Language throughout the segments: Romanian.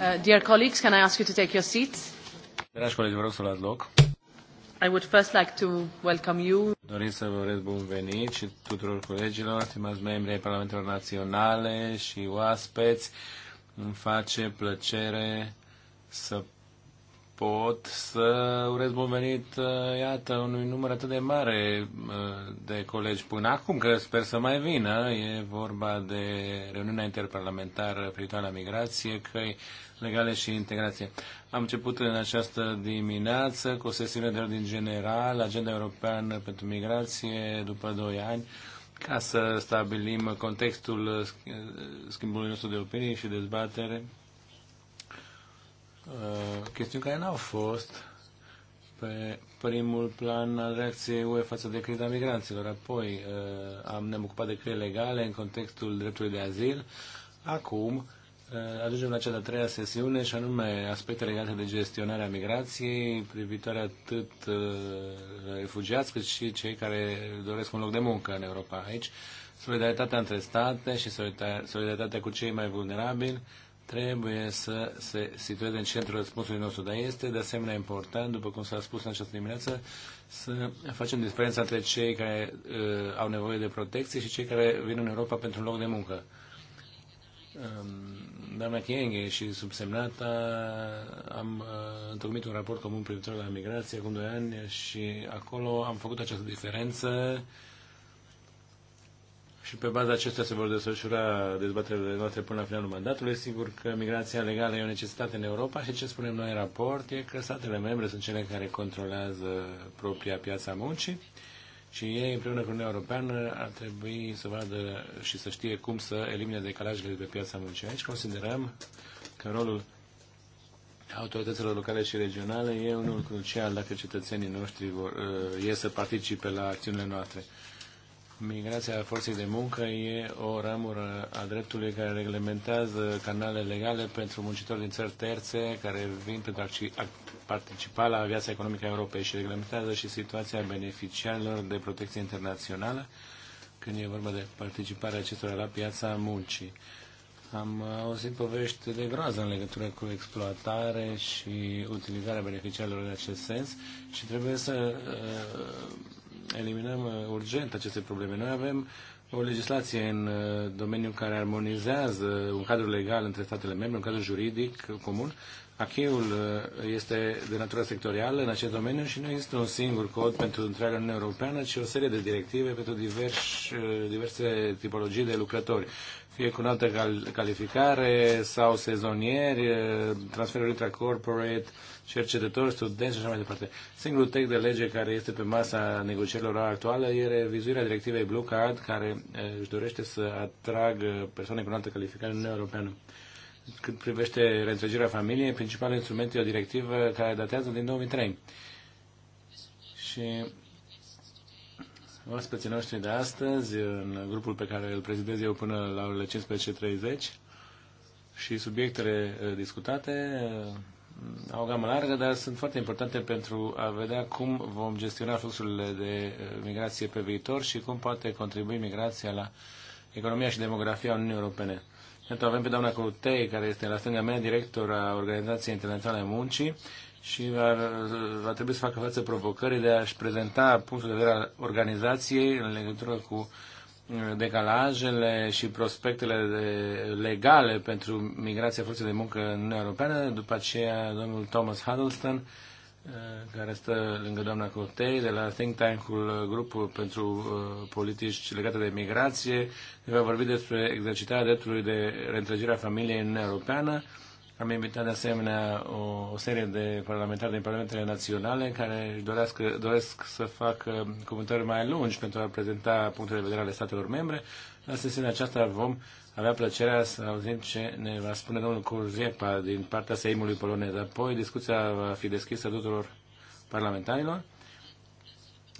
Uh, dear colleagues, can I ask you to take your seats? Dragi colegi, vă rog să luați loc. I would first like to welcome you. Dorim să vă urez bun venit și tuturor colegilor, stimați membri ai Parlamentelor Naționale și oaspeți. Îmi face plăcere să pot să urez bun venit, uh, iată, unui număr atât de mare uh, de colegi până acum, că sper să mai vină. E vorba de reuniunea interparlamentară privitoare la migrație, căi legale și integrație. Am început în această dimineață cu o sesiune de ordin general, Agenda Europeană pentru Migrație, după 2 ani, ca să stabilim contextul uh, schimbului nostru de opinii și dezbatere Uh, chestiuni care n-au fost pe primul plan al reacției UE față de criza migranților. Apoi uh, am, ne-am ocupat de căi legale în contextul dreptului de azil. Acum uh, ajungem la cea de-a treia sesiune și anume aspecte legate de gestionarea migrației, privitoare atât refugiați cât și cei care doresc un loc de muncă în Europa aici, solidaritatea între state și solidaritatea cu cei mai vulnerabili, trebuie să se situeze în centrul răspunsului nostru. Dar este de asemenea important, după cum s-a spus în această dimineață, să facem diferența între cei care uh, au nevoie de protecție și cei care vin în Europa pentru un loc de muncă. Um, doamna Chienghe și subsemnata am uh, întocmit un raport comun privitor la migrație acum 2 ani și acolo am făcut această diferență uh, și pe baza acestea se vor desfășura dezbaterile noastre până la finalul mandatului. Sigur că migrația legală e o necesitate în Europa și ce spunem noi în raport e că statele membre sunt cele care controlează propria piața muncii și ei împreună cu Uniunea Europeană ar trebui să vadă și să știe cum să elimine decalajele de pe piața muncii. Aici considerăm că rolul autorităților locale și regionale e unul crucial dacă cetățenii noștri vor, uh, e să participe la acțiunile noastre. Migrația forței de muncă e o ramură a dreptului care reglementează canale legale pentru muncitori din țări terțe care vin pentru a participa la viața economică a Europei și reglementează și situația beneficiarilor de protecție internațională când e vorba de participarea acestora la piața muncii. Am auzit povești de groază în legătură cu exploatare și utilizarea beneficiarilor în acest sens și trebuie să eliminăm uh, urgent aceste probleme. Noi avem o legislație în uh, domeniul care armonizează un cadru legal între statele membre, un cadru juridic comun. Acheiul uh, este de natură sectorială în acest domeniu și nu există un singur cod pentru întreaga Uniune Europeană, ci o serie de directive pentru diversi, diverse tipologii de lucrători. Fie cu altă calificare sau sezonieri, transferuri intra-corporate, cercetători, studenți și așa mai departe. Singurul text de lege care este pe masa negocierilor actuală e revizuirea directivei Blue Card, care își dorește să atragă persoane cu înaltă calificare în Uniunea Europeană. Cât privește reîntregirea familiei, principalul instrument e o directivă care datează din 2003. Și oaspeții noștri de astăzi, în grupul pe care îl prezidez eu până la orele 15.30 și subiectele discutate au o gamă largă, dar sunt foarte importante pentru a vedea cum vom gestiona fluxurile de uh, migrație pe viitor și cum poate contribui migrația la economia și demografia Uniunii Europene. Iată, avem pe doamna Crutei, care este la stânga mea director a Organizației Internaționale a Muncii și va, uh, va trebui să facă față provocării de a-și prezenta punctul de vedere al organizației în legătură cu uh, decalajele și prospectele de, legale pentru migrația forței de muncă în Uniunea Europeană, după aceea domnul Thomas Huddleston, uh, care stă lângă doamna Cotei, de la think tank-ul Grupul pentru uh, Politici legate de Migrație, ne va vorbi despre exercitarea dreptului de reîntregire a familiei în Uniunea Europeană, am invitat de asemenea o, o serie de parlamentari din Parlamentele Naționale care își doresc, doresc să facă comentarii mai lungi pentru a prezenta punctele de vedere ale statelor membre. La sesiunea aceasta vom avea plăcerea să auzim ce ne va spune domnul Curziepa din partea Seimului polonez. Apoi discuția va fi deschisă tuturor parlamentarilor.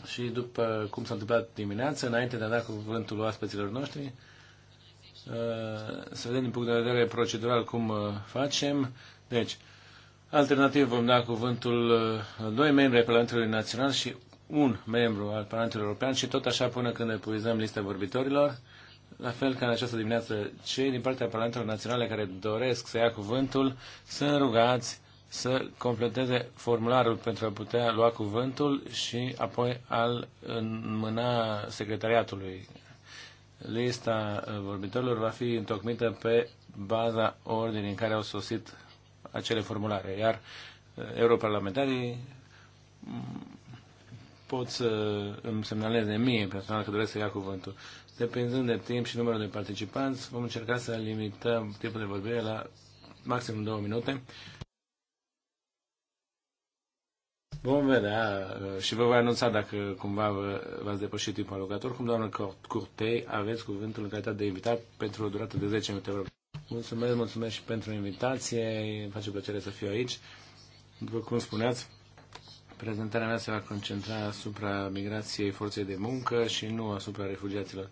Și după cum s-a întâmplat dimineața, înainte de a da cuvântul oaspeților noștri, să vedem din punct de vedere procedural cum uh, facem. Deci, alternativ vom da cuvântul uh, doi membri ai Parlamentului Național și un membru al Parlamentului European și tot așa până când epuizăm lista vorbitorilor. La fel ca în această dimineață, cei din partea Parlamentului național care doresc să ia cuvântul, sunt rugați să completeze formularul pentru a putea lua cuvântul și apoi al înmâna secretariatului Lista uh, vorbitorilor va fi întocmită pe baza ordinii în care au sosit acele formulare, iar uh, europarlamentarii mm, pot să îmi semnaleze mie personal că doresc să ia cuvântul. Depinzând de timp și numărul de participanți, vom încerca să limităm timpul de vorbire la maxim două minute Vom vedea uh, și vă voi anunța dacă cumva v-ați depășit timpul alocator. Cum doamnă Curtei, aveți cuvântul în calitate de invitat pentru o durată de 10 minute. Mulțumesc, mulțumesc și pentru invitație. Îmi face plăcere să fiu aici. După cum spuneați, prezentarea mea se va concentra asupra migrației forței de muncă și nu asupra refugiaților.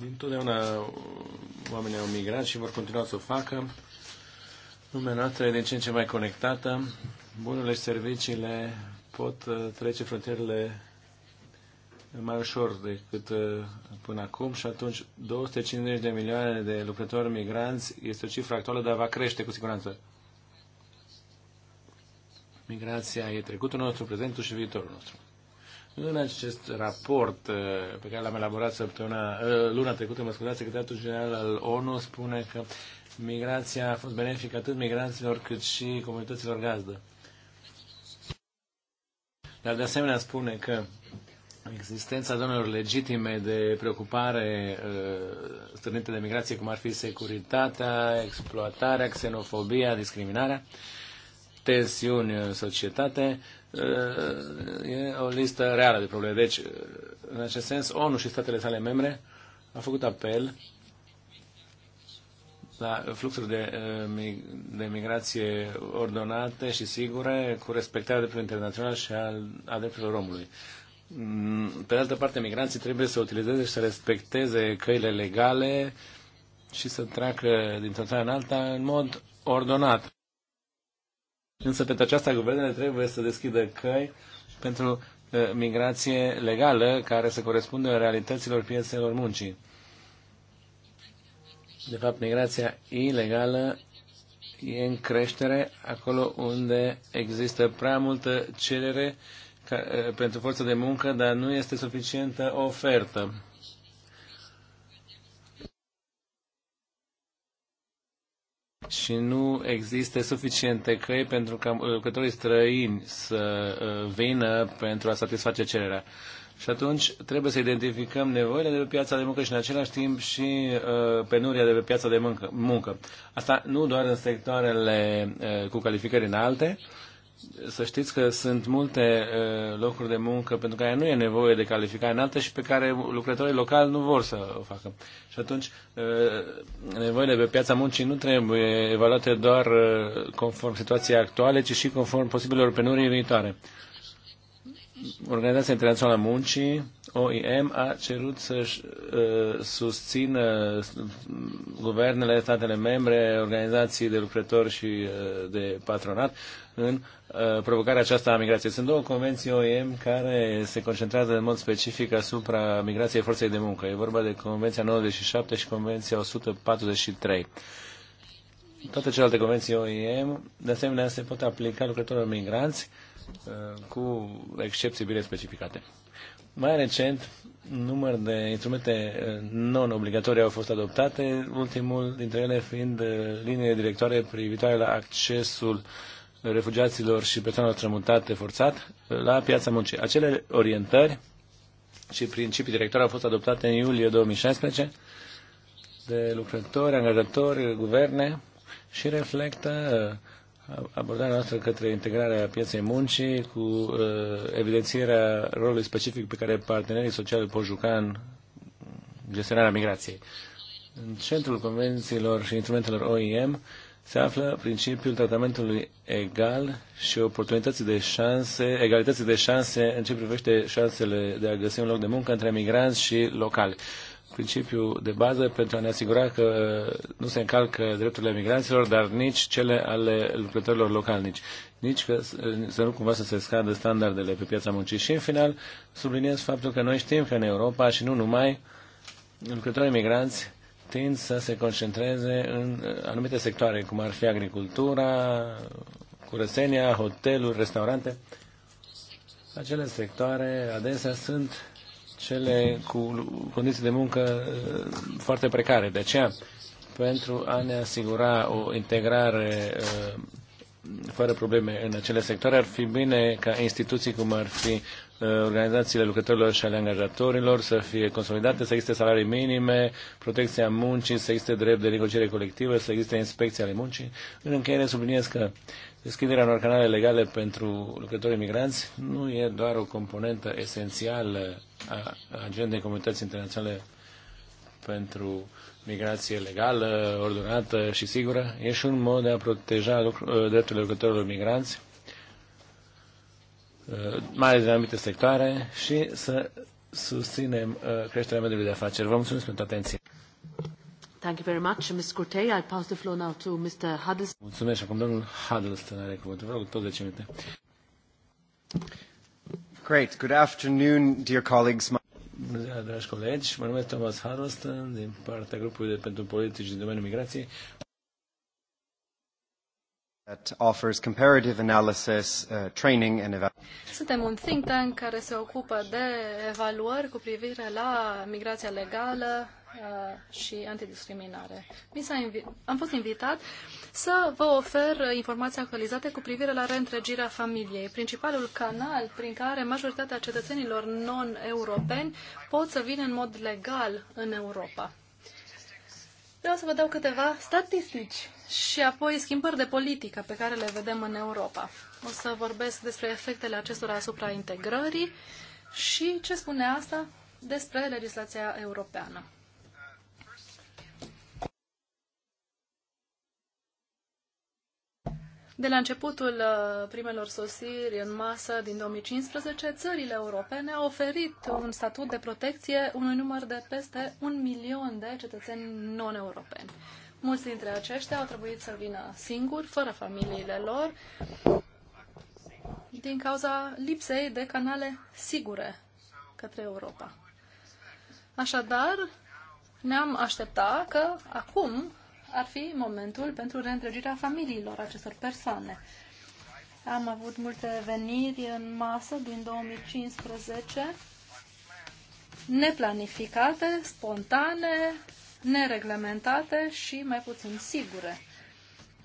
Dintotdeauna oamenii au migrat și vor continua să o facă Lumea noastră e din ce în ce mai conectată. Bunurile și serviciile pot uh, trece frontierele mai ușor decât uh, până acum și atunci 250 de milioane de lucrători migranți este o cifră actuală, dar va crește cu siguranță. Migrația e trecutul nostru, prezentul și viitorul nostru. În acest raport uh, pe care l-am elaborat săptămâna, luna trecută, mă scuzați, Secretarul General al ONU spune că migrația a fost benefică atât migranților cât și comunităților gazdă. Dar de asemenea spune că existența zonelor legitime de preocupare uh, strânite de migrație, cum ar fi securitatea, exploatarea, xenofobia, discriminarea, tensiuni în uh, societate, uh, e o listă reală de probleme. Deci, în acest sens, ONU și statele sale membre au făcut apel la fluxuri de, eh, de migrație ordonate și sigure, cu respectarea dreptului internațional și al, a drepturilor omului. Mm, pe de altă parte, migranții trebuie să utilizeze și să respecteze căile legale și să treacă dintr-o țară în alta în mod ordonat. Însă, pentru aceasta, guvernele trebuie să deschidă căi pentru eh, migrație legală care să corespundă realităților piețelor muncii. De fapt, migrația ilegală e în creștere acolo unde există prea multă cerere ca, pentru forță de muncă, dar nu este suficientă ofertă. și nu există suficiente căi pentru ca lucrătorii străini să vină pentru a satisface cererea. Și atunci trebuie să identificăm nevoile de pe piața de muncă și în același timp și uh, penuria de pe piața de muncă, muncă. Asta nu doar în sectoarele uh, cu calificări înalte. Să știți că sunt multe uh, locuri de muncă pentru care nu e nevoie de calificare înaltă și pe care lucrătorii locali nu vor să o facă. Și atunci uh, nevoile pe piața muncii nu trebuie evaluate doar uh, conform situației actuale, ci și conform posibilor penurii viitoare. Organizația Internațională a Muncii, OIM, a cerut să-și uh, susțină guvernele, statele membre, organizații de lucrători și uh, de patronat în uh, provocarea aceasta a migrației. Sunt două convenții OIM care se concentrează în mod specific asupra migrației forței de muncă. E vorba de Convenția 97 și Convenția 143 toate celelalte convenții OIM, de asemenea, se pot aplica lucrătorilor migranți Eh, cu excepții bine specificate. Mai recent, număr de instrumente eh, non-obligatorii au fost adoptate, ultimul dintre ele fiind eh, linie directoare privitoare la accesul refugiaților și persoanelor strămutate forțat la piața muncii. Acele orientări și principii directoare au fost adoptate în iulie 2016 de lucrători, angajatori, guverne și reflectă abordarea noastră către integrarea pieței muncii cu uh, evidențierea rolului specific pe care partenerii sociali pot juca în gestionarea migrației. În centrul convențiilor și instrumentelor OIM se află principiul tratamentului egal și oportunității de șanse, egalității de șanse în ce privește șansele de a găsi un loc de muncă între migranți și locali principiu de bază pentru a ne asigura că uh, nu se încalcă drepturile migranților, dar nici cele ale lucrătorilor localnici, nici că uh, să nu cumva să se scadă standardele pe piața muncii. Și în final subliniez faptul că noi știm că în Europa și nu numai lucrătorii migranți tind să se concentreze în uh, anumite sectoare, cum ar fi agricultura, curățenia, hoteluri, restaurante. Acele sectoare adesea sunt cele cu condiții de muncă uh, foarte precare. De aceea, pentru a ne asigura o integrare uh, fără probleme în acele sectoare, ar fi bine ca instituții cum ar fi uh, organizațiile lucrătorilor și ale angajatorilor să fie consolidate, să existe salarii minime, protecția muncii, să existe drept de negociere colectivă, să existe inspecții ale muncii. În încheiere subliniez că deschiderea unor canale legale pentru lucrătorii migranți nu e doar o componentă esențială agendei comunității internaționale pentru migrație legală, ordonată și sigură. E și un mod de a proteja drepturile lucrătorilor migranți, mai ales din anumite sectoare, și să susținem creșterea mediului de afaceri. Vă mulțumesc pentru atenție. Thank you very much, Ms. Curtei. I'll pass the floor now to Mr. Huddleston. Mulțumesc. Acum domnul Huddleston are cuvântul. Vă rog, tot 10 minute. Great. Good afternoon, dear colleagues. Bună ziua, dragi colegi. Mă numesc Thomas Harrelson din partea grupului de pentru politici din domeniul migrației. That offers comparative analysis, uh, training and Suntem un think tank care se ocupă de evaluări cu privire la migrația legală, Uh, și antidiscriminare. Mi s-a am fost invitat să vă ofer informații actualizate cu privire la reîntregirea familiei, principalul canal prin care majoritatea cetățenilor non-europeni pot să vină în mod legal în Europa. Vreau să vă dau câteva statistici și apoi schimbări de politică pe care le vedem în Europa. O să vorbesc despre efectele acestora asupra integrării și ce spune asta despre legislația europeană. De la începutul uh, primelor sosiri în masă din 2015, țările europene au oferit un statut de protecție unui număr de peste un milion de cetățeni non-europeni. Mulți dintre aceștia au trebuit să vină singuri, fără familiile lor, din cauza lipsei de canale sigure către Europa. Așadar, ne-am aștepta că acum ar fi momentul pentru reîntregirea familiilor acestor persoane. Am avut multe veniri în masă din 2015, neplanificate, spontane, nereglementate și mai puțin sigure.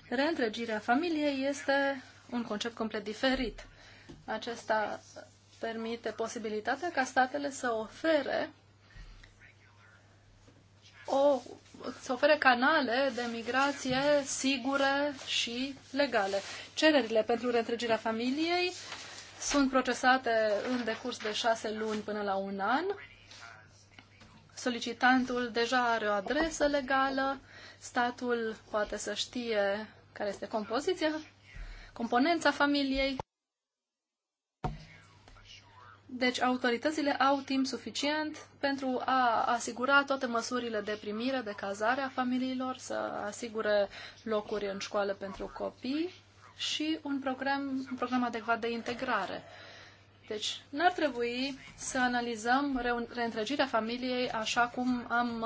Reîntregirea familiei este un concept complet diferit. Acesta permite posibilitatea ca statele să ofere o să ofere canale de migrație sigure și legale. Cererile pentru reîntregirea familiei sunt procesate în decurs de șase luni până la un an. Solicitantul deja are o adresă legală, statul poate să știe care este compoziția, componența familiei. Deci autoritățile au timp suficient pentru a asigura toate măsurile de primire, de cazare a familiilor, să asigure locuri în școală pentru copii și un program, un program adecvat de integrare. Deci, n-ar trebui să analizăm reîntregirea familiei așa cum am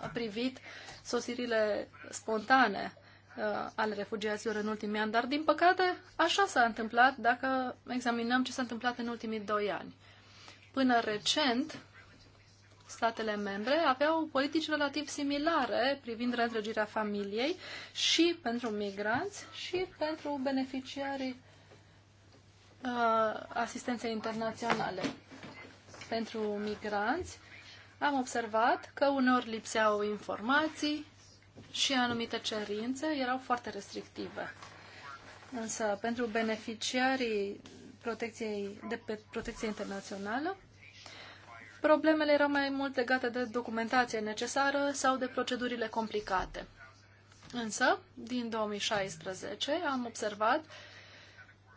uh, privit sosirile spontane Uh, ale refugiaților în ultimii ani, dar din păcate așa s-a întâmplat dacă examinăm ce s-a întâmplat în ultimii doi ani. Până recent, statele membre aveau politici relativ similare privind reîntregirea familiei și pentru migranți și pentru beneficiarii uh, asistenței internaționale. Pentru migranți am observat că uneori lipseau informații, și anumite cerințe erau foarte restrictive. Însă, pentru beneficiarii protecției, de pe protecție internațională, problemele erau mai mult legate de documentație necesară sau de procedurile complicate. Însă, din 2016, am observat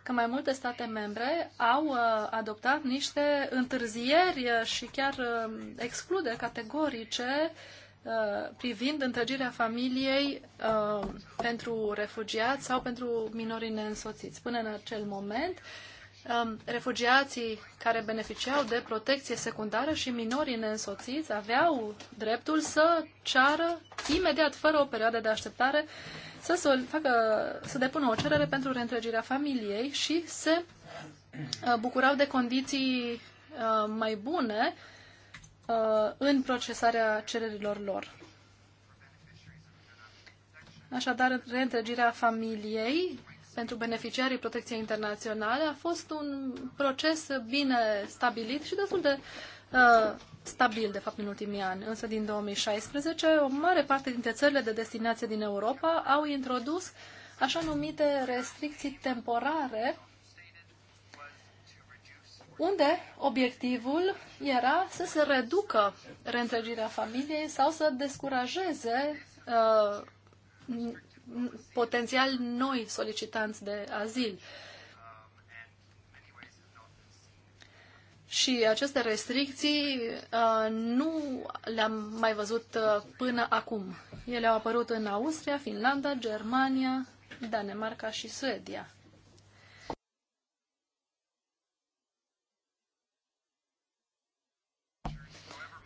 că mai multe state membre au uh, adoptat niște întârzieri și chiar uh, exclude categorice uh, Uh, privind întregirea familiei uh, pentru refugiați sau pentru minorii neînsoțiți. Până în acel moment, um, refugiații care beneficiau de protecție secundară și minorii neînsoțiți aveau dreptul să ceară imediat, fără o perioadă de așteptare, să, sol- facă, să depună o cerere pentru reîntregirea familiei și se uh, bucurau de condiții uh, mai bune uh, Uh, în procesarea cererilor lor. Așadar, reîntregirea familiei pentru beneficiarii protecției internaționale a fost un proces bine stabilit și destul de uh, stabil, de fapt, în ultimii ani. Însă, din 2016, o mare parte dintre țările de destinație din Europa au introdus așa numite restricții temporare unde obiectivul era să se reducă reîntregirea familiei sau să descurajeze uh, potențial noi solicitanți de azil. Și aceste restricții uh, nu le-am mai văzut uh, până acum. Ele au apărut în Austria, Finlanda, Germania, Danemarca și Suedia.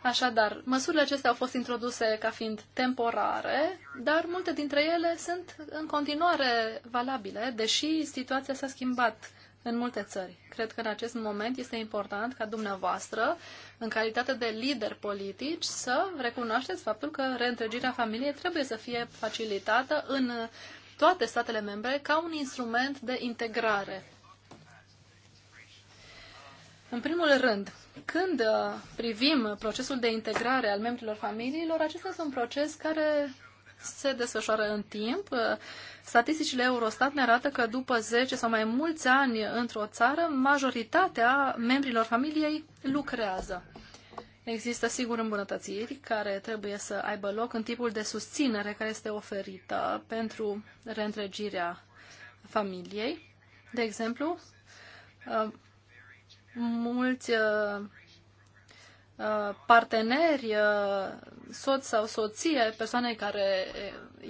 Așadar, măsurile acestea au fost introduse ca fiind temporare, dar multe dintre ele sunt în continuare valabile, deși situația s-a schimbat în multe țări. Cred că în acest moment este important ca dumneavoastră, în calitate de lider politici, să recunoașteți faptul că reîntregirea familiei trebuie să fie facilitată în toate statele membre ca un instrument de integrare în primul rând, când uh, privim procesul de integrare al membrilor familiilor, acesta este un proces care se desfășoară în timp. Uh, statisticile Eurostat ne arată că după 10 sau mai mulți ani într-o țară, majoritatea membrilor familiei lucrează. Există, sigur, îmbunătățiri care trebuie să aibă loc în tipul de susținere care este oferită pentru reîntregirea familiei. De exemplu, uh, mulți uh, uh, parteneri, uh, soț sau soție, persoane care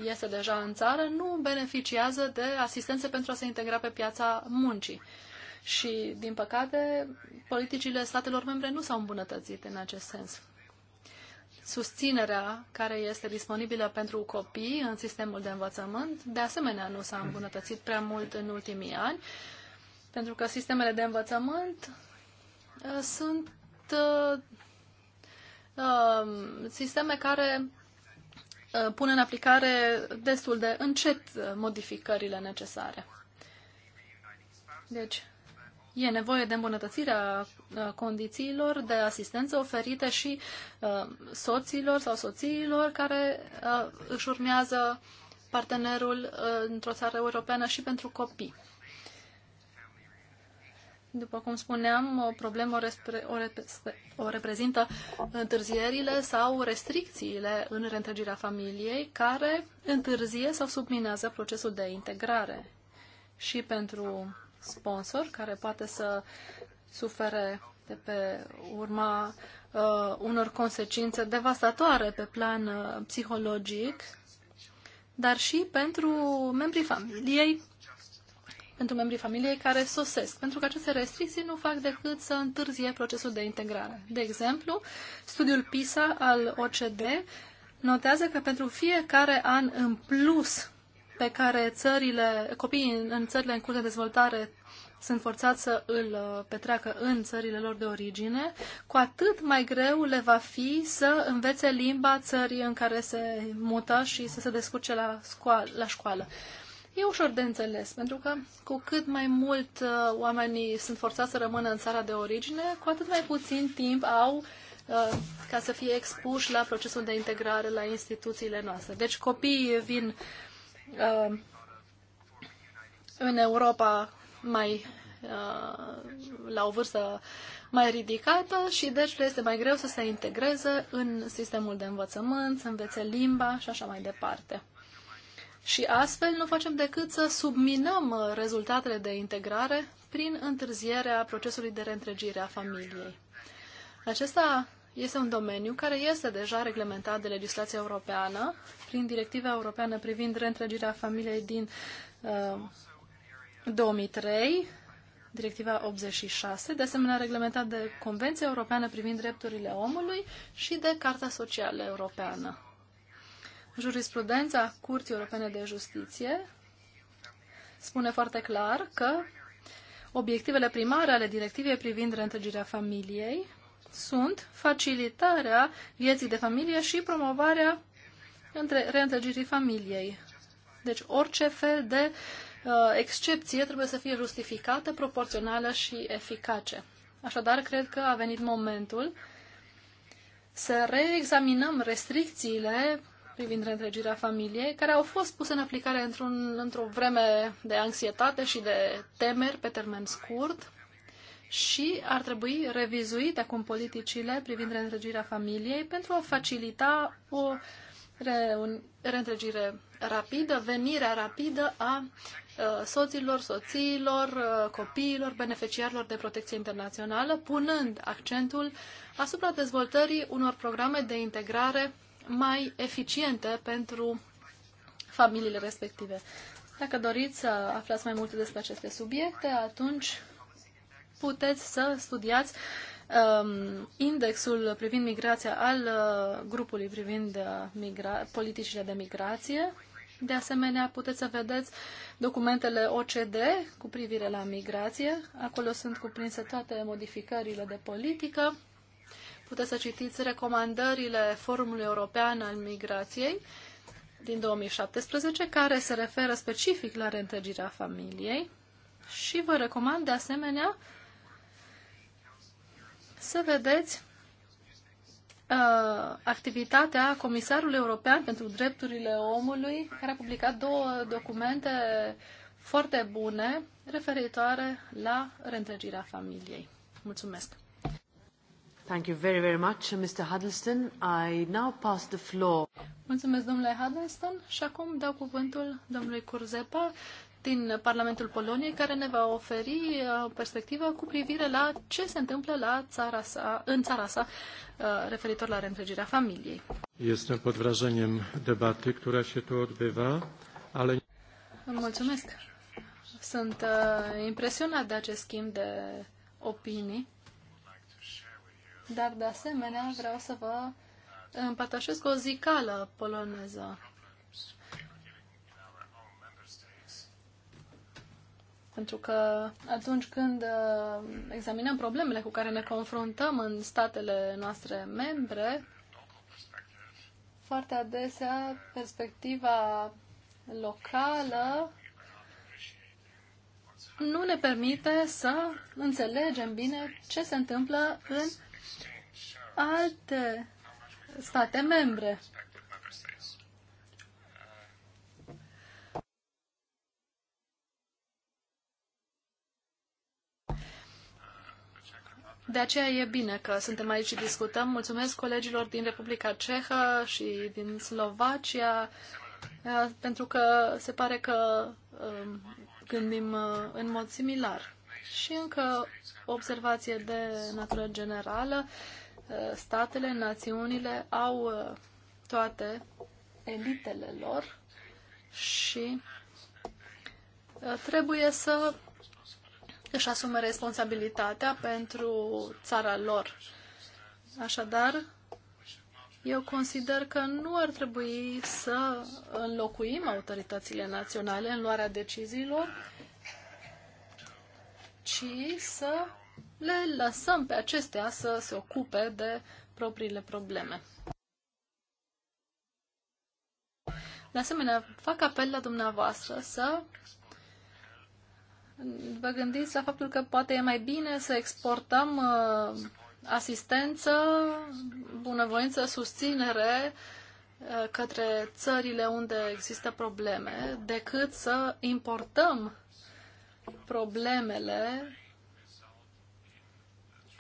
iese deja în țară, nu beneficiază de asistențe pentru a se integra pe piața muncii. Și, din păcate, politicile statelor membre nu s-au îmbunătățit în acest sens. Susținerea care este disponibilă pentru copii în sistemul de învățământ, de asemenea, nu s-a îmbunătățit prea mult în ultimii ani, pentru că sistemele de învățământ Uh, sunt uh, um, sisteme care uh, pun în aplicare destul de încet uh, modificările necesare. Deci, e nevoie de îmbunătățirea condițiilor de asistență oferite și uh, soților sau soțiilor care uh, își urmează partenerul uh, într-o țară europeană și pentru copii. După cum spuneam, o problemă o, respre, o, repre, o reprezintă întârzierile sau restricțiile în reîntregirea familiei care întârzie sau subminează procesul de integrare. Și pentru sponsor care poate să sufere de pe urma uh, unor consecințe devastatoare pe plan uh, psihologic, dar și pentru membrii familiei pentru membrii familiei care sosesc, pentru că aceste restricții nu fac decât să întârzie procesul de integrare. De exemplu, studiul PISA al OCD notează că pentru fiecare an în plus pe care țările, copiii în țările în curs de dezvoltare sunt forțați să îl uh, petreacă în țările lor de origine, cu atât mai greu le va fi să învețe limba țării în care se mută și să se descurce la, la școală. E ușor de înțeles, pentru că cu cât mai mult uh, oamenii sunt forțați să rămână în țara de origine, cu atât mai puțin timp au uh, ca să fie expuși la procesul de integrare la instituțiile noastre. Deci copiii vin uh, în Europa mai uh, la o vârstă mai ridicată și deci le este mai greu să se integreze în sistemul de învățământ, să învețe limba și așa mai departe. Și astfel nu facem decât să subminăm rezultatele de integrare prin întârzierea procesului de reîntregire a familiei. Acesta este un domeniu care este deja reglementat de legislația europeană prin directiva europeană privind reîntregirea familiei din uh, 2003, directiva 86, de asemenea reglementat de Convenția Europeană privind drepturile omului și de Carta Socială Europeană. Jurisprudența Curții Europene de Justiție spune foarte clar că obiectivele primare ale directivei privind reîntregirea familiei sunt facilitarea vieții de familie și promovarea între reîntregirii familiei. Deci orice fel de uh, excepție trebuie să fie justificată, proporțională și eficace. Așadar, cred că a venit momentul să reexaminăm restricțiile privind reîntregirea familiei, care au fost puse în aplicare într-un, într-o vreme de anxietate și de temeri pe termen scurt și ar trebui revizuite acum politicile privind reîntregirea familiei pentru a facilita o reîntregire rapidă, venirea rapidă a uh, soților, soțiilor, uh, copiilor, beneficiarilor de protecție internațională, punând accentul asupra dezvoltării unor programe de integrare mai eficiente pentru familiile respective. Dacă doriți să aflați mai multe despre aceste subiecte, atunci puteți să studiați um, indexul privind migrația al uh, grupului privind uh, migra- politicile de migrație. De asemenea, puteți să vedeți documentele OCD cu privire la migrație. Acolo sunt cuprinse toate modificările de politică Puteți să citiți recomandările Forumului European al Migrației din 2017, care se referă specific la reîntregirea familiei și vă recomand de asemenea să vedeți uh, activitatea Comisarului European pentru Drepturile Omului, care a publicat două documente foarte bune referitoare la reîntregirea familiei. Mulțumesc! Thank you very, very much, Mr. Huddleston. I now pass the floor. Mulțumesc, domnule Huddleston. Și acum dau cuvântul domnului Curzepa din Parlamentul Poloniei, care ne va oferi o uh, perspectivă cu privire la ce se întâmplă la țara sa, în țara sa uh, referitor la reîntregirea familiei. Jestem pod która się tu odbywa, ale... Mulțumesc. Sunt uh, impresionat de acest schimb de opinii dar de asemenea vreau să vă împărtășesc o zicală poloneză. Pentru că atunci când uh, examinăm problemele cu care ne confruntăm în statele noastre membre, foarte adesea perspectiva locală nu ne permite să înțelegem bine ce se întâmplă în alte state membre. De aceea e bine că suntem aici și discutăm. Mulțumesc colegilor din Republica Cehă și din Slovacia, eh, pentru că se pare că ehm, gândim eh, în mod similar. Și încă observație de natură generală statele, națiunile au uh, toate elitele lor și uh, trebuie să își asume responsabilitatea pentru țara lor. Așadar, eu consider că nu ar trebui să înlocuim autoritățile naționale în luarea deciziilor, ci să le lăsăm pe acestea să se ocupe de propriile probleme. De asemenea, fac apel la dumneavoastră să vă gândiți la faptul că poate e mai bine să exportăm uh, asistență, bunăvoință, susținere uh, către țările unde există probleme, decât să importăm problemele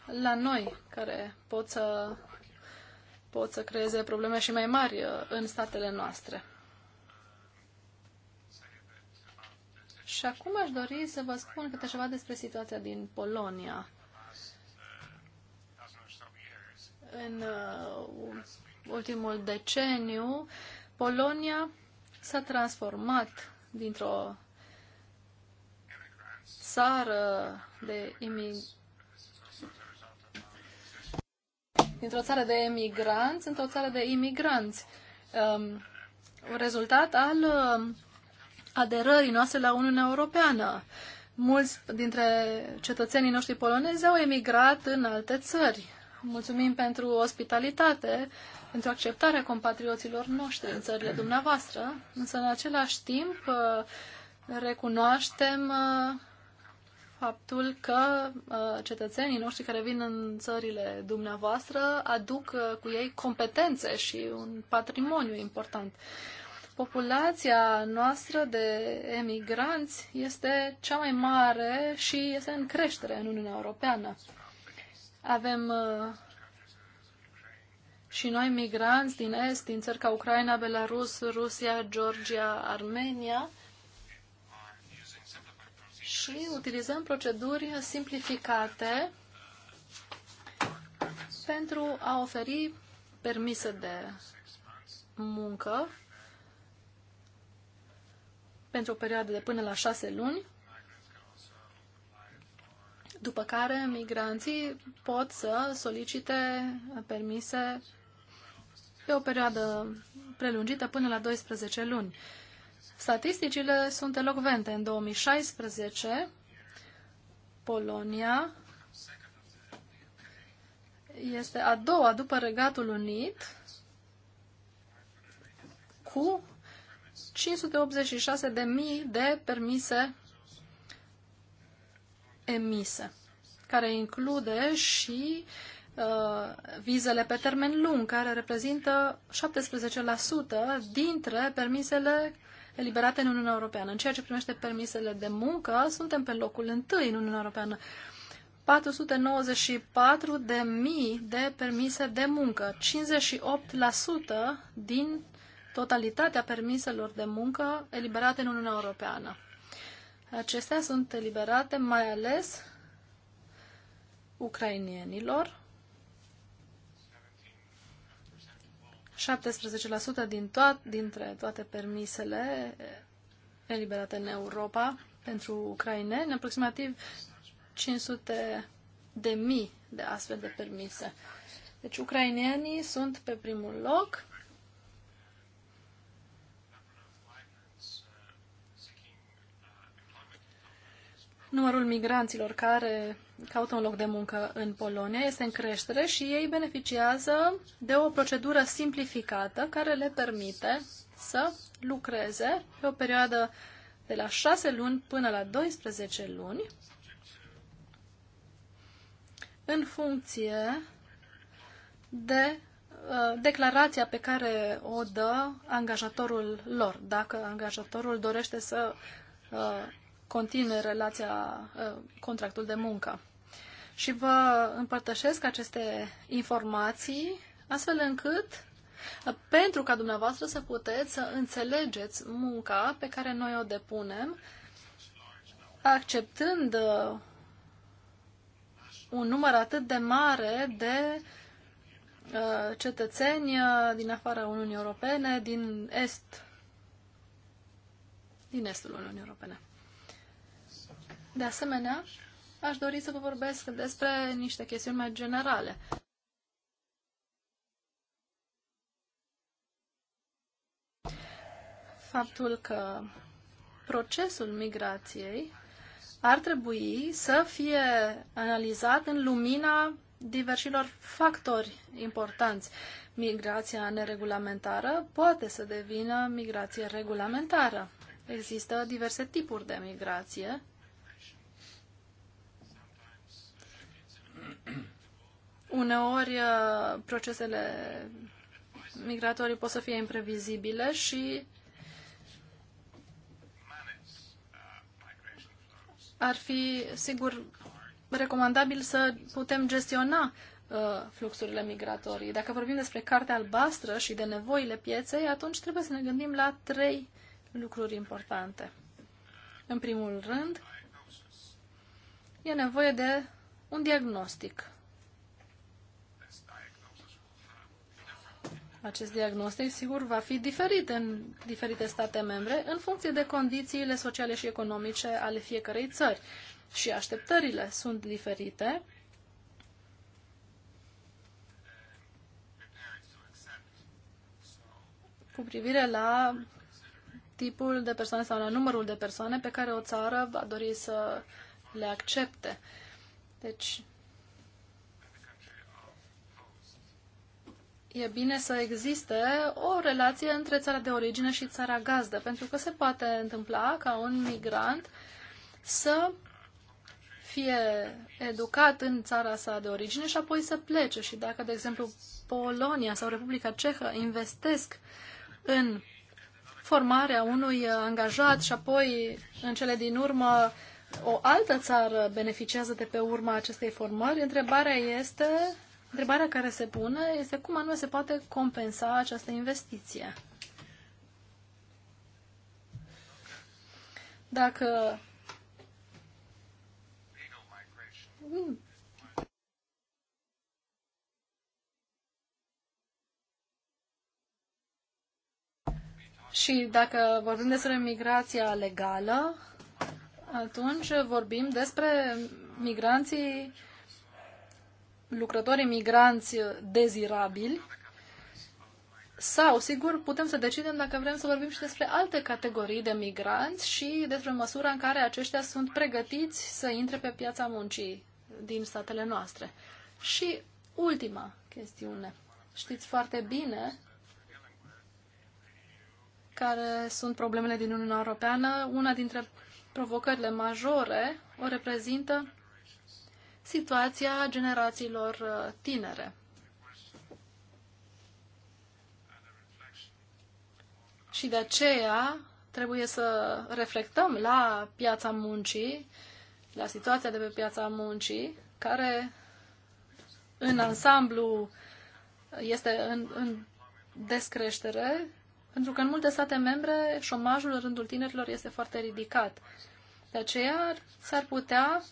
la noi care pot să, pot să creeze probleme și mai mari uh, în statele noastre. Și acum aș dori să vă spun câte ceva despre situația din Polonia. În uh, ultimul deceniu, Polonia s-a transformat dintr-o țară de imigranți dintr-o țară de emigranți într-o țară de imigranți. Um, rezultat al um, aderării noastre la Uniunea Europeană. Mulți dintre cetățenii noștri polonezi au emigrat în alte țări. Mulțumim pentru ospitalitate, pentru acceptarea compatrioților noștri în țările dumneavoastră, însă în același timp uh, recunoaștem uh, faptul că uh, cetățenii noștri care vin în țările dumneavoastră aduc uh, cu ei competențe și un patrimoniu important. Populația noastră de emigranți este cea mai mare și este în creștere în Uniunea Europeană. Avem uh, și noi migranți din Est, din țări ca Ucraina, Belarus, Rusia, Georgia, Armenia, și utilizăm proceduri simplificate pentru a oferi permise de muncă pentru o perioadă de până la șase luni, după care migranții pot să solicite permise pe o perioadă prelungită până la 12 luni. Statisticile sunt elocvente. În 2016, Polonia este a doua după Regatul Unit cu 586.000 de permise emise, care include și uh, vizele pe termen lung, care reprezintă 17% dintre permisele eliberate în Uniunea Europeană. În ceea ce primește permisele de muncă, suntem pe locul întâi în Uniunea Europeană. 494 de mii de permise de muncă. 58% din totalitatea permiselor de muncă eliberate în Uniunea Europeană. Acestea sunt eliberate mai ales ucrainienilor, 17% din to- dintre toate permisele eliberate în Europa pentru ucraineni, aproximativ 500 de mii de astfel de permise. Deci ucrainienii sunt pe primul loc. Numărul migranților care caută un loc de muncă în Polonia, este în creștere și ei beneficiază de o procedură simplificată care le permite să lucreze pe o perioadă de la 6 luni până la 12 luni în funcție de uh, declarația pe care o dă angajatorul lor. Dacă angajatorul dorește să uh, continue relația, uh, contractul de muncă și vă împărtășesc aceste informații astfel încât uh, pentru ca dumneavoastră să puteți să înțelegeți munca pe care noi o depunem, acceptând uh, un număr atât de mare de uh, cetățeni din afara Uniunii Europene, din Est, din Estul Uniunii Europene. De asemenea, aș dori să vă vorbesc despre niște chestiuni mai generale. Faptul că procesul migrației ar trebui să fie analizat în lumina diversilor factori importanți. Migrația neregulamentară poate să devină migrație regulamentară. Există diverse tipuri de migrație Uneori uh, procesele migratorii pot să fie imprevizibile și ar fi, sigur, recomandabil să putem gestiona uh, fluxurile migratorii. Dacă vorbim despre cartea albastră și de nevoile pieței, atunci trebuie să ne gândim la trei lucruri importante. În primul rând, e nevoie de un diagnostic acest diagnostic, sigur, va fi diferit în diferite state membre, în funcție de condițiile sociale și economice ale fiecărei țări. Și așteptările sunt diferite. cu privire la tipul de persoane sau la numărul de persoane pe care o țară va dori să le accepte. Deci, e bine să existe o relație între țara de origine și țara gazdă, pentru că se poate întâmpla ca un migrant să fie educat în țara sa de origine și apoi să plece. Și dacă, de exemplu, Polonia sau Republica Cehă investesc în formarea unui angajat și apoi, în cele din urmă, o altă țară beneficiază de pe urma acestei formări, întrebarea este Întrebarea care se pune este cum anume se poate compensa această investiție. Dacă Și dacă vorbim despre migrația legală, atunci vorbim despre migranții uh, lucrători migranți dezirabili sau, sigur, putem să decidem dacă vrem să vorbim și despre alte categorii de migranți și despre măsura în care aceștia sunt pregătiți să intre pe piața muncii din statele noastre. Și ultima chestiune. Știți foarte bine care sunt problemele din Uniunea Europeană. Una dintre provocările majore o reprezintă situația generațiilor uh, tinere. Și de aceea trebuie să reflectăm la piața muncii, la situația de pe piața muncii, care în ansamblu este în, în descreștere, pentru că în multe state membre șomajul în rândul tinerilor este foarte ridicat. De aceea s-ar putea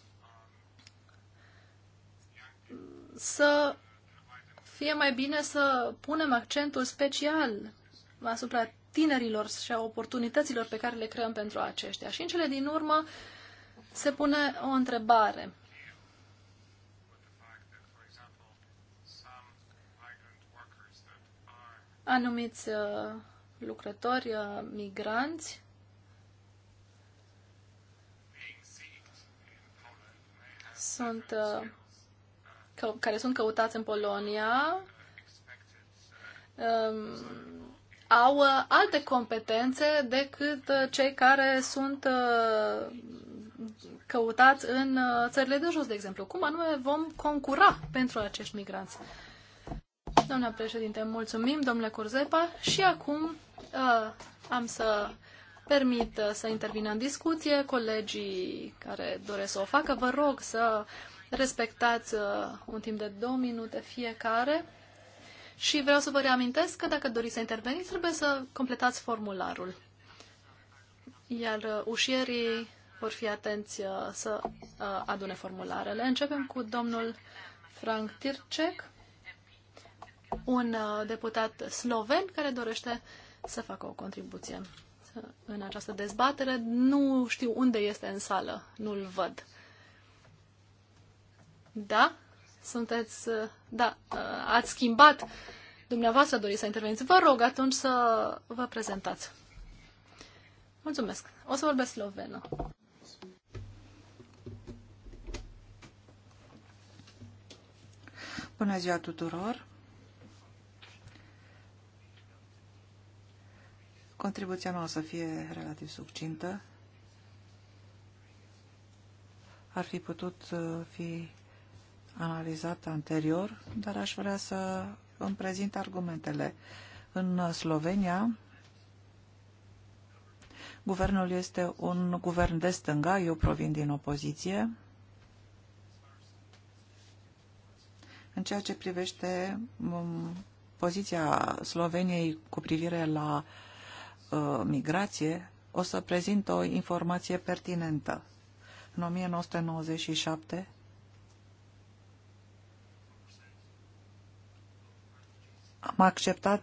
să fie mai bine să punem accentul special asupra tinerilor și a oportunităților pe care le creăm pentru aceștia. Și în cele din urmă se pune o întrebare. Anumiți uh, lucrători uh, migranți sunt uh, care sunt căutați în Polonia um, au uh, alte competențe decât uh, cei care sunt uh, căutați în țările de jos, de exemplu. Cum anume vom concura pentru acești migranți? Doamna președinte, mulțumim, domnule Curzepa, și acum am să permit să intervină în discuție colegii care doresc să o facă. Vă rog să uh, respectați uh, un timp de două minute fiecare. Și vreau să vă reamintesc că dacă doriți să interveniți, trebuie să completați formularul. Iar uh, ușierii vor fi atenți uh, să adune formularele. Începem cu domnul Frank Tircek, un deputat sloven care dorește să facă o contribuție în această dezbatere. Nu știu unde este în sală, nu-l văd. Da? Sunteți, uh, da, uh, ați schimbat. Dumneavoastră doriți să interveniți. Vă rog atunci să vă prezentați. Mulțumesc. O să vorbesc slovenă. Bună ziua tuturor! Contribuția mea o să fie relativ succintă. Ar fi putut uh, fi analizat anterior, dar aș vrea să îmi prezint argumentele. În Slovenia, guvernul este un guvern de stânga, eu provin din opoziție. În ceea ce privește poziția Sloveniei cu privire la uh, migrație, o să prezint o informație pertinentă. În 1997, Am acceptat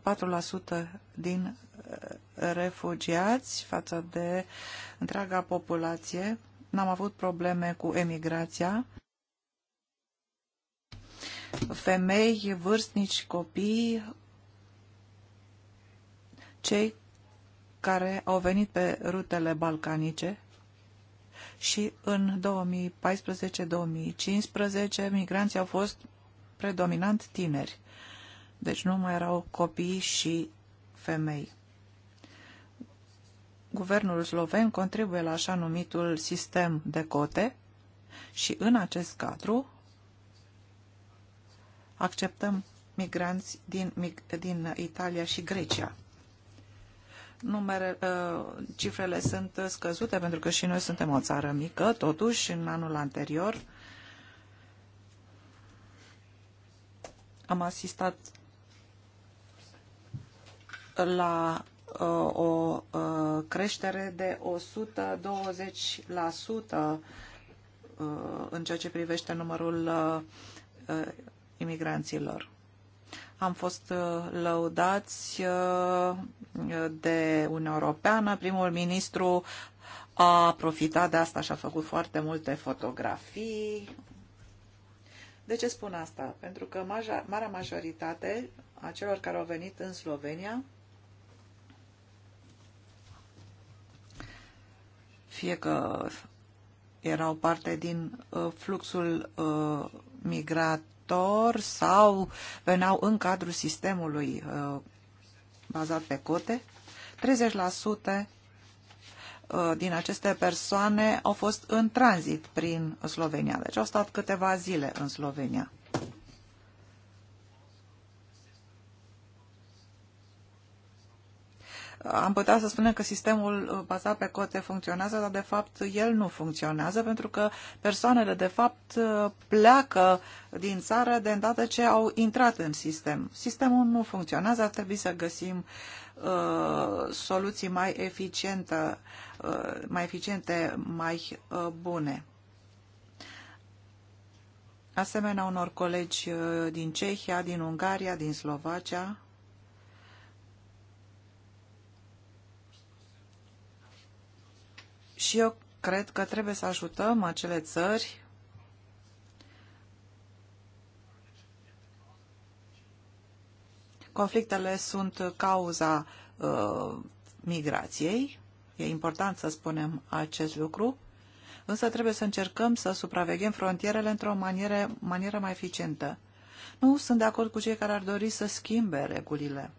4% din uh, refugiați față de întreaga populație. N-am avut probleme cu emigrația. Femei, vârstnici, copii, cei care au venit pe rutele balcanice și în 2014-2015 migranții au fost predominant tineri. Deci nu mai erau copii și femei. Guvernul sloven contribuie la așa numitul sistem de cote și în acest cadru acceptăm migranți din, din Italia și Grecia. Numere, uh, cifrele sunt scăzute pentru că și noi suntem o țară mică, totuși în anul anterior am asistat la uh, o uh, creștere de 120% uh, în ceea ce privește numărul imigranților. Am fost lăudați de Uniunea Europeană. Primul ministru a profitat de asta și a făcut foarte multe fotografii. De ce spun asta? Pentru că marea majoritate a celor care au venit în Slovenia fie că erau parte din uh, fluxul uh, migrator sau veneau în cadrul sistemului uh, bazat pe cote. 30% din aceste persoane au fost în tranzit prin Slovenia, deci au stat câteva zile în Slovenia. am putea să spunem că sistemul uh, bazat pe cote funcționează, dar de fapt el nu funcționează pentru că persoanele de fapt uh, pleacă din țară de îndată ce au intrat în sistem. Sistemul nu funcționează, ar trebui să găsim uh, soluții mai eficiente, uh, mai eficiente, mai uh, bune. Asemenea unor colegi uh, din Cehia, din Ungaria, din Slovacia, Și eu cred că trebuie să ajutăm acele țări Conflictele sunt cauza uh, migrației, e important să spunem acest lucru, însă trebuie să încercăm să supraveghem frontierele într-o manieră, manieră mai eficientă. Nu sunt de acord cu cei care ar dori să schimbe regulile.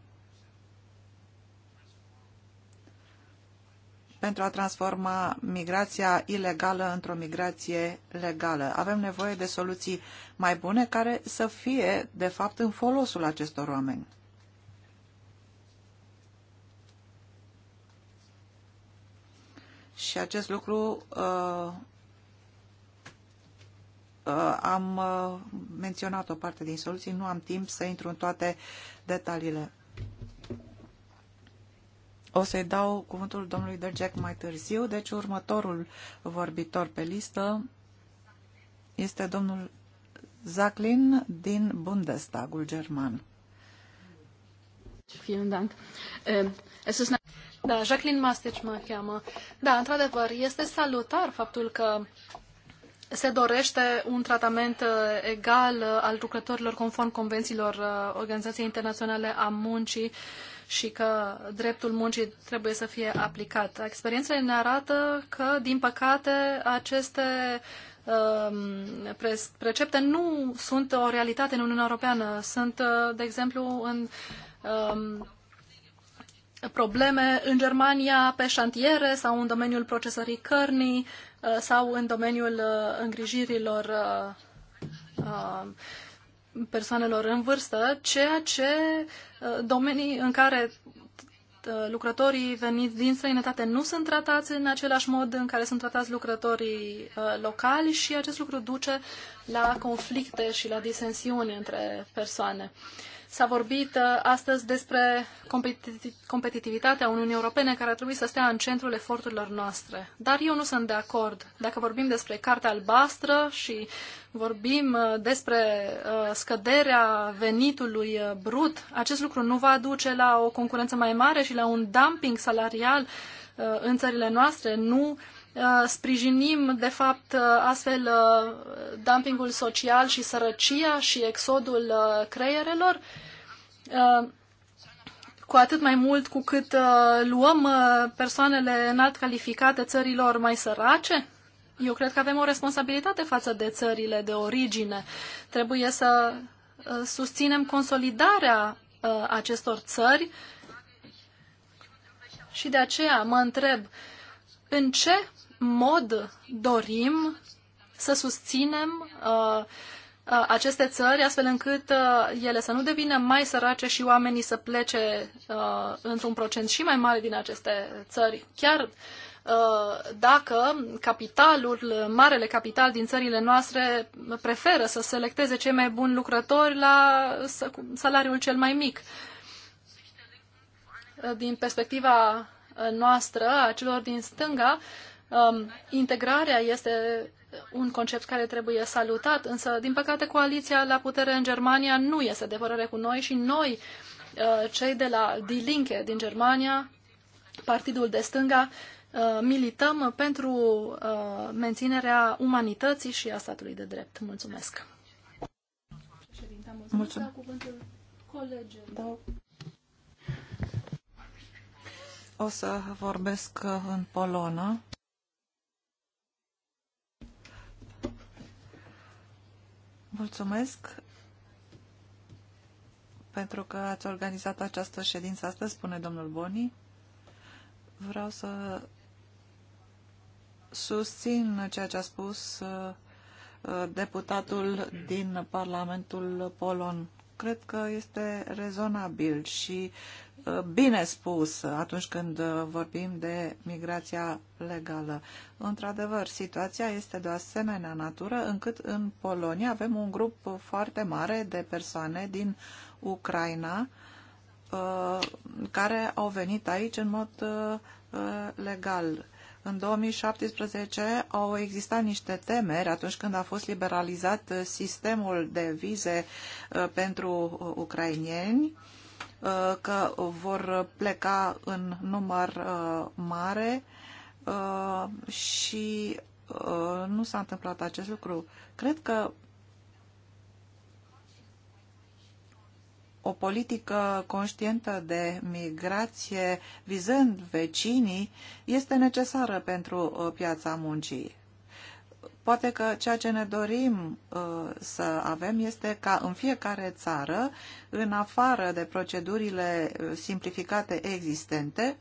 pentru a transforma migrația ilegală într-o migrație legală. Avem nevoie de soluții mai bune care să fie, de fapt, în folosul acestor oameni. Și acest lucru uh, uh, am uh, menționat o parte din soluții, nu am timp să intru în toate detaliile. O să-i dau cuvântul domnului Dergec mai târziu, deci următorul vorbitor pe listă este domnul Zachlin din Bundestagul German. Vielen Dank. Ehm, da, Jacqueline Mastic mă cheamă. Da, într-adevăr, este salutar faptul că se dorește un tratament eh, egal eh, al lucrătorilor conform convențiilor eh, Organizației Internaționale a Muncii și că dreptul muncii trebuie să fie aplicat. Experiențele ne arată că, din păcate, aceste um, precepte nu sunt o realitate în Uniunea Europeană. Sunt, uh, de exemplu, în um, probleme în Germania pe șantiere sau în domeniul procesării cărnii uh, sau în domeniul uh, îngrijirilor persoanelor în vârstă, ceea ce uh, domenii în care uh, lucrătorii veniți din străinătate nu sunt tratați în același mod în care sunt tratați lucrătorii uh, locali și acest lucru duce la conflicte și la disensiuni între persoane. S-a vorbit uh, astăzi despre competitivitatea Uniunii Europene care ar trebui să stea în centrul eforturilor noastre. Dar eu nu sunt de acord. Dacă vorbim despre Cartea Albastră și vorbim uh, despre uh, scăderea venitului brut, acest lucru nu va duce la o concurență mai mare și la un dumping salarial în țările noastre, nu uh, Uh, sprijinim, de fapt, uh, astfel uh, dumpingul social și sărăcia și exodul creierelor, cu atât mai mult cu cât luăm persoanele înalt calificate țărilor mai sărace? Eu cred că avem o responsabilitate față de țările de origine. Trebuie să susținem consolidarea acestor țări și de aceea mă întreb în ce mod dorim să susținem uh, uh, aceste țări, astfel încât uh, ele să nu devină mai sărace și oamenii să plece uh, într-un procent și mai mare din aceste țări, chiar uh, dacă capitalul, marele capital din țările noastre preferă să selecteze cei mai buni lucrători la salariul cel mai mic. Din perspectiva uh, noastră, a celor din stânga, uh, Um, integrarea este un concept care trebuie salutat, însă, din păcate, coaliția la putere în Germania nu este de părere cu noi și noi, uh, cei de la Die Linke din Germania, partidul de stânga, uh, milităm pentru uh, menținerea umanității și a statului de drept. Mulțumesc! Mulțumesc. Da. O să vorbesc în polonă. Mulțumesc pentru că ați organizat această ședință astăzi, spune domnul Boni. Vreau să susțin ceea ce a spus uh, uh, deputatul din Parlamentul Polon cred că este rezonabil și uh, bine spus atunci când uh, vorbim de migrația legală. Într-adevăr, situația este de asemenea natură încât în Polonia avem un grup foarte mare de persoane din Ucraina uh, care au venit aici în mod legal. În 2017 au existat niște temeri atunci când a fost liberalizat uh, sistemul de vize uh, pentru uh, ucrainieni că vor pleca în număr mare și nu s-a întâmplat acest lucru. Cred că o politică conștientă de migrație vizând vecinii este necesară pentru uh, piața muncii. Poate că ceea ce ne dorim uh, să avem este ca în fiecare țară, în afară de procedurile uh, simplificate existente,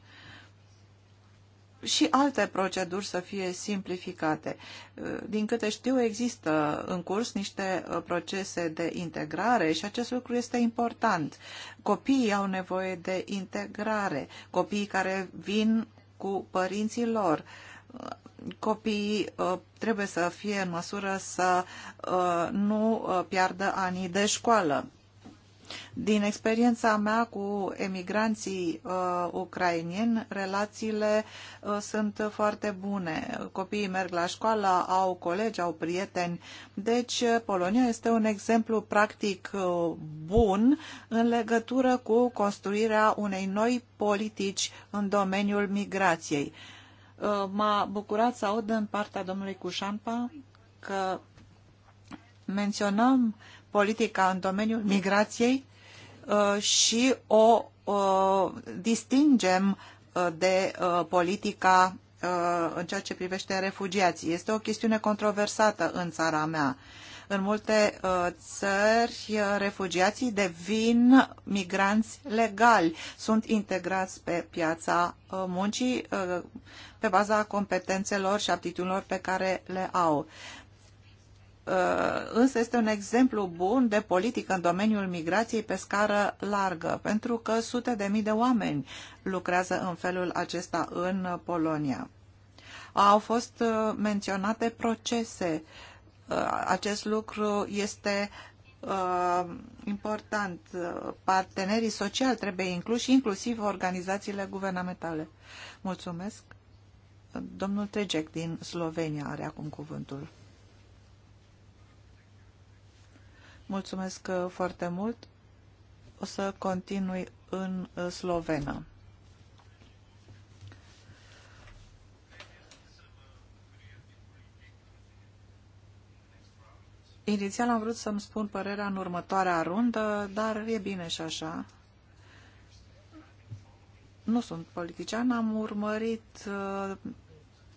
și alte proceduri să fie simplificate. Din câte știu, există în curs niște uh, procese de integrare și acest lucru este important. Copiii au nevoie de integrare, copiii care vin cu părinții lor. Copiii uh, trebuie să fie în măsură să uh, nu piardă anii de școală din experiența mea cu emigranții uh, ucrainieni, relațiile uh, sunt foarte bune. Copiii merg la școală, au colegi, au prieteni. Deci, uh, Polonia este un exemplu practic uh, bun în legătură cu construirea unei noi politici în domeniul migrației. Uh, M-a bucurat să aud în partea domnului Cușampa că menționăm politica în domeniul migrației uh, și o uh, distingem uh, de politica în ceea ce privește refugiații. Este o chestiune controversată în țara mea. În multe țări, refugiații devin migranți legali, sunt integrați pe piața muncii pe baza competențelor și aptitudinilor pe care le au. Uh, însă este un exemplu bun de politică în domeniul migrației pe scară largă, pentru că sute de mii de oameni lucrează în felul acesta în Polonia. Au fost uh, menționate procese. Uh, acest lucru este important. Partenerii sociali trebuie incluși, inclusiv organizațiile guvernamentale. Mulțumesc. Domnul Tregec din Slovenia are acum cuvântul. Mulțumesc uh, foarte mult. O să continui în uh, slovenă. Inițial am vrut să-mi spun părerea în următoarea rundă, dar e bine și așa. Nu sunt politician, am urmărit uh,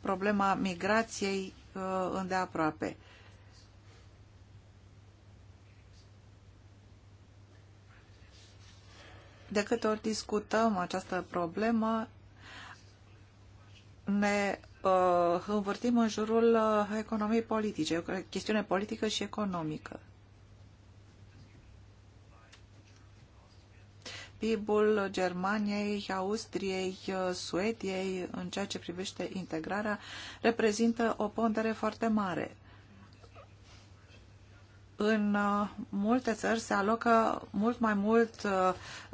problema migrației uh, îndeaproape. Uh, De câte ori discutăm această problemă, ne uh, învârtim în jurul uh, economiei politice, o chestiune politică și economică. PIB-ul Germaniei, Austriei, uh, Suediei, în ceea ce privește integrarea, reprezintă o pondere foarte mare în uh, multe țări se alocă mult mai mult uh,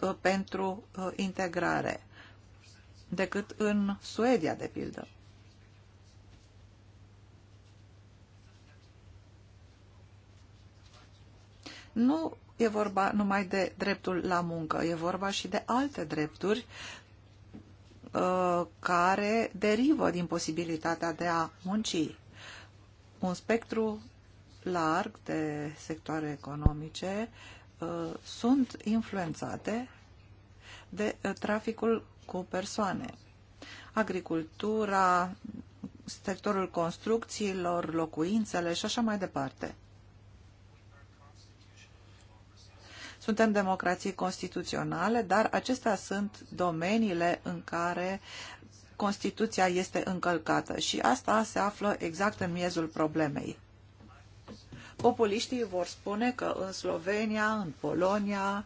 uh, pentru integrare decât în Suedia, de pildă. Nu e vorba numai de dreptul la muncă, e vorba și de alte drepturi care derivă din posibilitatea de a munci. Un spectru larg de sectoare economice uh, sunt influențate de uh, traficul cu persoane. Agricultura, sectorul construcțiilor, locuințele și așa mai departe. Suntem democrații constituționale, dar acestea sunt domeniile în care Constituția este încălcată și asta se află exact în miezul problemei populiștii vor spune că în Slovenia, în Polonia,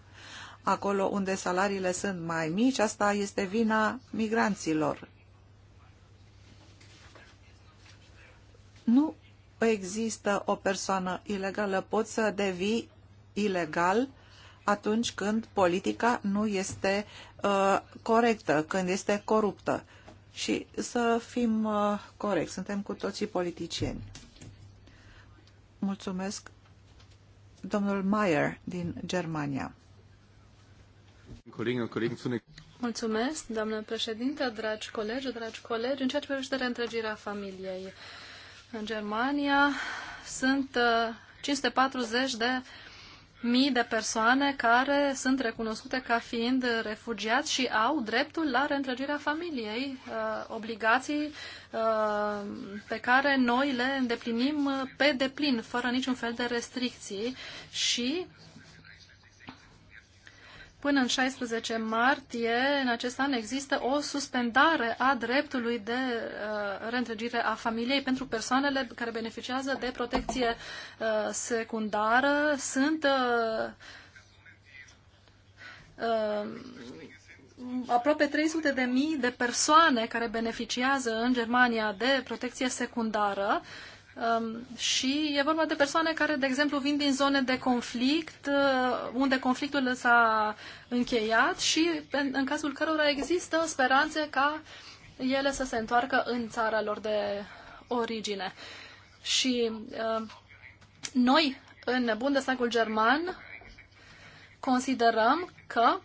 acolo unde salariile sunt mai mici, asta este vina migranților. Nu există o persoană ilegală. Poți să devii ilegal atunci când politica nu este uh, corectă, când este coruptă. Și să fim uh, corecți, suntem cu toții politicieni. Mulțumesc, domnul Mayer din Germania. Mulțumesc, doamnă președintă, dragi colegi, dragi colegi, în ceea ce privește reîntregirea familiei. În Germania sunt 540 uh, de mii de persoane care sunt recunoscute ca fiind refugiați și au dreptul la reîntregirea familiei, uh, obligații uh, pe care noi le îndeplinim pe deplin, fără niciun fel de restricții și Până în 16 martie în acest an există o suspendare a dreptului de uh, reîntregire a familiei pentru persoanele care beneficiază de protecție uh, secundară. Sunt uh, uh, aproape 300 de mii de persoane care beneficiază în Germania de protecție secundară. Uh, Um, și e vorba de persoane care, de exemplu, vin din zone de conflict, uh, unde conflictul s-a încheiat și în, în cazul cărora există speranțe ca ele să se întoarcă în țara lor de origine. Și uh, noi, în Bundestagul German, considerăm că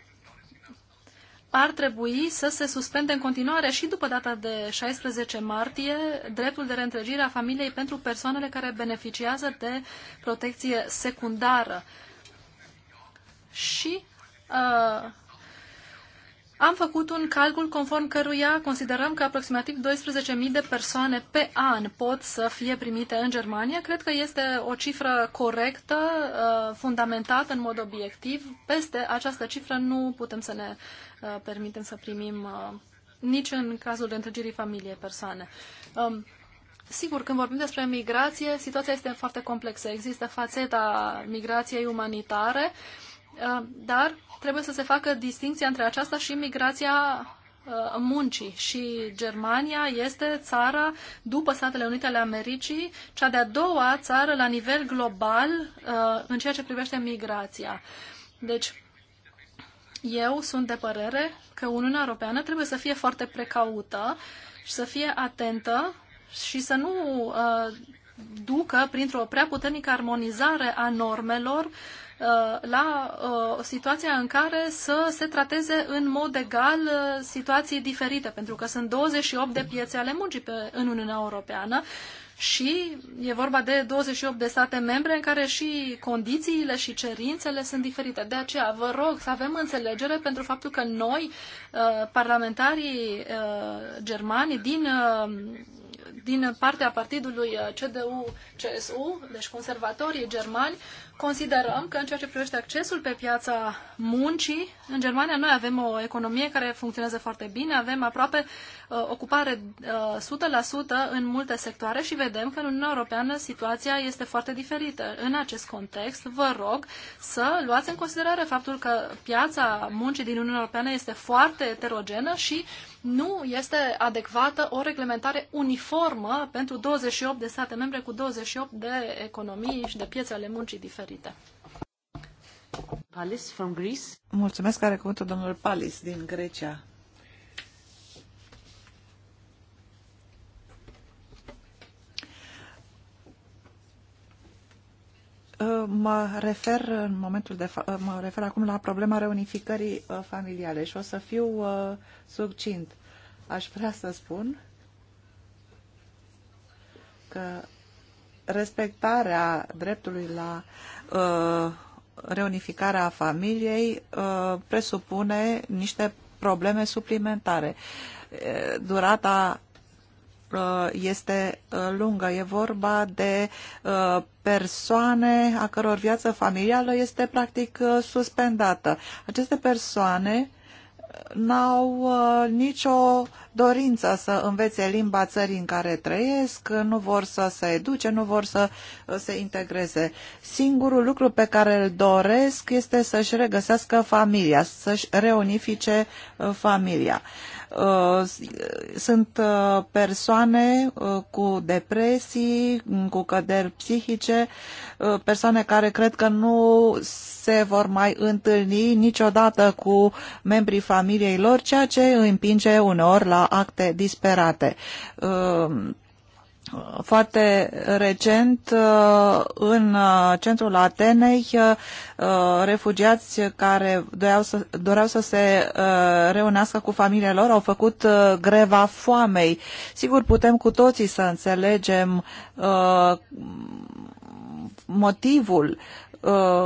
ar trebui să se suspende în continuare și după data de 16 martie dreptul de reîntregire a familiei pentru persoanele care beneficiază de protecție secundară. Și uh, am făcut un calcul conform căruia considerăm că aproximativ 12.000 de persoane pe an pot să fie primite în Germania. Cred că este o cifră corectă, uh, fundamentată în mod obiectiv. Peste această cifră nu putem să ne uh, permitem să primim uh, nici în cazul de întregirii familiei persoane. Um, sigur, când vorbim despre migrație, situația este foarte complexă. Există fațeta migrației umanitare, uh, Uh, dar trebuie să se facă distinția între aceasta și migrația uh, muncii și Germania este țara, după Statele Unite ale Americii, cea de-a doua țară la nivel global uh, în ceea ce privește migrația. Deci, eu sunt de părere că Uniunea Europeană trebuie să fie foarte precaută și să fie atentă și să nu uh, ducă printr-o prea puternică armonizare a normelor uh, Uh, la o uh, situație în care să se trateze în mod egal uh, situații diferite, pentru că sunt 28 de piețe ale muncii pe, în Uniunea Europeană și e vorba de 28 de state membre în care și condițiile și cerințele sunt diferite. De aceea vă rog să avem înțelegere pentru faptul că noi, parlamentarii germani din din partea partidului uh, CDU-CSU, deci conservatorii germani, considerăm că în ceea ce privește accesul pe piața muncii, în Germania noi avem o economie care funcționează foarte bine, avem aproape uh, ocupare uh, 100% în multe sectoare și vedem că în Uniunea Europeană situația este foarte diferită. În acest context, vă rog să luați în considerare faptul că piața muncii din Uniunea Europeană este foarte heterogenă și uh, nu este adecvată o reglementare uniformă pentru 28 de state membre cu 28 de economii și de piețe ale muncii diferite. Palis from Greece. Mulțumesc, are cuvântul domnul Palis din Grecia. Uh, mă refer în momentul de uh, mă refer acum la problema reunificării uh, familiale și o să fiu succint. Aș vrea să spun că respectarea dreptului la uh, reunificarea familiei uh, presupune niște probleme suplimentare. Durata Uh, este uh, lungă. E vorba de uh, persoane a căror viață familială este practic suspendată. Aceste persoane n-au nicio dorință să învețe limba țării în care trăiesc, nu vor să se educe, nu vor să uh, se integreze. Singurul lucru pe care îl doresc este să-și regăsească familia, să-și reunifice uh, familia. Uh, sunt persoane cu depresii, mm, cu căderi psihice, persoane care cred că nu se vor mai întâlni niciodată cu membrii familiei lor, ceea ce îi împinge uneori la acte disperate. Ehm, foarte recent, eh, în eh, centrul Atenei, eh, refugiați care doreau să, doreau să se reunească cu familiile lor au făcut greva foamei. Sigur, putem cu toții să înțelegem motivul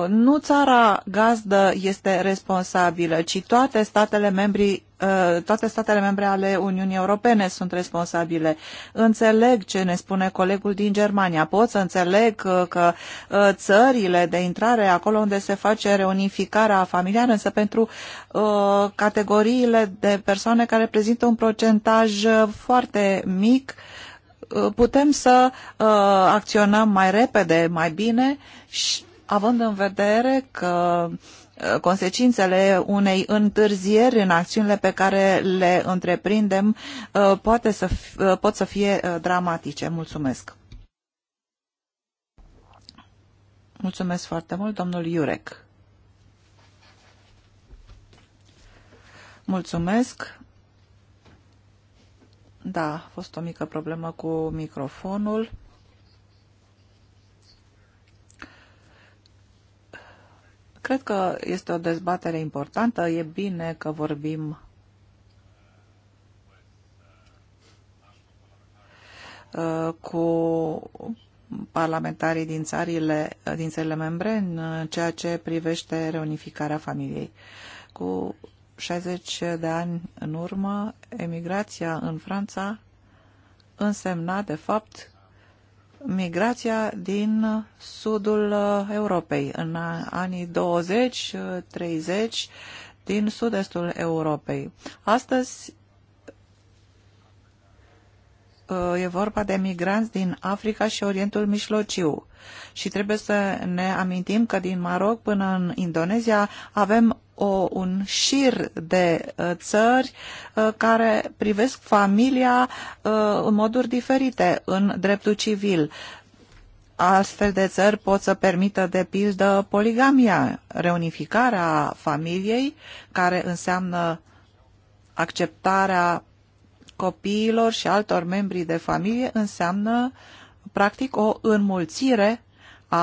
nu țara gazdă este responsabilă, ci toate statele membrii Eh, toate statele membre ale Uniunii Europene sunt responsabile. Înțeleg ce ne spune colegul din Germania. Pot să înțeleg eh, că eh, țările de intrare acolo unde se face reunificarea familiară, însă pentru categoriile de persoane care prezintă un procentaj foarte mic, putem să acționăm mai repede, mai bine și având în vedere că uh, Uh, consecințele unei întârzieri în acțiunile pe care le întreprindem uh, poate să uh, pot să fie dramatice. Mulțumesc! Mulțumesc foarte mult, domnul Iurec. Mulțumesc. Da, a fost o mică problemă cu microfonul. Cred că este o dezbatere importantă. E bine că vorbim cu parlamentarii din țările, din țările membre în ceea ce privește reunificarea familiei. Cu 60 de ani în urmă, emigrația în Franța însemna, de fapt, migrația din sudul uh, Europei în uh, anii 20-30 uh, din sud-estul Europei. Astăzi e vorba de migranți din Africa și Orientul Mijlociu. Și trebuie să ne amintim că din Maroc până în Indonezia avem o, un șir de uh, țări uh, care privesc familia uh, în moduri diferite în dreptul civil. Astfel de țări pot să permită, de pildă, poligamia, reunificarea familiei, care înseamnă acceptarea copiilor și altor membri de familie, înseamnă, practic, o înmulțire a,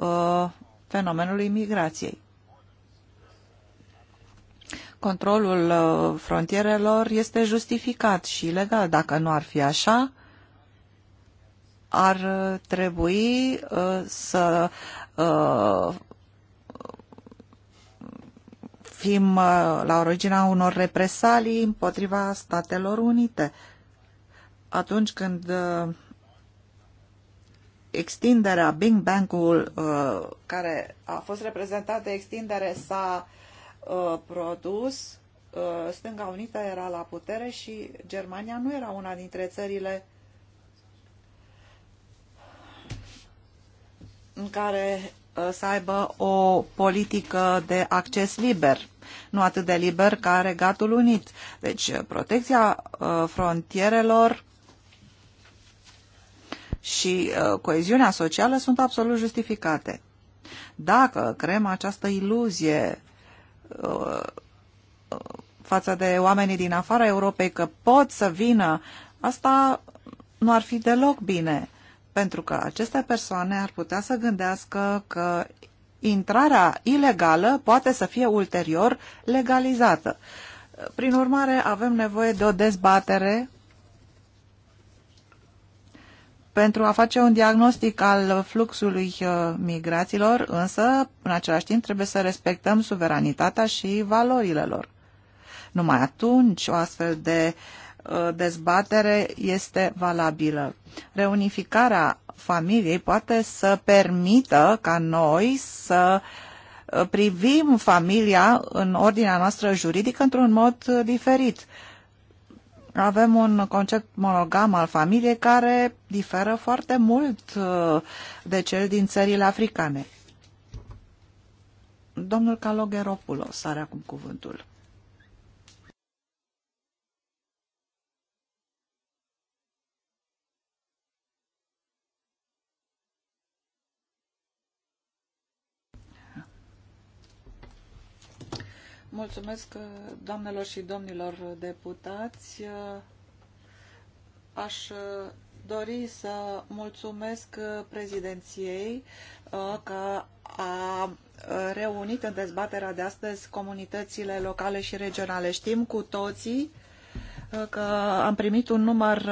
a fenomenului migrației controlul uh, frontierelor este justificat și legal. Dacă nu ar fi așa, ar uh, trebui uh, să fim la originea unor represalii împotriva Statelor Unite. Atunci când extinderea Big Bang-ul care a fost reprezentată extindere s-a uh, Uh, produs, uh, Stânga Unită era la putere și Germania nu era una dintre țările în care uh, să aibă o politică de acces liber, nu atât de liber ca Regatul Unit. Deci protecția frontierelor și coeziunea socială sunt absolut justificate. Dacă creăm această iluzie Uh, față de oamenii din afara Europei că pot să vină, asta nu ar fi deloc bine, pentru că aceste persoane ar putea să gândească că intrarea ilegală poate să fie ulterior legalizată. Prin urmare, avem nevoie de o dezbatere pentru a face un diagnostic al fluxului uh, migraților, însă, în același timp, trebuie să respectăm suveranitatea și valorile lor. Numai atunci o astfel de uh, dezbatere este valabilă. Reunificarea familiei poate să permită ca noi să uh, privim familia în ordinea noastră juridică într-un mod diferit avem un concept monogam al familiei care diferă foarte mult uh, de cel din țările africane. Domnul Calogeropulos are acum cuvântul. Mulțumesc uh, doamnelor și domnilor deputați. Uh, aș uh, dori să mulțumesc prezidenției că a reunit în dezbaterea de astăzi comunitățile locale și regionale. Știm cu toții că am primit un număr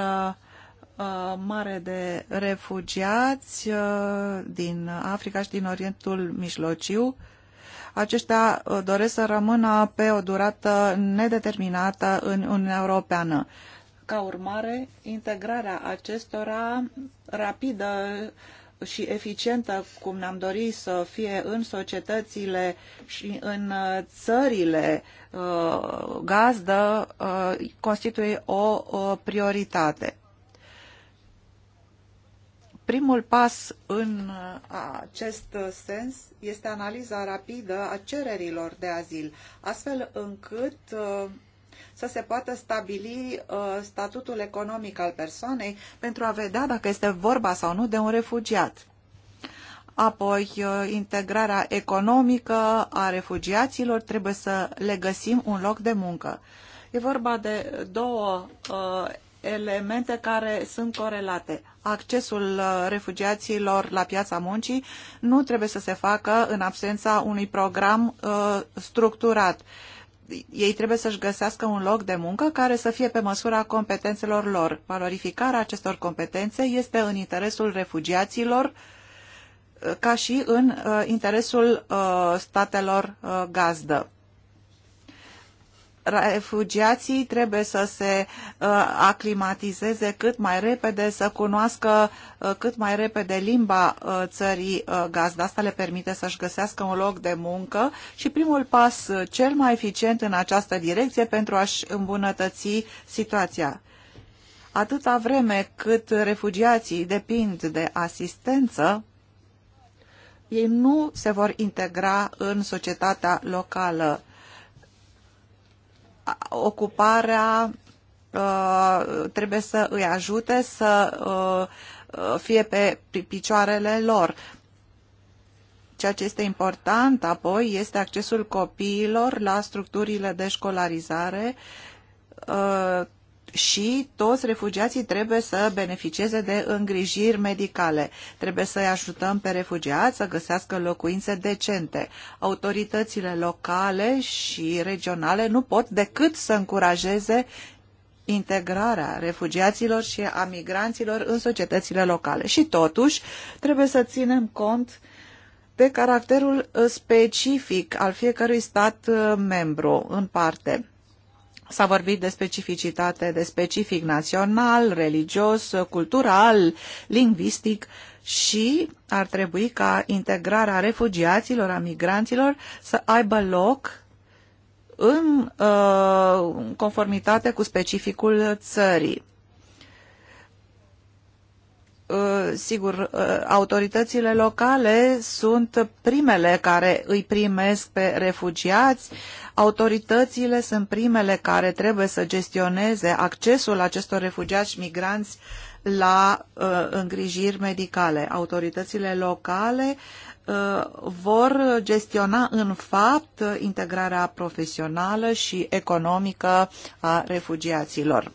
mare de refugiați din Africa și din Orientul Mijlociu aceștia uh, doresc să rămână pe o durată nedeterminată în Uniunea Europeană. Ca urmare, integrarea acestora rapidă și eficientă, cum ne-am dorit să fie în societățile și în uh, țările uh, gazdă, constituie o prioritate. Primul pas în uh, acest sens este analiza rapidă a cererilor de azil, astfel încât uh, să se poată stabili uh, statutul economic al persoanei pentru a vedea dacă este vorba sau nu de un refugiat. Apoi, integrarea economică a refugiaților trebuie să le găsim un loc de muncă. E vorba de două uh, elemente care sunt corelate. Accesul uh, refugiaților la piața muncii nu trebuie să se facă în absența unui program uh, structurat. Ei trebuie să-și găsească un loc de muncă care să fie pe măsura competențelor lor. Valorificarea acestor competențe este în interesul refugiaților uh, ca și în uh, interesul uh, statelor uh, gazdă refugiații trebuie să se uh, aclimatizeze cât mai repede, să cunoască uh, cât mai repede limba uh, țării gazdă. Asta le permite să-și găsească un loc de muncă și primul pas cel mai eficient în această direcție pentru a-și îmbunătăți situația. Atâta vreme cât refugiații depind de asistență, ei nu se vor integra în societatea locală ocuparea uh, trebuie să îi ajute să uh, fie pe picioarele lor. Ceea ce este important apoi este accesul copiilor la structurile de școlarizare uh, și toți refugiații trebuie să beneficieze de îngrijiri medicale. Trebuie să-i ajutăm pe refugiați să găsească locuințe decente. Autoritățile locale și regionale nu pot decât să încurajeze integrarea refugiaților și a migranților în societățile locale. Și totuși, trebuie să ținem cont de caracterul specific al fiecărui stat uh, membru în parte S-a vorbit de specificitate, de specific național, religios, cultural, lingvistic și ar trebui ca integrarea refugiaților, a migranților să aibă loc în uh, conformitate cu specificul țării. Uh, sigur, uh, autoritățile locale sunt primele care îi primesc pe refugiați, autoritățile sunt primele care trebuie să gestioneze accesul acestor refugiați și migranți la uh, îngrijiri medicale. Autoritățile locale uh, vor gestiona în fapt integrarea profesională și economică a refugiaților.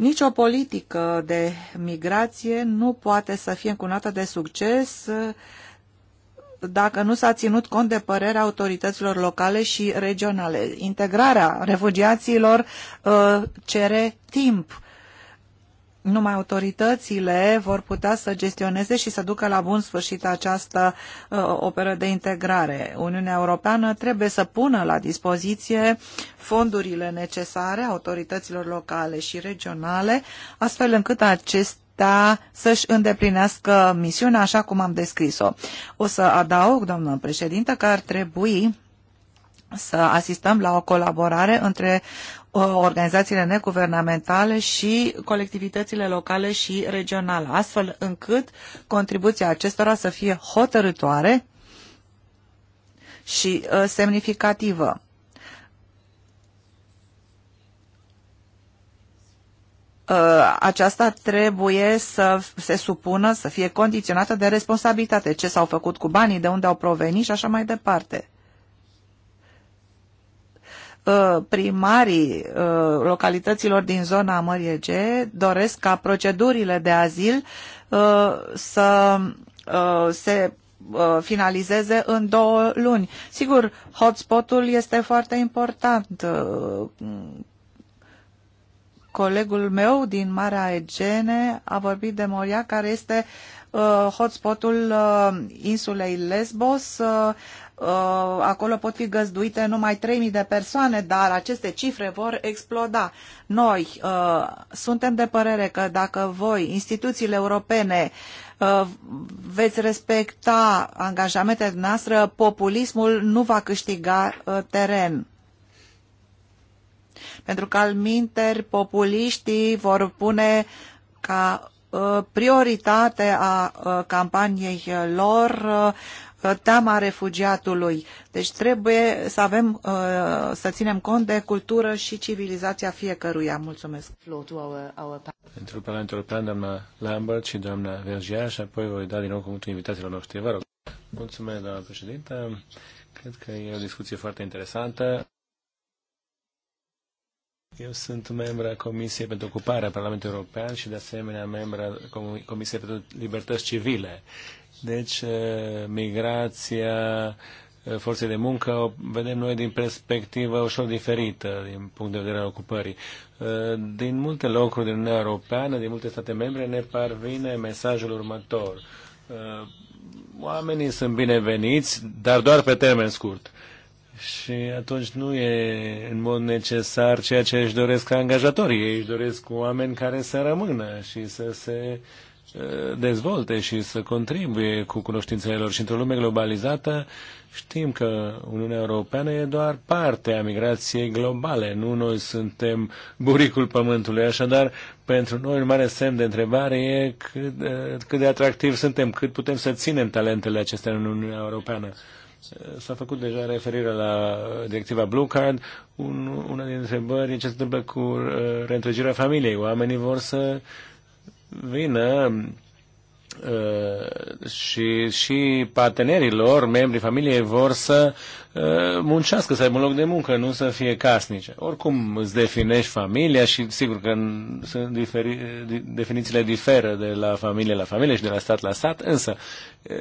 Nici o politică de migrație nu poate să fie încunată de succes uh, dacă nu s-a ținut cont de părerea autorităților locale și regionale. Integrarea refugiaților uh, cere timp numai autoritățile vor putea să gestioneze și să ducă la bun sfârșit această uh, operă de integrare. Uniunea Europeană trebuie să pună la dispoziție fondurile necesare autorităților locale și regionale, astfel încât acestea să-și îndeplinească misiunea așa cum am descris-o. O să adaug, doamnă președintă, că ar trebui să asistăm la o colaborare între Uh, organizațiile neguvernamentale și colectivitățile locale și regionale, astfel încât contribuția acestora să fie hotărătoare și uh, semnificativă. Uh, aceasta trebuie să se supună, să fie condiționată de responsabilitate, ce s-au făcut cu banii, de unde au provenit și așa mai departe. Uh, primarii uh, localităților din zona Mării Egee doresc ca procedurile de azil uh, să se finalizeze în două luni. Sigur, hotspot-ul este foarte important. Colegul meu din Marea Egene a vorbit de Moria, care este hotspotul insulei Lesbos, Uh, acolo pot fi găzduite numai 3.000 de persoane, dar aceste cifre vor exploda. Noi uh, suntem de părere că dacă voi, instituțiile europene, uh, veți respecta angajamentele noastre, populismul nu va câștiga teren pentru că al minteri populiștii vor pune ca prioritate a campaniei lor Uh, teama refugiatului. Deci trebuie să avem, uh, să ținem cont de cultură și civilizația fiecăruia. Mulțumesc. Pentru Parlamentul European, doamna Lambert și doamna Vergea și apoi voi da din nou cuvântul invitațiilor noștri. Vă rog. Mulțumesc, doamna președintă. Cred că e o discuție foarte interesantă. Eu sunt membru a Comisiei pentru ocupare a Parlamentului European și de asemenea membru a Comisiei pentru Libertăți Civile. Deci, eh, migrația eh, forțe de muncă o vedem noi din perspectivă ușor diferită din punct de vedere al ocupării. Eh, din multe locuri din Uniunea Europeană, din multe state membre, ne parvine mesajul următor. Oamenii sunt bineveniți, dar doar pe termen scurt. Și atunci nu e în mod necesar ceea ce își doresc angajatorii. Ei își doresc oameni care să rămână și să se uh, dezvolte și să contribuie cu cunoștințele lor. Și într-o lume globalizată știm că Uniunea Europeană e doar parte a migrației globale. Nu noi suntem buricul pământului. Așadar, pentru noi un mare semn de întrebare e cât, cât de atractiv suntem, cât putem să ținem talentele acestea în Uniunea Europeană. S-a făcut deja referire la directiva Blue Card. Un, una din întrebări e ce se întâmplă cu uh, reîntregirea familiei. Oamenii vor să uh, vină ă, și, și partenerii lor, membrii familiei, vor să ă, muncească, să aibă un loc de muncă, nu să fie casnice. Oricum îți definești familia și sigur că sunt diferi, definițiile diferă de la familie la familie și de la stat la stat, însă ă,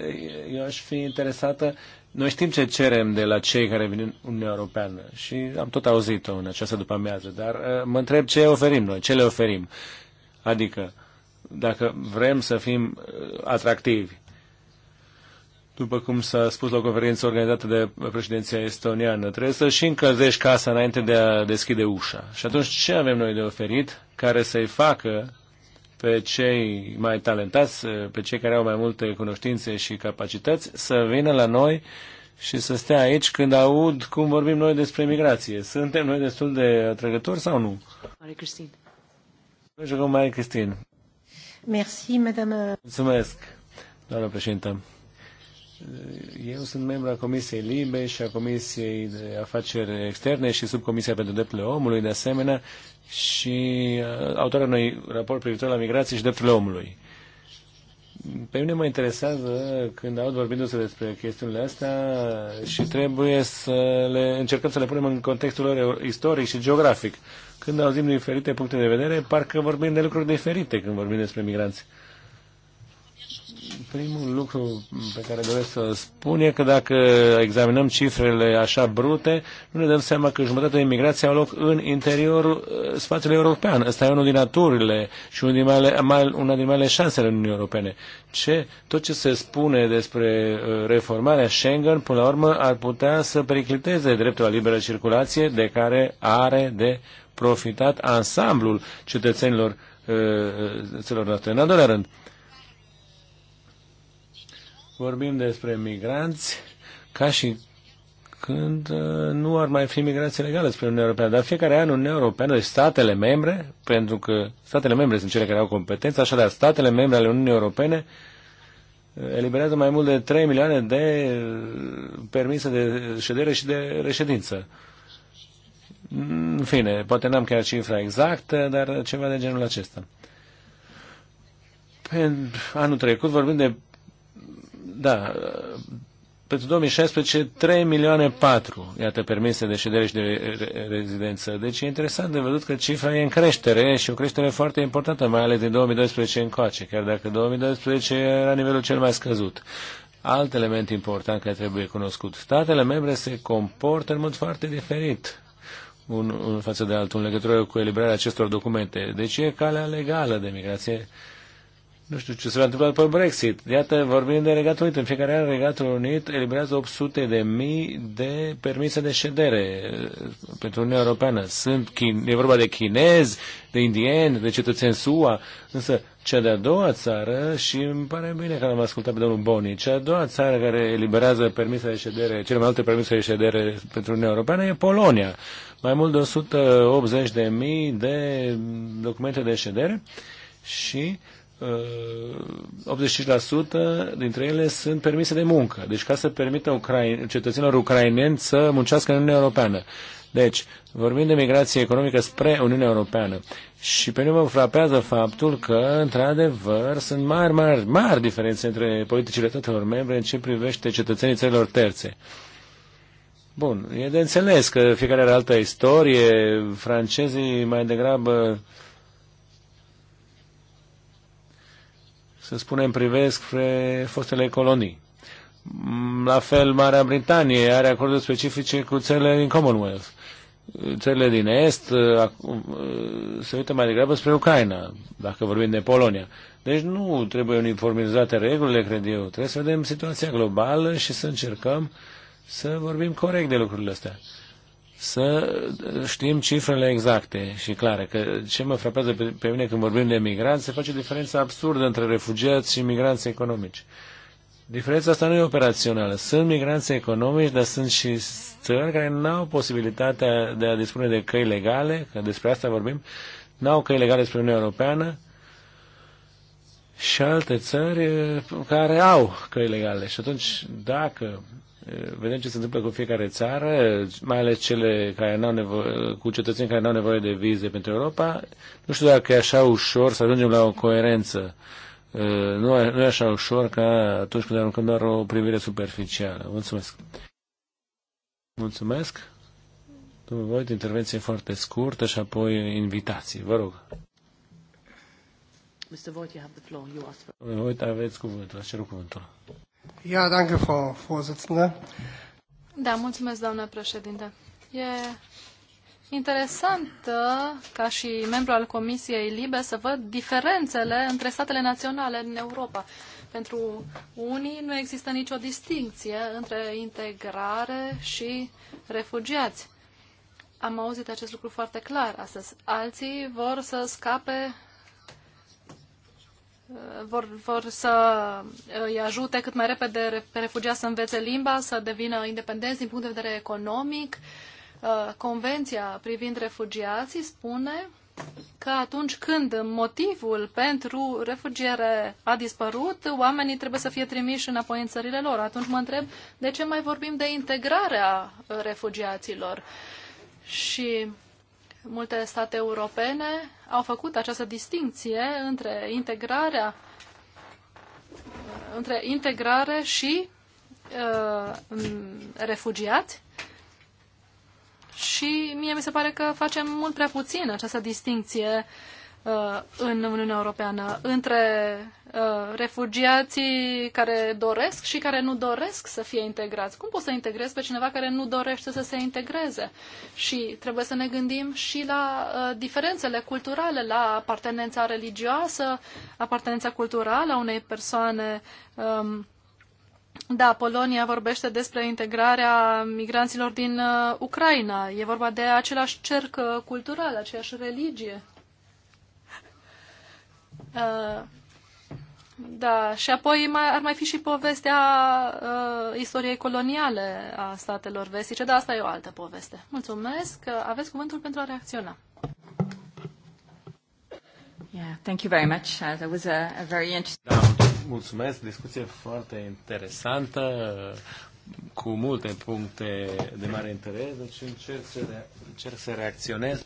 eu aș fi interesată noi știm ce cerem de la cei care vin în Uniunea Europeană și am tot auzit-o în această după amiază, dar mă întreb ce oferim noi, ce le oferim. Adică, dacă vrem să fim uh, atractivi. După cum s-a spus la o conferință organizată de președinția estoniană, trebuie să și încălzești casa înainte de a deschide ușa. Și atunci ce avem noi de oferit care să-i facă pe cei mai talentați, uh, pe cei care au mai multe cunoștințe și capacități, să vină la noi și să stea aici când aud cum vorbim noi despre migrație. Suntem noi destul de atrăgători sau nu? Mare Cristin. Noi jucăm Mare Cristin. Mulțumesc, doamnă președintă. Eu sunt membru a Comisiei Libe și a Comisiei de Afaceri Externe și Subcomisia pentru Drepturile Omului, de asemenea, și uh, autora unui raport privitor la migrație și drepturile omului pe mine mă interesează când aud vorbindu-se despre chestiunile astea și trebuie să le încercăm să le punem în contextul lor istoric și geografic. Când auzim diferite puncte de vedere, parcă vorbim de lucruri diferite când vorbim despre migranți. Uh, Primul lucru pe care doresc să spun e că dacă examinăm cifrele așa brute, nu ne dăm seama că jumătatea imigrației au loc în interiorul uh, spațiului european. Ăsta e unul din naturile și unul din male, mai, una din mai șansele Uniunii Europene. Ce, tot ce se spune despre uh, reformarea Schengen, până la urmă, ar putea să pericliteze dreptul la liberă circulație de care are de profitat ansamblul cetățenilor celor uh, noastre. În al doilea rând, vorbim despre migranți ca și când uh, nu ar mai fi migrație legală spre Uniunea Europeană. Dar fiecare an Uniunea Europeană, deci statele membre, pentru că statele membre sunt cele care au competență, așadar statele membre ale Uniunii Europene uh, eliberează mai mult de 3 milioane de uh, permise de ședere și de reședință. În fine, poate n-am chiar cifra exactă, dar ceva de genul acesta. Pe anul trecut vorbim de da, pentru 2016 3 milioane 4, iată, permise de ședere și de rezidență. Deci e interesant de văzut că cifra e în creștere și o creștere foarte importantă, mai ales din 2012 încoace, chiar dacă 2012 era nivelul cel mai scăzut. Alt element important care trebuie cunoscut. Statele membre se comportă în mod foarte diferit unul un față de altul în legătură cu eliberarea acestor documente. Deci e calea legală de migrație nu știu ce se va întâmpla după Brexit. Iată, vorbim de Regatul Unit. În fiecare an Regatul Unit eliberează 800 de mii de permise de ședere uh, pentru Uniunea Europeană. Sunt, e vorba de chinezi, de indieni, de cetățeni SUA, însă cea de-a doua țară, și îmi pare bine că l-am ascultat pe domnul Boni, cea de-a doua țară care eliberează permise de ședere, cele mai multe permise de ședere pentru Uniunea Europeană e Polonia. Mai mult de 180 de mii de documente de ședere și 85% uh, dintre ele sunt permise de muncă. Deci ca să permită ucraine, cetățenilor ucraineni să muncească în Uniunea Europeană. Deci, vorbim de migrație economică spre Uniunea Europeană. Și pe noi mă frapează faptul că, într-adevăr, sunt mari, mari, mari diferențe între politicile tuturor membre în ce privește cetățenii țărilor terțe. Bun, e de înțeles că fiecare are altă istorie, francezii mai degrabă uh, să spunem, privesc spre fostele colonii. La fel, Marea Britanie are acorduri specifice cu țările din Commonwealth. Țările din Est uh, uh, se uită mai degrabă spre Ucraina, dacă vorbim de Polonia. Deci nu trebuie uniformizate regulile, cred eu. Trebuie să vedem situația globală și să încercăm să vorbim corect de lucrurile astea să uh, știm cifrele exacte și clare. Că ce mă frapează pe, mine când vorbim de migranți, se face diferența absurdă între refugiați și migranți economici. Diferența asta nu e operațională. Sunt migranți economici, dar sunt și țări care nu au posibilitatea de a dispune de căi legale, că despre asta vorbim, nu au căi legale spre Uniunea Europeană, și alte țări uh, care au căi legale. Și atunci, dacă vedem ce se întâmplă cu fiecare țară, mai ales cele care n-au nevoie, cu cetățenii care nu au nevoie de vize pentru Europa. Nu știu dacă e așa ușor să ajungem la o coerență. Uh, nu, nu e așa ușor ca atunci când aruncăm doar o privire superficială. Mulțumesc. Mulțumesc. Domnul Voit, intervenție foarte scurtă și apoi invitații. Vă rog. Mr. Voigt, you have the floor. You asked for... Voigt, aveți cuvântul. Ați cerut cuvântul. Ja, danke, Frau Vorsitzende. Da, mulțumesc, doamnă președinte. E interesant ca și membru al Comisiei Libe să văd diferențele între statele naționale în Europa. Pentru unii nu există nicio distinție între integrare și refugiați. Am auzit acest lucru foarte clar astăzi. Alții vor să scape vor, vor să uh, îi ajute cât mai repede pe refugiați să învețe limba, să devină independenți din punct de vedere economic. Uh, Convenția privind refugiații spune că atunci când motivul pentru refugiere a dispărut, oamenii trebuie să fie trimiși înapoi în țările lor. Atunci mă întreb de ce mai vorbim de integrarea refugiaților. Și Multe state europene au făcut această distinție între integrarea între integrare și uh, refugiați și mie mi se pare că facem mult prea puțin această distinție uh, Uh, în Uniunea Europeană între uh, refugiații care doresc și care nu doresc să fie integrați. Cum poți să integrezi pe cineva care nu dorește să se integreze? Și trebuie să ne gândim și la uh, diferențele culturale, la apartenența religioasă, apartenența culturală a unei persoane. Um, da, Polonia vorbește despre integrarea migranților din Ucraina. E vorba de același cerc cultural, aceeași religie. Uh, da, și apoi mai, ar mai fi și povestea uh, istoriei coloniale a statelor vestice, dar asta e o altă poveste. Mulțumesc, uh, aveți cuvântul pentru a reacționa. Yeah, thank you very much. Uh, that was a, a very interesting... Da, mulțumesc, discuție foarte interesantă, cu multe puncte de mare interes, deci încerc să, re- încerc să reacționez.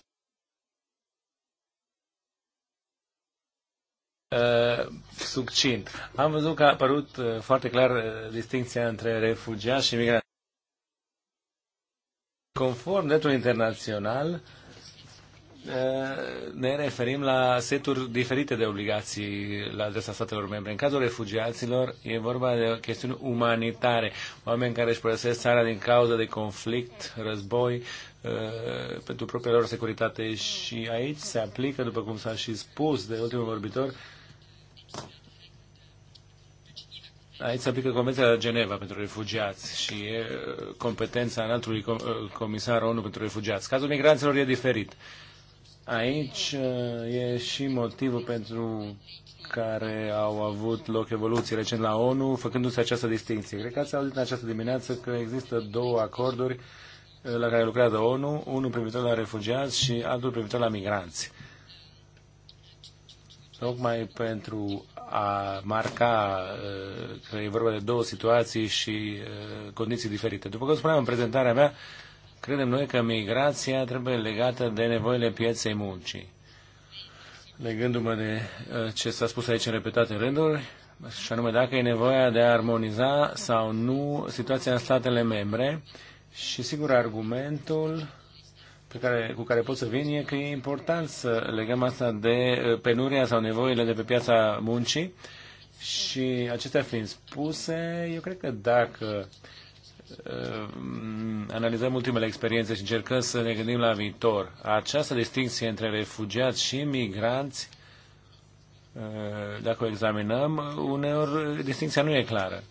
Uh, succint. Am văzut că a apărut uh, foarte clar uh, distinția între refugiați și migranți. Conform dreptului internațional, ne referim la seturi diferite de obligații la adresa statelor membre. În cazul refugiaților, e vorba de chestiuni umanitare. Oameni care își părăsesc țara din cauza de conflict, război, pentru propria lor securitate și aici se aplică, după cum s-a și spus de ultimul vorbitor, Aici se aplică Convenția de la Geneva pentru refugiați și e competența înaltului comisar ONU pentru refugiați. Cazul migranților e diferit. Aici e și motivul pentru care au avut loc evoluții recent la ONU, făcându-se această distinție. Cred că ați auzit în această dimineață că există două acorduri la care lucrează ONU, unul privitor la refugiați și altul privitor la migranți tocmai pentru a marca uh, că e vorba de două situații și uh, condiții diferite. După cum spuneam în prezentarea mea, credem noi că migrația trebuie legată de nevoile pieței muncii. Legându-mă de uh, ce s-a spus aici în repetate rânduri, și anume dacă e nevoia de a armoniza sau nu situația în statele membre și, sigur, argumentul pe care, cu care pot să vin e că e important să legăm asta de uh, penuria sau nevoile de pe piața muncii și acestea fiind spuse, eu cred că dacă uh, analizăm ultimele experiențe și încercăm să ne gândim la viitor, această distinție între refugiați și migranți, uh, dacă o examinăm, uneori distinția nu e clară.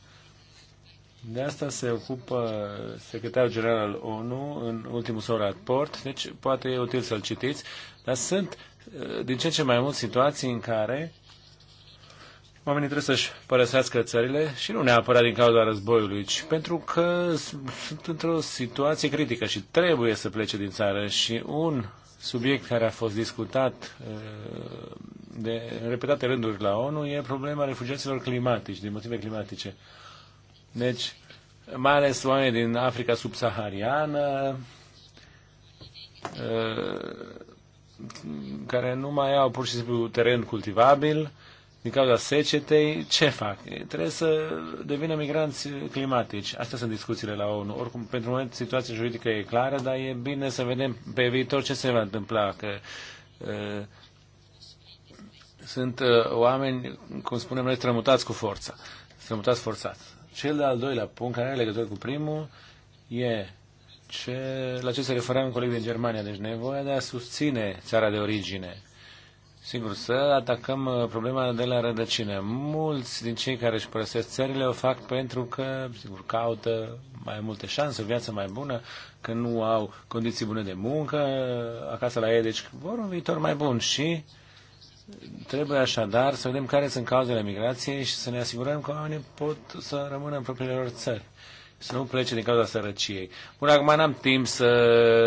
De asta se ocupă secretarul general al ONU în ultimul său raport, deci poate e util să-l citiți, dar sunt uh, din ce în ce mai mult situații în care oamenii trebuie să-și părăsească țările și nu neapărat din cauza războiului, ci pentru că sunt într-o situație critică și trebuie să plece din țară și un subiect care a fost discutat uh, de, repetate rânduri la ONU e problema refugiaților climatici, din motive climatice. Deci, mai ales oameni din Africa subsahariană, ă, care nu mai au pur și simplu teren cultivabil din cauza secetei, ce fac? Trebuie să devină migranți climatici. Astea sunt discuțiile la ONU. Oricum, pentru moment, situația juridică e clară, dar e bine să vedem pe viitor ce se va întâmpla. Că, uh, sunt uh, oameni, cum spunem noi, strămutați cu forța. Strămutați forțat cel de-al doilea punct, care are legătură cu primul, e ce, la ce se referă un coleg din Germania, deci nevoia de a susține țara de origine. Sigur, să atacăm uh, problema de la rădăcină. Mulți din cei care își părăsesc țările o fac pentru că, sigur, caută mai multe șanse, o viață mai bună, că nu au condiții bune de muncă uh, acasă la ei, deci vor un viitor mai bun și uh, Trebuie așadar să vedem care sunt cauzele migrației și să ne asigurăm că oamenii pot să rămână în propriile lor țări. Să nu plece din cauza sărăciei. Bun, acum n-am timp să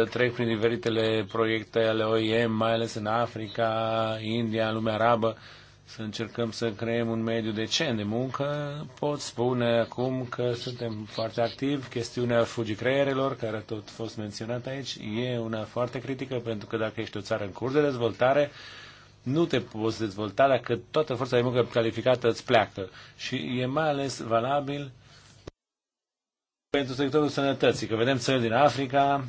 trec prin diferitele proiecte ale OIM, mai ales în Africa, India, lumea arabă, să încercăm să creăm un mediu decent de muncă. Pot spune acum că suntem foarte activi. Chestiunea fugii creierelor, care a tot fost menționată aici, e una foarte critică, pentru că dacă ești o țară în curs de dezvoltare, nu te poți dezvolta dacă toată forța de muncă calificată îți pleacă. Și e mai ales valabil pentru sectorul sănătății, că vedem țări din Africa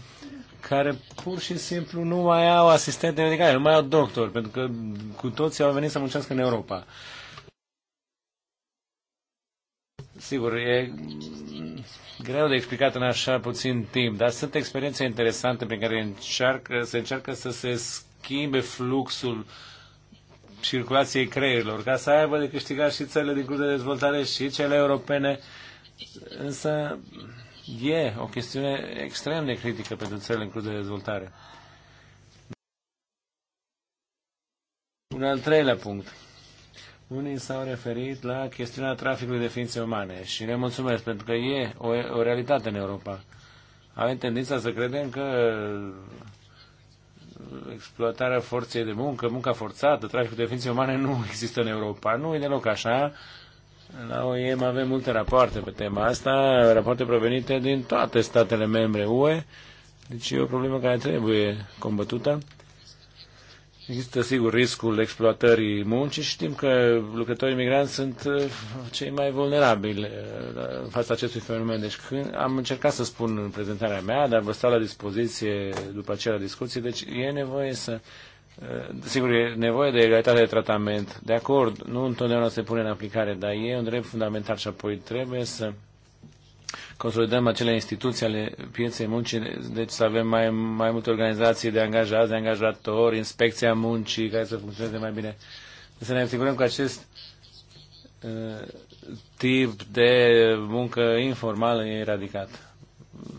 care pur și simplu nu mai au asistente medicale, nu mai au doctor, pentru că cu toții au venit să muncească în Europa. Sigur, e greu de explicat în așa puțin timp, dar sunt experiențe interesante prin care încearcă, se încearcă să se schimbe fluxul uh, circulației creierilor, ca să aibă de câștigat și țările din curs de dezvoltare și cele europene. Însă e o chestiune extrem de critică pentru țările în curs de dezvoltare. Un al treilea punct. Unii s-au referit la chestiunea traficului de ființe umane și ne mulțumesc pentru că e o, o realitate în Europa. Avem tendința să credem că exploatarea forței de muncă, munca forțată, traficul de ființe umane nu există în Europa. Nu e deloc așa. La OIM avem multe rapoarte pe tema asta, rapoarte provenite din toate statele membre UE, deci e o problemă care trebuie combătută Există, sigur, riscul exploatării muncii și știm că lucrătorii migranți sunt uh, cei mai vulnerabili uh, în fața acestui fenomen. Deci când am încercat să spun în prezentarea mea, dar vă stau la dispoziție după acea discuție, deci e nevoie să... Uh, sigur, e nevoie de egalitate de tratament. De acord, nu întotdeauna se pune în aplicare, dar e un drept fundamental și apoi trebuie să consolidăm acele instituții ale pieței muncii, deci să avem mai, mai multe organizații de angajați, de angajatori, inspecția muncii care să funcționeze mai bine. Deci să ne asigurăm că acest uh, tip de muncă informală e eradicat.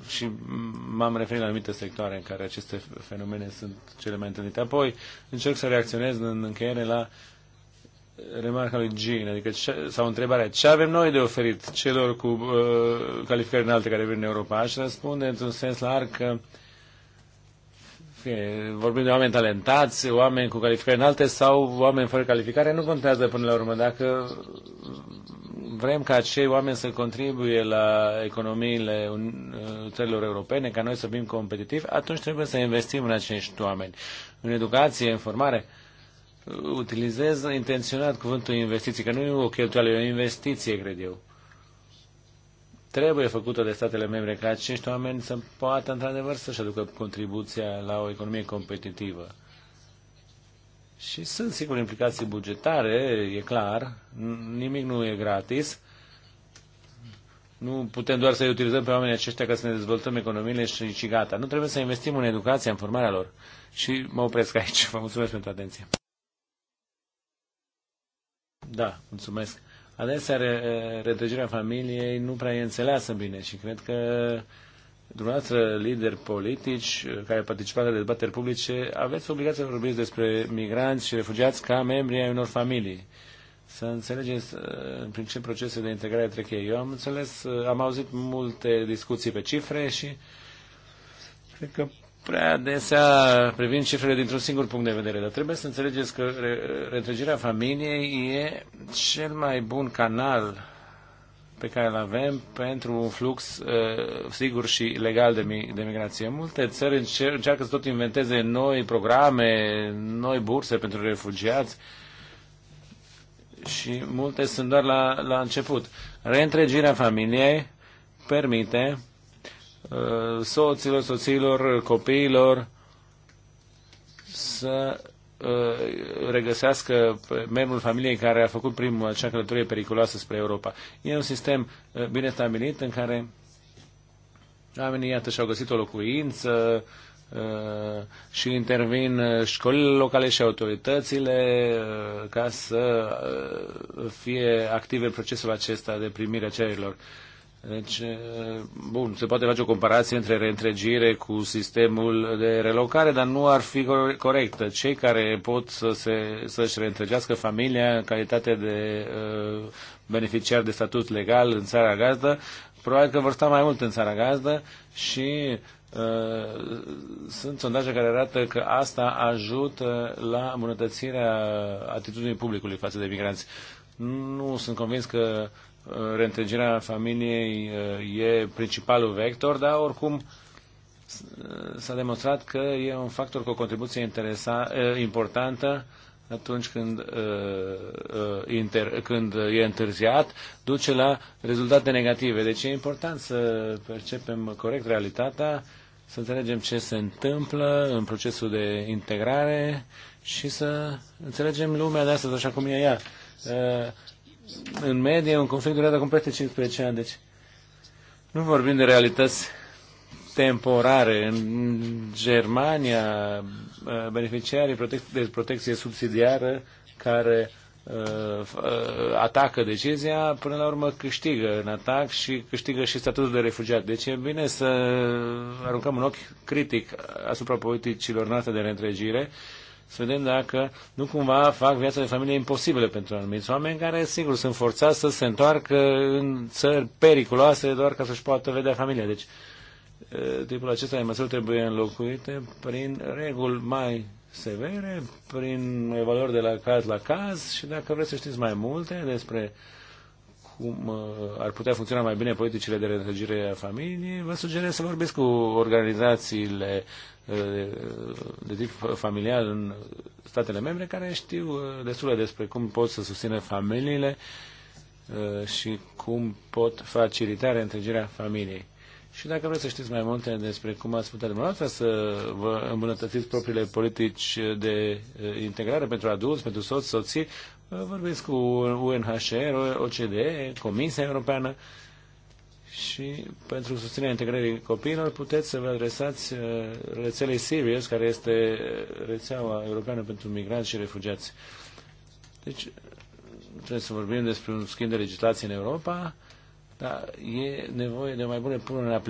Și m-am referit la anumite sectoare în care aceste fenomene sunt cele mai întâlnite. Apoi încerc să reacționez în încheiere la uh, remarca lui Jean, adică ce, sau întrebarea, ce avem noi de oferit celor cu uh, calificări înalte care vin în Europa? Aș răspunde într-un sens larg că fie, vorbim de oameni talentați, oameni cu calificări înalte sau oameni fără calificare, nu contează până la urmă. Dacă vrem ca acei oameni să contribuie la economiile uh, țărilor europene, ca noi să fim competitivi, atunci trebuie să investim în acești oameni, în educație, în formare. Uh, utilizez intenționat cuvântul investiții, că nu e o cheltuială, e o investiție, cred eu. Trebuie făcută de statele membre ca acești oameni să poată într-adevăr să-și aducă contribuția la o economie competitivă. Și sunt, sigur, implicații bugetare, e clar, nimic nu e gratis. Nu putem doar să-i utilizăm pe oamenii aceștia ca să ne dezvoltăm economiile și, și gata. Nu trebuie să investim în educația, în formarea lor. Și mă opresc aici. Vă mulțumesc pentru atenție. Da, mulțumesc. Adesea re, retrăgirea familiei nu prea e înțeleasă bine și cred că dumneavoastră lideri politici care participat la dezbateri publice, aveți obligația să vorbiți despre migranți și refugiați ca membri ai unor familii. Să înțelegeți uh, prin ce procese de integrare trec ei. Eu am înțeles, uh, am auzit multe discuții pe cifre și cred că prea adesea privind cifrele dintr-un singur punct de vedere, dar trebuie să înțelegeți că retrăgirea familiei e cel mai bun canal pe care îl avem pentru un flux uh, sigur și legal de, mi- de migrație. Multe țări încer- încearcă să tot inventeze noi programe, noi burse pentru refugiați și multe sunt doar la, la început. Reîntregirea familiei permite Uh, soților, soțiilor, copiilor să uh, regăsească membrul familiei care a făcut primul acea călătorie periculoasă spre Europa. E un sistem uh, bine stabilit în care oamenii, iată, și-au găsit o locuință și intervin școlile locale și autoritățile ca să fie active procesul acesta de primire a cererilor. Deci, bun, se poate face o comparație între reîntregire cu sistemul de relocare, dar nu ar fi corectă. Cei care pot să se, să-și reîntregească familia în calitate de uh, beneficiar de statut legal în țara gazdă, probabil că vor sta mai mult în țara gazdă și uh, sunt sondaje care arată că asta ajută la îmbunătățirea atitudinii publicului față de migranți. Nu sunt convins că uh, reîntregirea familiei uh, e principalul vector, dar oricum uh, s-a demonstrat că e un factor cu o contribuție interesa, uh, importantă atunci când, inter, când e întârziat, duce la rezultate negative. Deci e important să percepem corect realitatea, să înțelegem ce se întâmplă în procesul de integrare și să înțelegem lumea de astăzi așa cum e ea în medie, un conflict durează acum peste 15 ani, deci nu vorbim de realități temporare. În Germania, uh, beneficiarii de protecție subsidiară care uh, uh, atacă decizia, până la urmă câștigă în atac și câștigă și statutul de refugiat. Deci e bine să aruncăm un ochi critic asupra politicilor noastre de reîntregire să vedem dacă nu cumva fac viața de familie imposibilă pentru anumiți oameni care, sigur, sunt forțați să se întoarcă în țări periculoase doar ca să-și poată vedea familia. Deci, tipul acesta de măsuri trebuie înlocuite prin reguli mai severe, prin evaluări de la caz la caz și dacă vreți să știți mai multe despre uh, cum uh, ar putea funcționa mai bine politicile de reîntregire a familiei, vă sugerez să vorbesc cu organizațiile uh, de tip familial în statele membre care știu uh, destul despre cum pot să susțină familiile și cum pot facilita reîntregirea familiei. Și dacă vreți să știți mai multe despre cum ați putea dumneavoastră să vă îmbunătățiți propriile politici de eh, integrare pentru adulți, pentru soți, soții, eh, vorbiți cu UNHCR, OCDE, Comisia Europeană și pentru susținerea integrării copiilor puteți să vă adresați eh, rețelei Sirius, care este rețeaua europeană pentru migranți și refugiați. Deci trebuie să vorbim despre un schimb de legislație în Europa, dar e nevoie de o mai bună punere,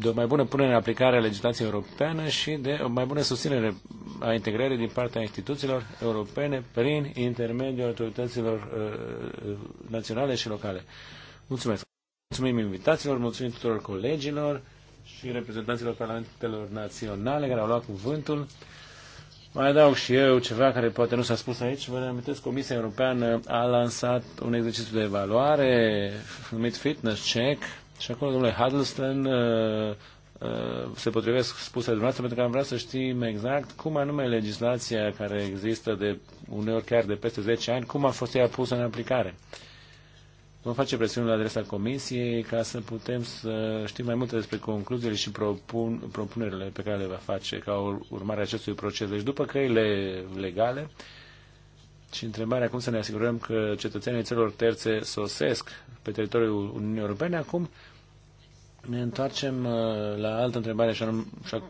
de o mai bună punere în aplicare a legislației europeană și de o mai bună susținere a integrării din partea instituțiilor europene prin intermediul autorităților uh, naționale și locale. Mulțumesc! Mulțumim invitațiilor, mulțumim tuturor colegilor și reprezentanților parlamentelor naționale care au luat cuvântul. Mai adaug și eu ceva care poate nu s-a spus aici. Vă reamintesc, Comisia Europeană a lansat un exercițiu de evaluare numit Fitness Check și acolo, domnule Huddleston, uh, uh, se potrivesc spusele dumneavoastră pentru că am vrea să știm exact cum anume legislația care există de uneori chiar de peste 10 ani, cum a fost ea pusă în aplicare. Uh, Vom face presiune la adresa Comisiei ca să putem să știm mai multe despre concluziile și propun, propunerile pe care le va face ca urmare a acestui proces. Deci după căile legale și întrebarea cum să ne asigurăm că cetățenii țărilor terțe sosesc pe teritoriul Uniunii Europene, acum ne întoarcem uh, la altă întrebare și anume,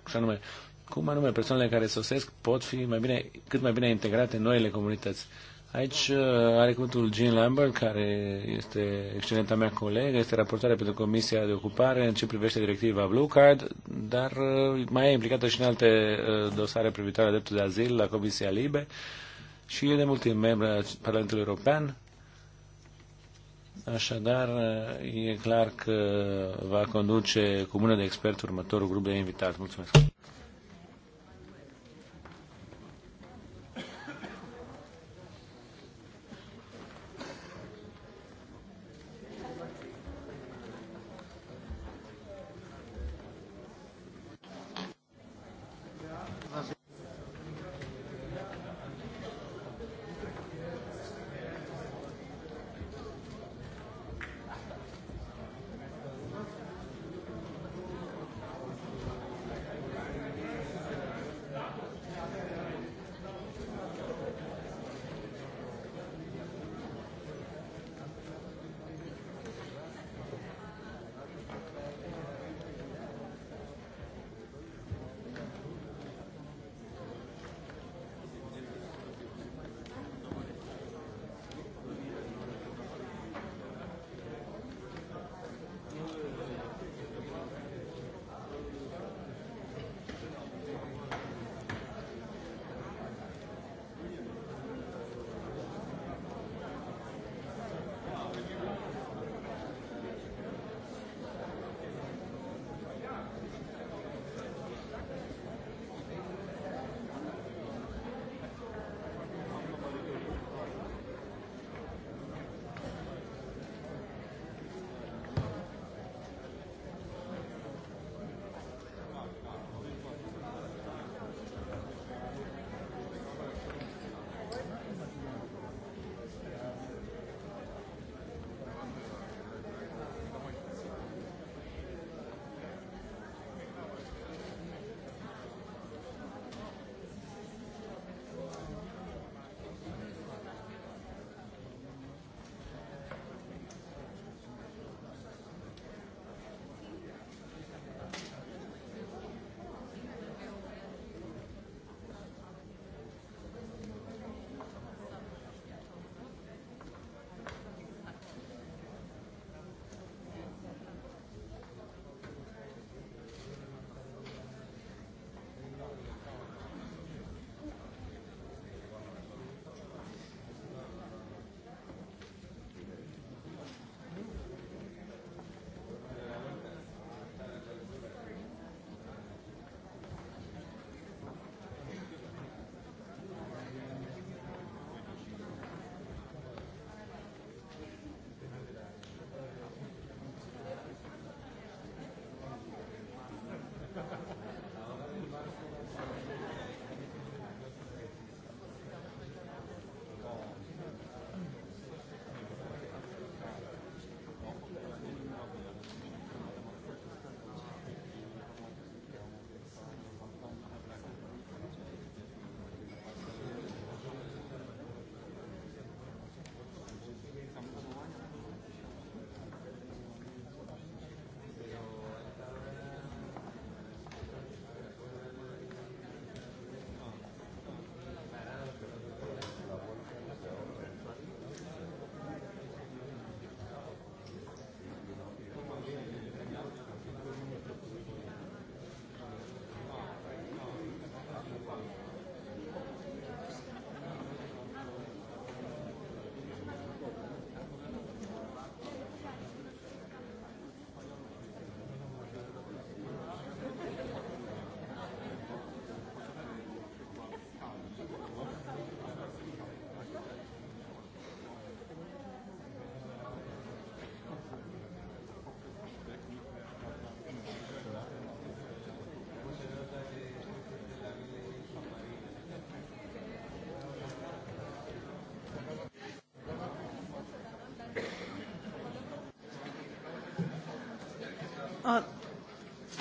și anume cum anume persoanele care sosesc pot fi mai bine, cât mai bine integrate în noile comunități. Aici uh, are cuvântul Jean Lambert, care este excelenta mea colegă, este raportare pentru Comisia de Ocupare în ce privește directiva Blue Card, dar uh, mai e implicată și în alte uh, dosare privitoare la dreptul de azil la Comisia Libe și e de mult timp membru al Parlamentului European. Așadar, e clar că va conduce cu mână de expert următorul grup de invitați. Mulțumesc!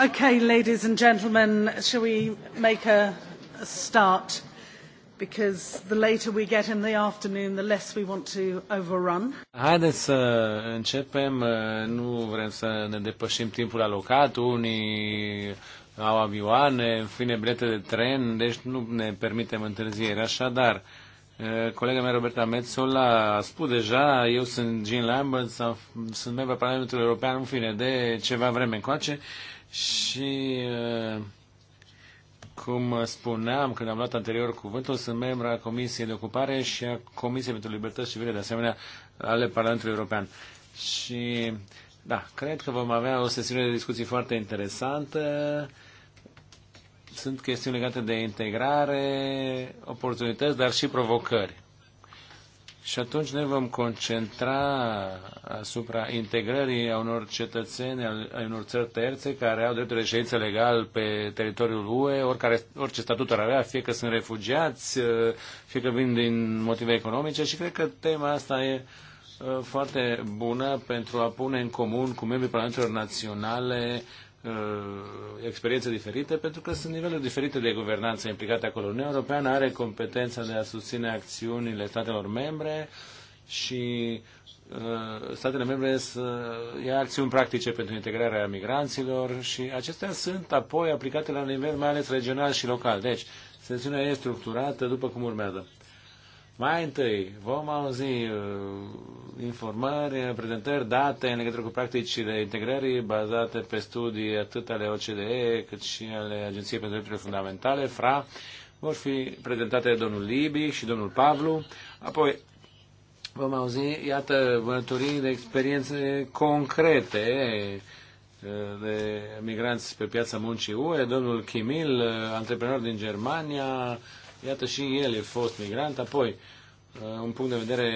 Okay, ladies and gentlemen, shall we make a, a start? Because the later we get in the afternoon, the less we want to overrun. Haideți să începem. Uh, nu vrem să ne depășim timpul alocat. Unii au avioane, în fine, bilete de tren, deci nu ne permitem întârziere. Așadar, uh, Colega mea, Roberta Metzola, a spus deja, eu sunt Jean Lambert, sunt membru al Parlamentului European, în fine, de ceva vreme încoace și uh, cum spuneam când am luat anterior cuvântul, sunt membru a Comisiei de Ocupare și a Comisiei pentru Libertăți Civile, de asemenea, ale Parlamentului European. Și, da, cred că vom avea o sesiune de discuții foarte interesantă. Sunt chestiuni legate de integrare, oportunități, dar și provocări. Și atunci ne vom concentra asupra integrării a unor cetățeni, a unor țări terțe care au dreptul de reședință legal pe teritoriul UE, oricare, orice statut ar avea, fie că sunt refugiați, eh, fie că vin din motive economice și cred că tema asta e eh, foarte bună pentru a pune în comun cu membrii Parlamentelor Naționale Uh, experiențe diferite, pentru că sunt niveluri diferite de guvernanță implicate acolo. Uniunea Europeană are competența de a susține acțiunile statelor membre și uh, statele membre să ia acțiuni practice pentru integrarea migranților și acestea sunt apoi aplicate la nivel mai ales regional și local. Deci, sesiunea e structurată după cum urmează. Mai întâi vom auzi uh, informări, prezentări, date în legătură cu practicile integrării bazate pe studii atât ale OCDE cât și ale Agenției pentru Drepturile Fundamentale, FRA. Vor fi prezentate de domnul Libi și domnul Pavlu. Apoi vom auzi, iată, vânătorii de experiențe concrete uh, de migranți pe piața muncii UE, domnul Kimil, uh, antreprenor din Germania, Iată și el e fost migrant. Apoi, uh, un punct de vedere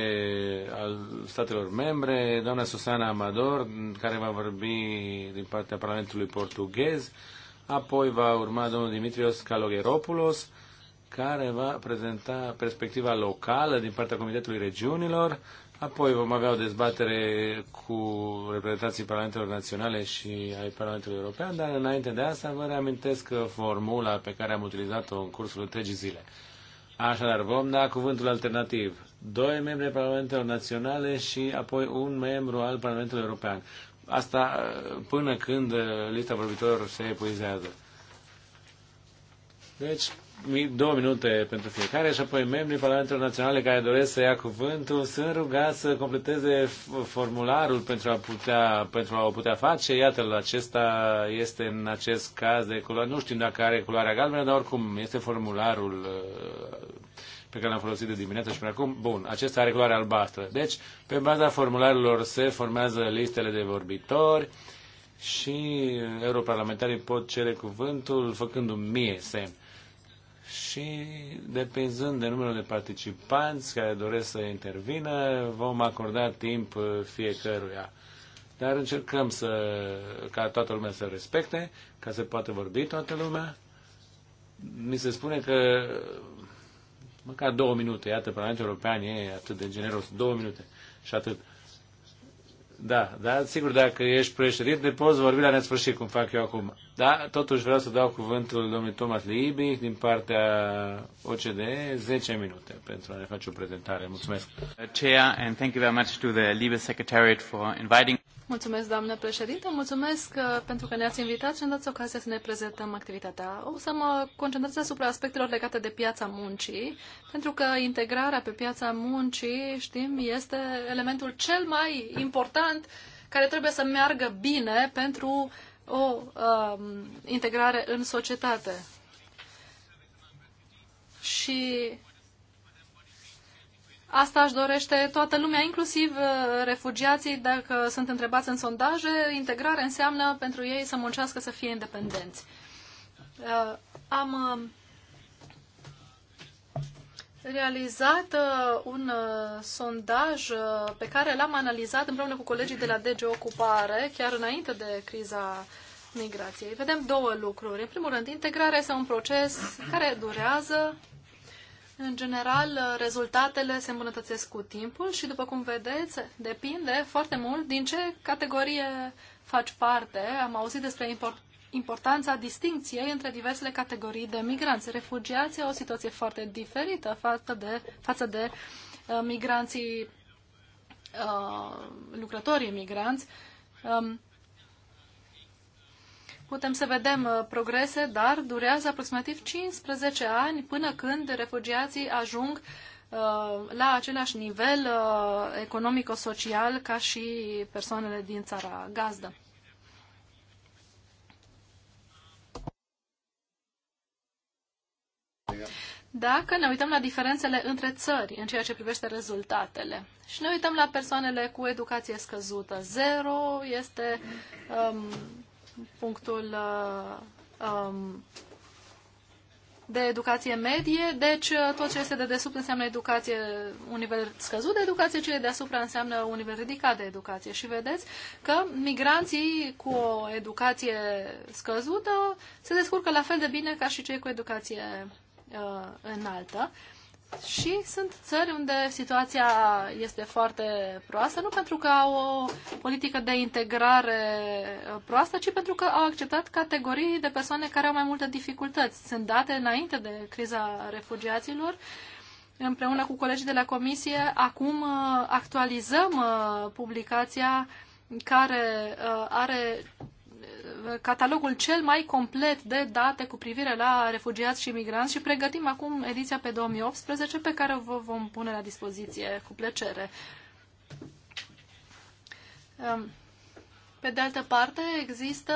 al statelor membre, doamna Susana Amador, care va vorbi din partea Parlamentului portughez, apoi va urma domnul Dimitrios Calogheropoulos, care va prezenta perspectiva locală din partea Comitetului Regiunilor, Apoi vom avea o dezbatere cu reprezentanții Parlamentelor Naționale și ai Parlamentului European, dar înainte de asta vă reamintesc formula pe care am utilizat-o în cursul întregii zile. Așadar, vom da cuvântul alternativ. Doi membri ai Parlamentelor Naționale și apoi un membru al Parlamentului European. Asta până când lista vorbitorilor se epuizează. Deci, două minute pentru fiecare și apoi membrii Parlamentului Naționale care doresc să ia cuvântul sunt rugați să completeze formularul pentru a, putea, pentru a o putea face. Iată, acesta este în acest caz de culoare. Nu știm dacă are culoarea galbenă, dar oricum este formularul uh, pe care l-am folosit de dimineață și până acum. Bun, acesta are culoare albastră. Deci, pe baza formularilor se formează listele de vorbitori și europarlamentarii pot cere cuvântul făcându-mi mie semn și depinzând de numărul de participanți care doresc să intervină, vom acorda timp fiecăruia. Dar încercăm să, ca toată lumea să respecte, ca să poată vorbi toată lumea. Mi se spune că măcar două minute, iată, Parlamentul European e atât de generos, două minute și atât. Da, da, sigur, dacă ești președinte, poți vorbi la nesfârșit, cum fac eu acum. Da, totuși vreau să dau cuvântul domnului Thomas Libi din partea OCD, 10 minute pentru a ne face o prezentare. Mulțumesc. Chair, and thank you very much to the Libe Secretariat for inviting Mulțumesc, doamnă președinte, mulțumesc uh, pentru că ne-ați invitat și ne dați ocazia să ne prezentăm activitatea. O să mă concentrez asupra aspectelor legate de piața muncii, pentru că integrarea pe piața muncii, știm, este elementul cel mai important care trebuie să meargă bine pentru o um, integrare în societate. Și Asta își dorește toată lumea, inclusiv uh, refugiații. Dacă sunt întrebați în sondaje, integrare înseamnă pentru ei să muncească, să fie independenți. Uh, am uh, realizat un sondaj pe care l-am analizat împreună cu colegii de la DG Ocupare, chiar înainte de criza migrației. Vedem două lucruri. În primul rând, integrarea este un proces care durează în general, rezultatele se îmbunătățesc cu timpul și, după cum vedeți, depinde foarte mult din ce categorie faci parte. Am auzit despre import importanța distinției între diversele categorii de migranți. Refugiații au o situație foarte diferită față de, față de uh, migranții, uh, lucrătorii migranți. Um, putem să vedem uh, progrese, dar durează aproximativ 15 ani până când refugiații ajung uh, la același nivel uh, economico-social ca și persoanele din țara gazdă. Dacă ne uităm la diferențele între țări în ceea ce privește rezultatele și ne uităm la persoanele cu educație scăzută, zero este um, punctul uh, um, de educație medie, deci uh, tot ce este de desubt înseamnă educație, un nivel scăzut de educație, ce e deasupra înseamnă un nivel ridicat de educație. Și vedeți că migranții cu o educație scăzută se descurcă la fel de bine ca și cei cu educație uh, înaltă. Și sunt țări unde situația este foarte proastă, nu pentru că au o politică de integrare uh, proastă, ci pentru că au acceptat categorii de persoane care au mai multe dificultăți. Sunt date înainte de criza refugiaților. Împreună cu colegii de la comisie, acum uh, actualizăm uh, publicația care are catalogul cel mai complet de date cu privire la refugiați și migranți și pregătim acum ediția pe 2018 pe care vă vom pune la dispoziție cu plăcere. Um, pe de altă parte, există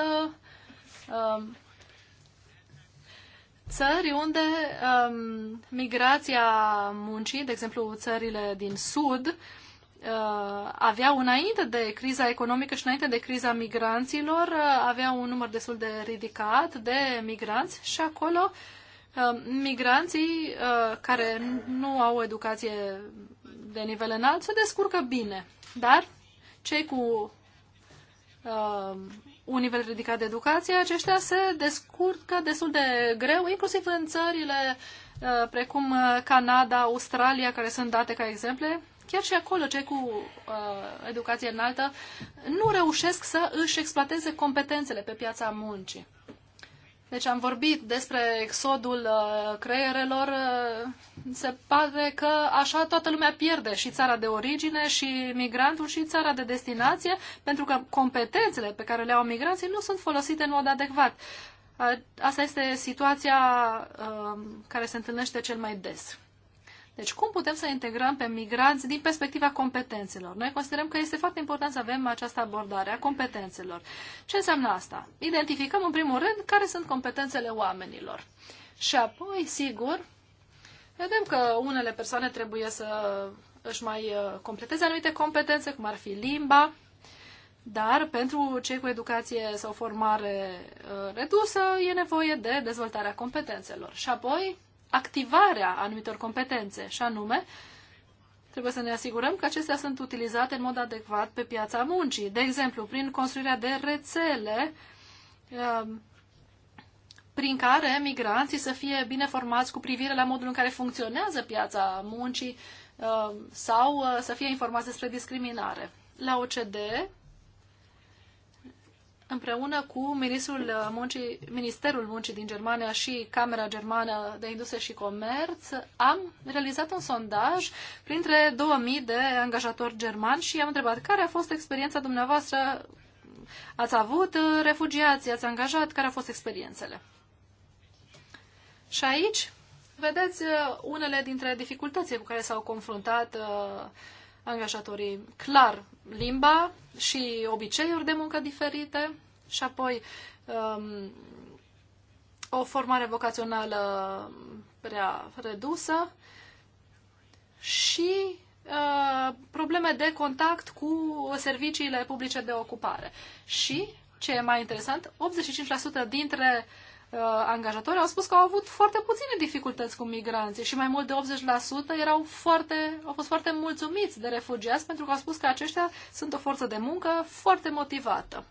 um, țări unde um, migrația muncii, de exemplu țările din sud, uh, aveau înainte de criza economică și înainte de criza migranților, uh, aveau un număr destul de ridicat de migranți și acolo uh, migranții uh, care nu au educație de nivel înalt se descurcă bine, dar cei cu uh, un nivel ridicat de educație, aceștia se descurcă destul de greu, inclusiv în țările uh, precum Canada, Australia, care sunt date ca exemple, chiar și acolo cei cu uh, educație înaltă nu reușesc să își exploateze competențele pe piața muncii. Deci am vorbit despre exodul uh, creierelor. Uh, se pare că așa toată lumea pierde și țara de origine și migrantul și țara de destinație, pentru că competențele pe care le au migranții nu sunt folosite în mod adecvat. Uh, asta este situația uh, care se întâlnește cel mai des. Deci cum putem să integrăm pe migranți din perspectiva competențelor? Noi considerăm că este foarte important să avem această abordare a competențelor. Ce înseamnă asta? Identificăm în primul rând care sunt competențele oamenilor. Și apoi, sigur, vedem că unele persoane trebuie să își mai uh, completeze anumite competențe, cum ar fi limba, dar pentru cei cu educație sau formare uh, redusă e nevoie de dezvoltarea competențelor. Și apoi activarea anumitor competențe, și anume trebuie să ne asigurăm că acestea sunt utilizate în mod adecvat pe piața muncii. De exemplu, prin construirea de rețele um, prin care migranții să fie bine formați cu privire la modul în care funcționează piața muncii um, sau uh, să fie informați despre discriminare. La OCDE împreună cu Ministerul uh, Muncii, Ministerul Muncii din Germania și Camera Germană de Industrie și Comerț, am realizat un sondaj printre 2000 de angajatori germani și am întrebat care a fost experiența dumneavoastră, ați avut uh, refugiații, ați angajat, care au fost experiențele. Și aici vedeți uh, unele dintre dificultățile cu care s-au confruntat uh, angajatorii clar limba și obiceiuri de muncă diferite și apoi um, o formare vocațională prea redusă și uh, probleme de contact cu serviciile publice de ocupare. Și, ce e mai interesant, 85% dintre uh, Uh, angajatori au spus că au avut foarte puține dificultăți cu migranții și mai mult de 80% erau foarte, au fost foarte mulțumiți de refugiați pentru că au spus că aceștia sunt o forță de muncă foarte motivată.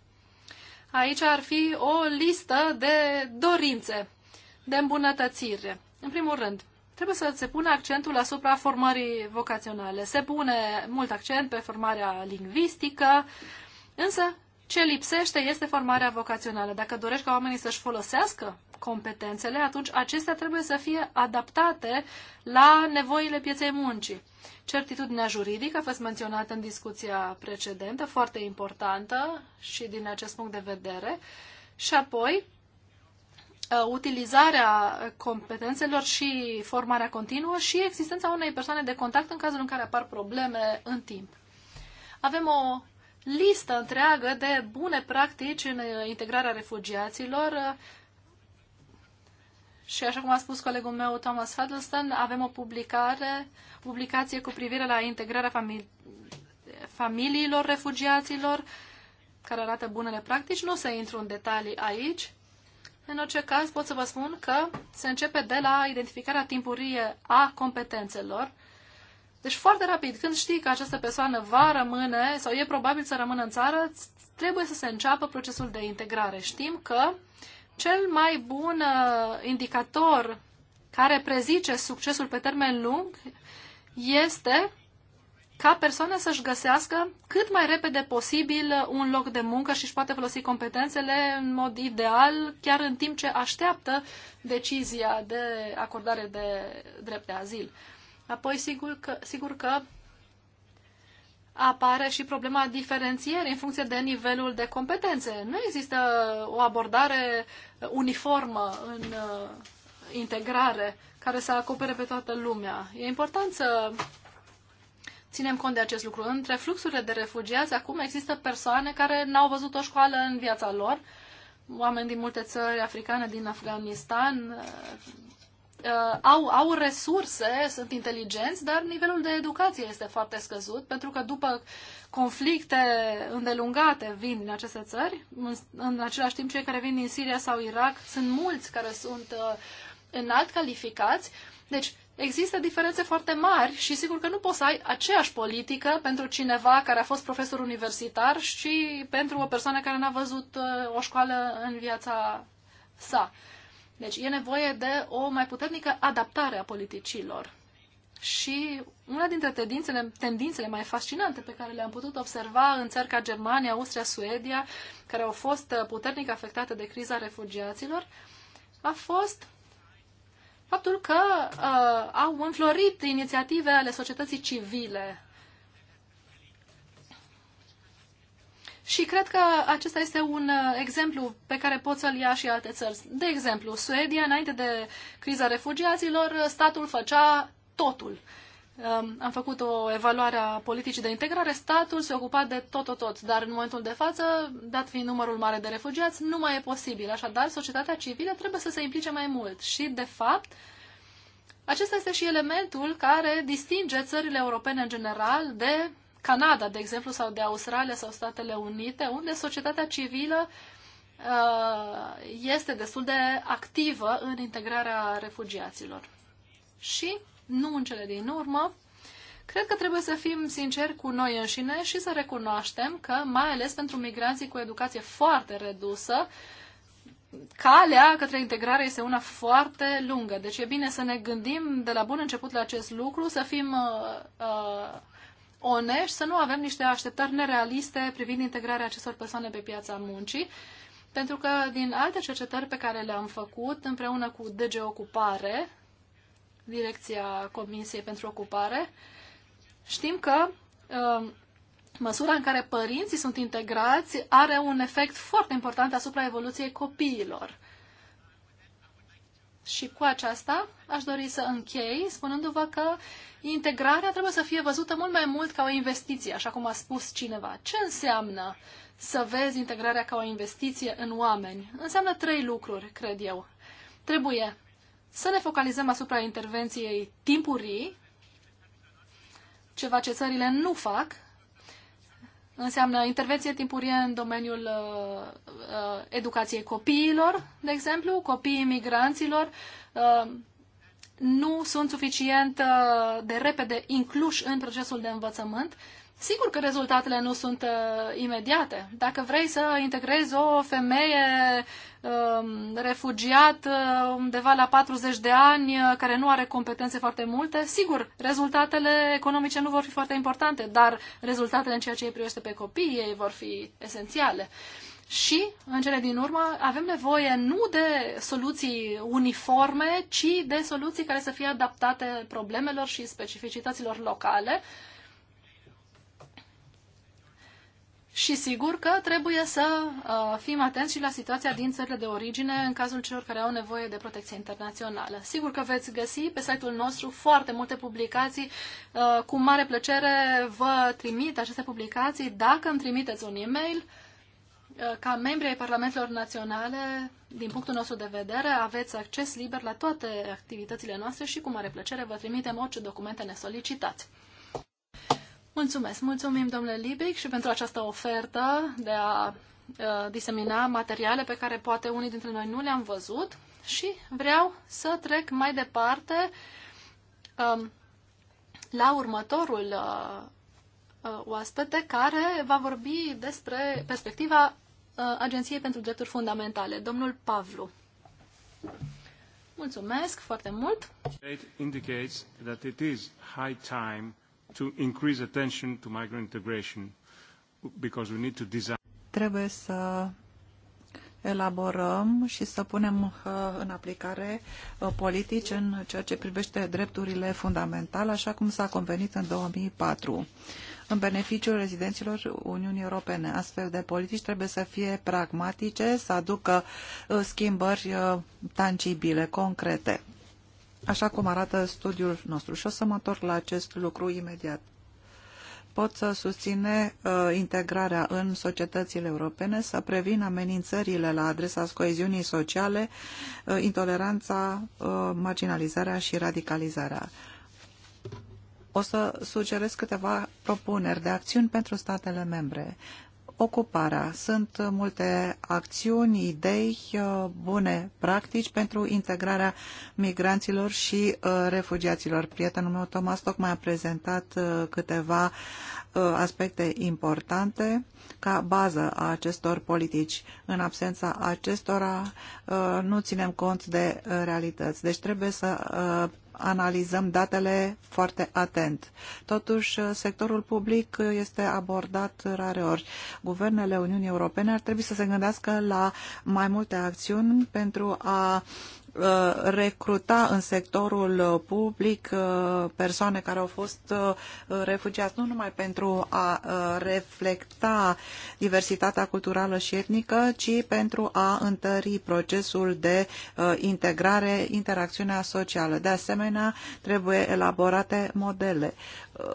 Aici ar fi o listă de dorințe de îmbunătățire. În primul rând, trebuie să se pună accentul asupra formării vocaționale. Se pune mult accent pe formarea lingvistică, însă ce lipsește este formarea vocațională. Dacă dorești ca oamenii să-și folosească competențele, atunci acestea trebuie să fie adaptate la nevoile pieței muncii. Certitudinea juridică a fost menționată în discuția precedentă, foarte importantă și din acest punct de vedere. Și apoi, uh, utilizarea competențelor și formarea continuă și existența unei persoane de contact în cazul în care apar probleme în timp. Avem o listă întreagă de bune practici în uh, integrarea refugiaților. Uh, și așa cum a spus colegul meu Thomas Huddleston, avem o publicare, publicație cu privire la integrarea famili- familiilor refugiaților, care arată bunele practici. Nu o să intru în detalii aici. În orice caz, pot să vă spun că se începe de la identificarea timpurie a competențelor, deci foarte rapid, când știi că această persoană va rămâne sau e probabil să rămână în țară, trebuie să se înceapă procesul de integrare. Știm că cel mai bun uh, indicator care prezice succesul pe termen lung este ca persoana să-și găsească cât mai repede posibil un loc de muncă și își poate folosi competențele în mod ideal, chiar în timp ce așteaptă decizia de acordare de drept de azil. Apoi, sigur că, sigur că apare și problema diferențierii în funcție de nivelul de competențe. Nu există o abordare uniformă în uh, integrare care să acopere pe toată lumea. E important să ținem cont de acest lucru. Între fluxurile de refugiați, acum există persoane care n-au văzut o școală în viața lor, oameni din multe țări africane, din Afganistan, uh, au, au resurse, sunt inteligenți, dar nivelul de educație este foarte scăzut, pentru că după conflicte îndelungate vin din aceste țări, în, în același timp cei care vin din Siria sau Irak sunt mulți care sunt uh, înalt calificați, deci există diferențe foarte mari și sigur că nu poți să ai aceeași politică pentru cineva care a fost profesor universitar și pentru o persoană care n-a văzut uh, o școală în viața sa. Deci e nevoie de o mai puternică adaptare a politicilor. Și una dintre tendințele, tendințele mai fascinante pe care le-am putut observa în țări ca Germania, Austria, Suedia, care au fost uh, puternic afectate de criza refugiaților, a fost faptul că uh, au înflorit inițiative ale societății civile Și cred că acesta este un uh, exemplu pe care pot să-l ia și alte țări. De exemplu, Suedia, înainte de criza refugiaților, uh, statul făcea totul. Um, am făcut o evaluare a politicii de integrare, statul se ocupa de tot, tot, tot, dar în momentul de față, dat fiind numărul mare de refugiați, nu mai e posibil. Așadar, societatea civilă trebuie să se implice mai mult și, de fapt, acesta este și elementul care distinge țările europene în general de Canada, de exemplu, sau de Australia sau Statele Unite, unde societatea civilă uh, este destul de activă în integrarea refugiaților. Și, nu în cele din urmă, cred că trebuie să fim sinceri cu noi înșine și să recunoaștem că, mai ales pentru migranții cu educație foarte redusă, calea către integrare este una foarte lungă. Deci e bine să ne gândim de la bun început la acest lucru, să fim uh, uh, onești, să nu avem niște așteptări nerealiste privind integrarea acestor persoane pe piața muncii, pentru că din alte cercetări pe care le-am făcut împreună cu DG Ocupare, Direcția Comisiei pentru Ocupare, știm că um, măsura în care părinții sunt integrați are un efect foarte important asupra evoluției copiilor. Și cu aceasta aș dori să închei spunându-vă că integrarea trebuie să fie văzută mult mai mult ca o investiție, așa cum a spus cineva. Ce înseamnă să vezi integrarea ca o investiție în oameni? Înseamnă trei lucruri, cred eu. Trebuie să ne focalizăm asupra intervenției timpurii, ceva ce țările nu fac, Înseamnă intervenție timpurie în domeniul uh, uh, educației copiilor, de exemplu, copiii migranților, uh, nu sunt suficient uh, de repede incluși în procesul de învățământ. Sigur că rezultatele nu sunt uh, imediate. Dacă vrei să integrezi o femeie um, refugiat uh, undeva la 40 de ani, uh, care nu are competențe foarte multe, sigur, rezultatele economice nu vor fi foarte importante, dar rezultatele în ceea ce îi privește pe copii ei vor fi esențiale. Uh, și, în cele din urmă, avem nevoie nu de soluții uniforme, ci de soluții care să fie adaptate problemelor și specificităților locale. Și sigur că trebuie să uh, fim atenți și la situația din țările de origine în cazul celor care au nevoie de protecție internațională. Sigur că veți găsi pe site-ul nostru foarte multe publicații. Uh, cu mare plăcere vă trimit aceste publicații dacă îmi trimiteți un e-mail. Uh, ca membri ai Parlamentelor Naționale, din punctul nostru de vedere, aveți acces liber la toate activitățile noastre și cu mare plăcere vă trimitem orice documente ne solicitați. Mulțumesc! Mulțumim, domnule Libic, și pentru această ofertă de a uh, disemina materiale pe care poate unii dintre noi nu le-am văzut și vreau să trec mai departe um, la următorul uh, uh oaspete care va vorbi despre perspectiva Uh, Agenției pentru Drepturi Fundamentale, domnul Pavlu. Mulțumesc foarte mult. indicates that it is high time to increase attention to migrant integration because we need to design Trebuie să elaborăm și să punem uh, în aplicare uh, politici în ceea ce privește drepturile fundamentale, așa cum s-a convenit în 2004 în beneficiul rezidenților Uniunii Europene. Astfel de politici trebuie să fie pragmatice, să aducă uh, schimbări uh, tangibile, concrete, așa cum arată studiul nostru. Și o să mă întorc la acest lucru imediat pot să susține uh, integrarea în societățile europene, să previn amenințările la adresa coeziunii sociale, uh, intoleranța, uh, marginalizarea și radicalizarea o să sugerez câteva propuneri de acțiuni pentru statele membre. Ocuparea. Sunt multe acțiuni, idei, uh, bune practici pentru integrarea migranților și uh, refugiaților. Prietenul meu, Thomas, tocmai a prezentat uh, câteva aspecte importante ca bază a acestor politici. În absența acestora nu ținem cont de realități. Deci trebuie să analizăm datele foarte atent. Totuși, sectorul public este abordat rareori. Guvernele Uniunii Europene ar trebui să se gândească la mai multe acțiuni pentru a Uh, recruta în sectorul uh, public uh, persoane care au fost refugiați, nu numai pentru a reflecta diversitatea culturală și etnică, ci pentru a întări procesul de integrare, interacțiunea socială. De asemenea, trebuie elaborate modele.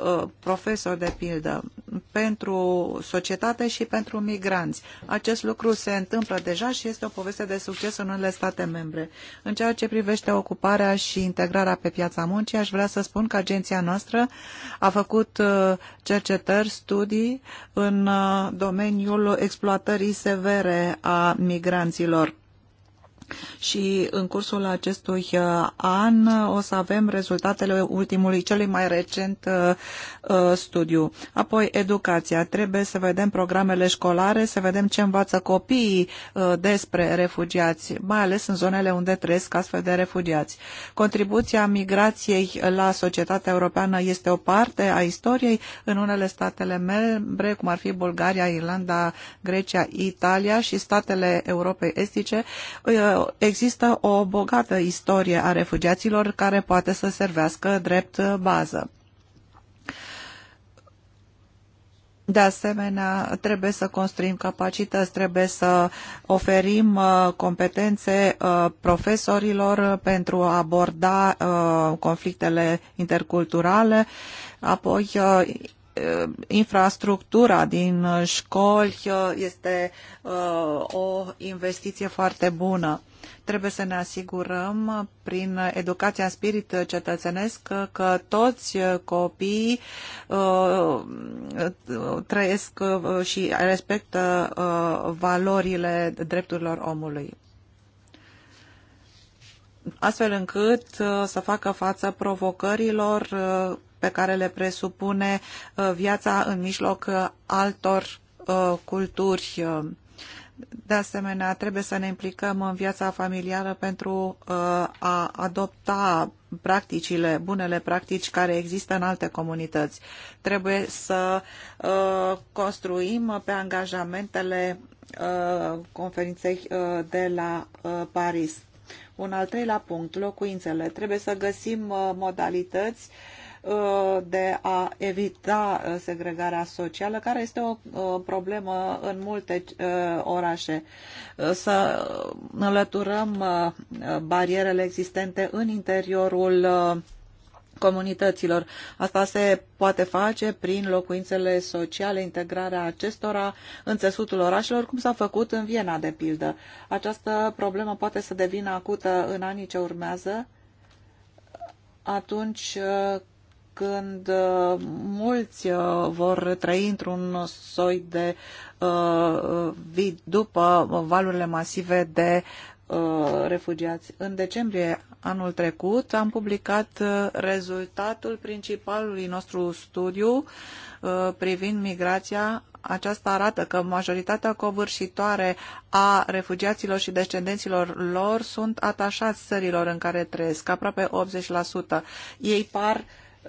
Uh, profesori, de pildă, pentru societate și pentru migranți. Acest lucru se întâmplă deja și este o poveste de succes în unele state membre. În ceea ce privește ocuparea și integrarea pe piața muncii, aș vrea să spun că agenția noastră a făcut uh, cercetări, studii în uh, domeniul exploatării severe a migranților și în cursul acestui uh, an o să avem rezultatele ultimului, celui mai recent uh, uh, studiu. Apoi, educația. Trebuie să vedem programele școlare, să vedem ce învață copiii despre refugiați, mai ales în zonele unde trăiesc astfel de refugiați. Contribuția migrației la societatea europeană este o parte a istoriei în unele statele membre, cum ar fi Bulgaria, Irlanda, Grecia, Italia și statele Europei Estice, există o bogată istorie a refugiaților care poate să servească drept bază. De asemenea, trebuie să construim capacități, trebuie să oferim uh, competențe uh, profesorilor pentru a aborda uh, conflictele interculturale, apoi Uh, infrastructura din uh, școli uh, este o investiție foarte bună. Trebuie să ne asigurăm prin educația în spirit cetățenesc că, toți copiii trăiesc și respectă valorile drepturilor omului astfel încât să facă față provocărilor pe care le presupune uh, viața în mijloc uh, altor uh, culturi. De asemenea, trebuie să ne implicăm în viața familială pentru a adopta practicile, bunele practici care există în alte comunități. Trebuie să construim pe angajamentele conferinței de la Paris. Un al treilea punct, locuințele. Trebuie să găsim modalități uh, Uh, de a evita uh, segregarea socială, care este o uh, problemă în multe orașe. Să înlăturăm barierele existente în interiorul comunităților. Asta se poate face prin locuințele sociale, integrarea acestora în țesutul orașelor, cum s-a făcut în Viena, de pildă. Această problemă poate să devină acută în anii ce urmează, atunci când uh, mulți uh, vor trăi într-un soi de uh, vid după valurile masive de refugiați. În decembrie anul trecut am publicat rezultatul principalului nostru studiu privind migrația. Aceasta arată că majoritatea covârșitoare a refugiaților și descendenților lor sunt atașați țărilor în care trăiesc, aproape 80%. Ei par uh,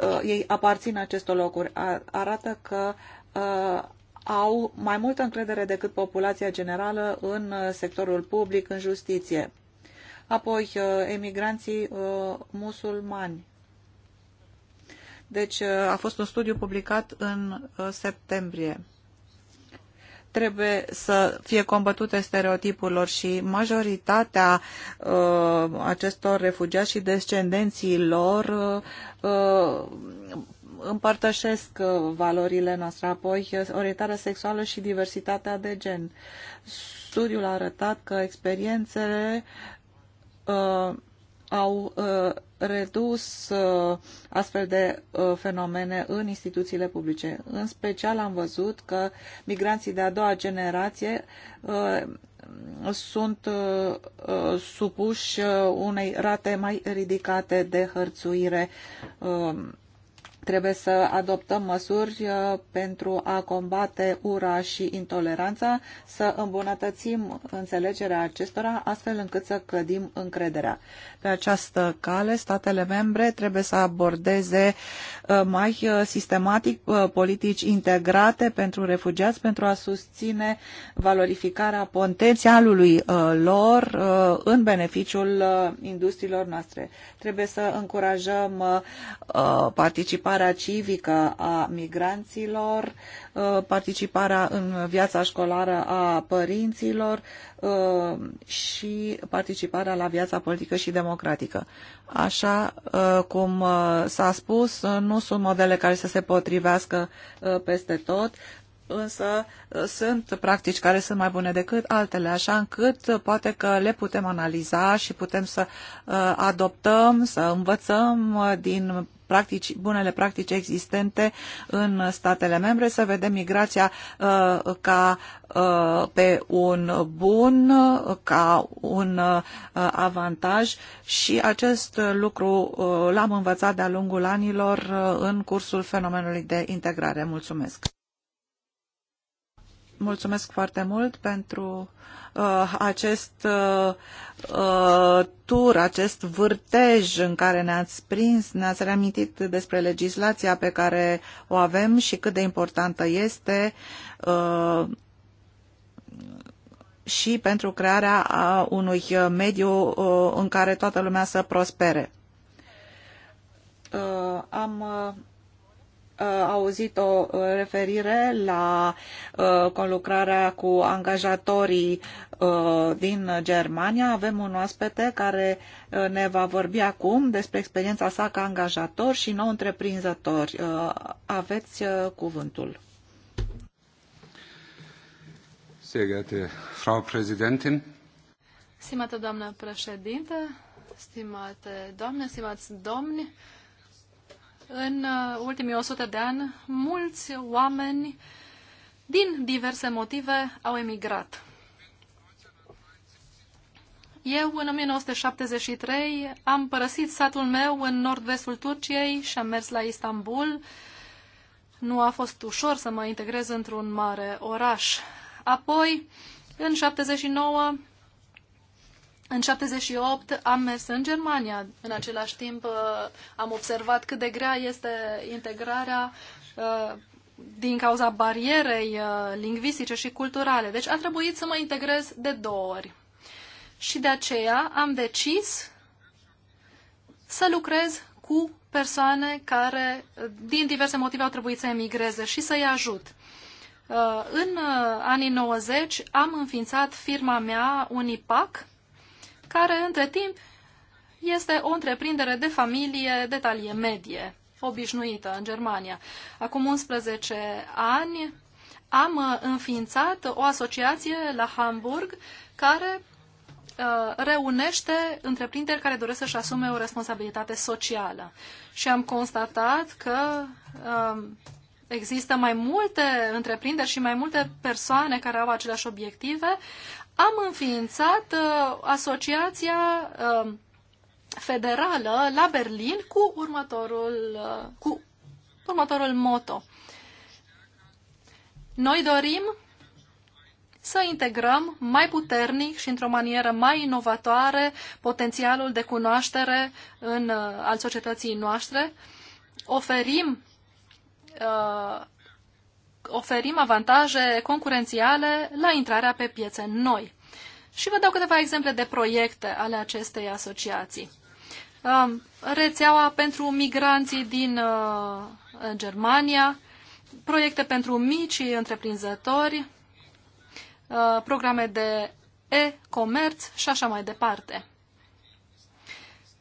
uh, ei aparțin acestor locuri. Arată că uh, au mai multă încredere decât populația generală în uh, sectorul public, în justiție. Apoi, uh, emigranții uh, musulmani. Deci a fost un studiu publicat în septembrie trebuie să fie combătute stereotipurilor și majoritatea uh, acestor refugiați și descendenții lor uh, împărtășesc uh, valorile noastre, apoi orientarea sexuală și diversitatea de gen. Studiul a arătat că experiențele uh, au uh, redus uh, astfel de uh, fenomene în instituțiile publice. În special am văzut că migranții de a doua generație sunt supuși unei rate mai ridicate de hărțuire. Trebuie să adoptăm măsuri pentru a combate ura și intoleranța, să îmbunătățim înțelegerea acestora astfel încât să clădim încrederea. Pe această cale, statele membre trebuie să abordeze uh, mai uh, sistematic uh, politici integrate pentru refugiați pentru a susține valorificarea potențialului lor în beneficiul industriilor noastre. Trebuie să încurajăm participarea civică a migranților, Uh, participarea în viața școlară a părinților uh, și participarea la viața politică și democratică. Așa uh, cum s-a spus, nu sunt modele care să se potrivească peste tot, însă sunt practici care sunt mai bune decât altele, așa încât poate că le putem analiza și putem să adoptăm, să învățăm din practici, bunele practici existente în statele membre, să vedem migrația uh, ca uh, pe un bun, uh, ca un uh, avantaj și acest lucru uh, l-am învățat de-a lungul anilor uh, în cursul fenomenului de integrare. Mulțumesc! Mulțumesc foarte mult pentru uh, Uh, acest uh, uh, tur, acest vârtej în care ne-ați prins, ne-ați reamintit despre legislația pe care o avem și cât de importantă este și pentru crearea a unui mediu în care toată lumea să prospere. Am Uh, auzit o uh, referire la uh, conlucrarea cu angajatorii din Germania. Avem un oaspete care ne va vorbi acum despre experiența sa ca angajator și nou întreprinzător. Aveți cuvântul. Frau Präsidentin. Stimată doamnă președinte, stimate doamne, stimați domni, în uh, ultimii 100 de ani, mulți oameni din diverse motive au emigrat. Eu, în 1973, am părăsit satul meu în nord-vestul Turciei și am mers la Istanbul. Nu a fost ușor să mă integrez într-un mare oraș. Apoi, în 79, în 78 am mers în Germania. În același timp uh, am observat cât de grea este integrarea uh, din cauza barierei uh, lingvistice și culturale. Deci a trebuit să mă integrez de două ori. Și de aceea am decis să lucrez cu persoane care, din diverse motive, au trebuit să emigreze și să-i ajut. În anii 90 am înființat firma mea, Unipac, care între timp este o întreprindere de familie de talie medie, obișnuită în Germania. Acum 11 ani am uh, înființat o asociație la Hamburg care uh, reunește întreprinderi care doresc să-și asume o responsabilitate socială. Și am constatat că um, există mai multe întreprinderi și mai multe persoane care au aceleași obiective am înființat uh, asociația uh, federală la Berlin cu următorul, uh, cu următorul moto. Noi dorim să integrăm mai puternic și într-o manieră mai inovatoare potențialul de cunoaștere în, uh, al societății noastre. Oferim uh, oferim avantaje concurențiale la intrarea pe piețe noi. Și vă dau câteva exemple de proiecte ale acestei asociații. Um, rețeaua pentru migranții din uh, Germania, proiecte pentru mici întreprinzători, uh, programe de e-comerț și așa mai departe.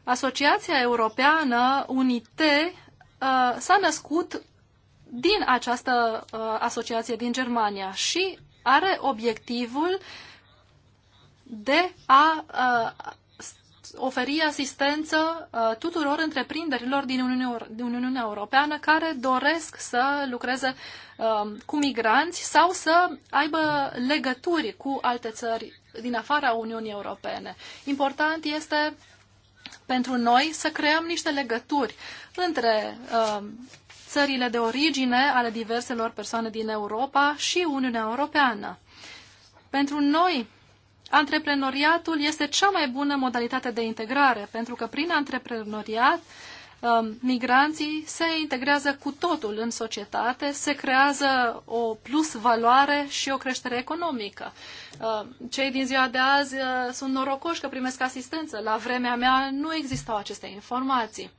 Asociația Europeană UNITE uh, s-a născut din această uh, asociație din Germania și are obiectivul de a uh, oferi asistență uh, tuturor întreprinderilor din Uniunea, din Uniunea Europeană care doresc să lucreze uh, cu migranți sau să aibă legături cu alte țări din afara Uniunii Europene. Important este pentru noi să creăm niște legături între uh, țările de origine ale diverselor persoane din Europa și Uniunea Europeană. Pentru noi, antreprenoriatul este cea mai bună modalitate de integrare, pentru că prin antreprenoriat um, migranții se integrează cu totul în societate, se creează o plus valoare și o creștere economică. Um, cei din ziua de azi uh, sunt norocoși că primesc asistență. La vremea mea nu existau aceste informații.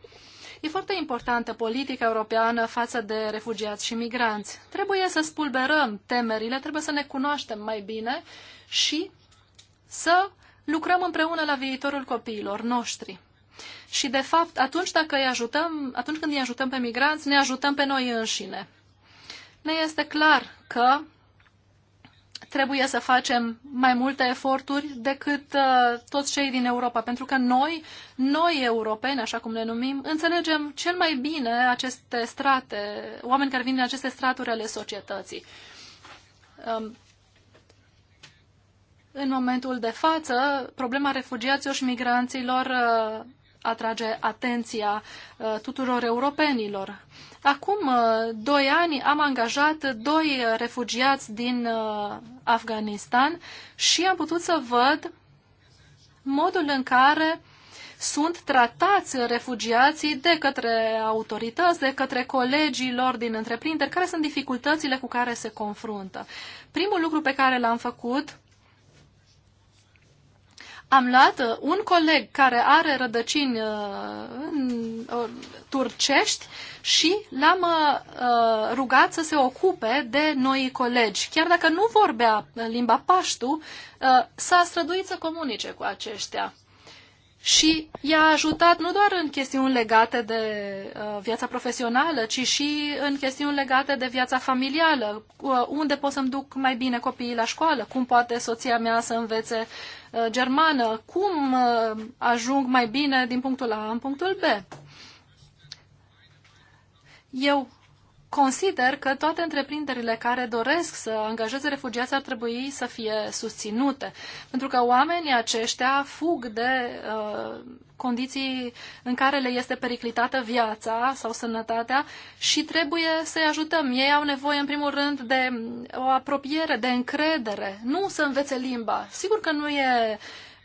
E foarte importantă politica europeană față de refugiați și migranți. Trebuie să spulberăm temerile, trebuie să ne cunoaștem mai bine și să lucrăm împreună la viitorul copiilor noștri. Și, de fapt, atunci, dacă îi ajutăm, atunci când îi ajutăm pe migranți, ne ajutăm pe noi înșine. Ne este clar că trebuie să facem mai multe eforturi decât uh, toți cei din Europa, pentru că noi, noi europeni, așa cum le numim, înțelegem cel mai bine aceste strate, oameni care vin din aceste straturi ale societății. Um, în momentul de față, problema refugiaților și migranților uh, atrage atenția uh, tuturor europenilor. Acum uh, doi ani am angajat doi refugiați din uh, Afganistan și am putut să văd modul în care sunt tratați refugiații de către autorități, de către colegii lor din întreprinderi, care sunt dificultățile cu care se confruntă. Primul lucru pe care l-am făcut am luat uh, un coleg care are rădăcini uh, uh, turcești și l-am rugat să se ocupe de noi colegi. Chiar dacă nu vorbea limba paștu, s-a străduit să comunice cu aceștia și i-a ajutat nu doar în chestiuni legate de uh, viața profesională, ci și în chestiuni legate de viața familială. Uh, unde pot să-mi duc mai bine copiii la școală? Cum poate soția mea să învețe uh, germană? Cum uh, ajung mai bine din punctul A în punctul B? Eu Consider că toate întreprinderile care doresc să angajeze refugiați ar trebui să fie susținute, pentru că oamenii aceștia fug de uh, condiții în care le este periclitată viața sau sănătatea și trebuie să-i ajutăm. Ei au nevoie, în primul rând, de o apropiere, de încredere, nu să învețe limba. Sigur că nu e,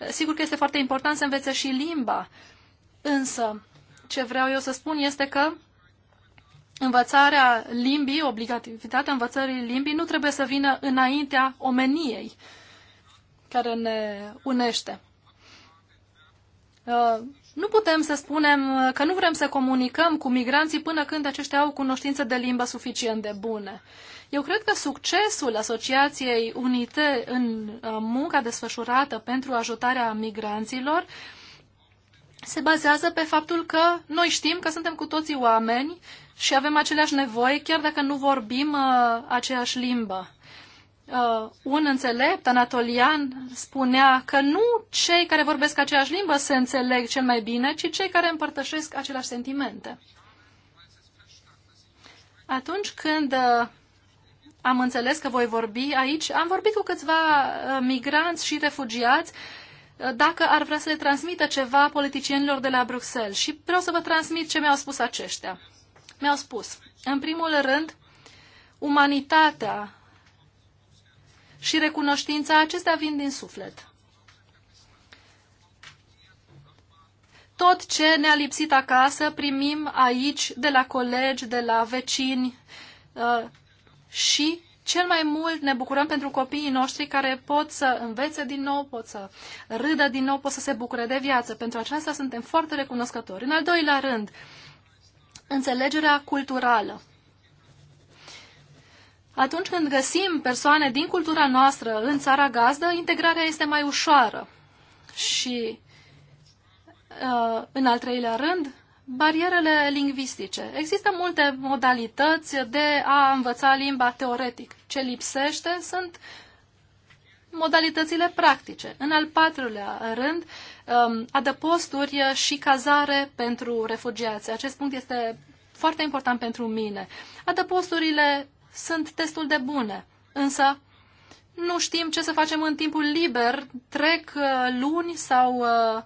sigur că este foarte important să învețe și limba, însă ce vreau eu să spun este că învățarea limbii, obligativitatea învățării limbii nu trebuie să vină înaintea omeniei care ne unește. Uh, nu putem să spunem că nu vrem să comunicăm cu migranții până când aceștia au cunoștință de limbă suficient de bune. Eu cred că succesul Asociației Unite în uh, munca desfășurată pentru ajutarea migranților se bazează pe faptul că noi știm că suntem cu toții oameni și avem aceleași nevoi, chiar dacă nu vorbim uh, aceeași limbă. Uh, un înțelept anatolian spunea că nu cei care vorbesc aceeași limbă se înțeleg cel mai bine, ci cei care împărtășesc aceleași sentimente. Atunci când uh, am înțeles că voi vorbi aici, am vorbit cu câțiva uh, migranți și refugiați uh, dacă ar vrea să le transmită ceva politicienilor de la Bruxelles și vreau să vă transmit ce mi-au spus aceștia mi-au spus, în primul rând, umanitatea și recunoștința acestea vin din suflet. Tot ce ne-a lipsit acasă primim aici, de la colegi, de la vecini uh, și cel mai mult ne bucurăm pentru copiii noștri care pot să învețe din nou, pot să râdă din nou, pot să se bucure de viață. Pentru aceasta suntem foarte recunoscători. În al doilea rând, uh, înțelegerea culturală. Atunci când găsim persoane din cultura noastră în țara gazdă, integrarea este mai ușoară. Și, uh, în al treilea rând, barierele lingvistice. Există multe modalități de a învăța limba teoretic. Ce lipsește sunt modalitățile practice. În al patrulea rând, um, adăposturi și cazare pentru refugiați. Acest punct este foarte important pentru mine. Adăposturile sunt destul de bune, însă nu știm ce să facem în timpul liber. Trec uh, luni sau uh,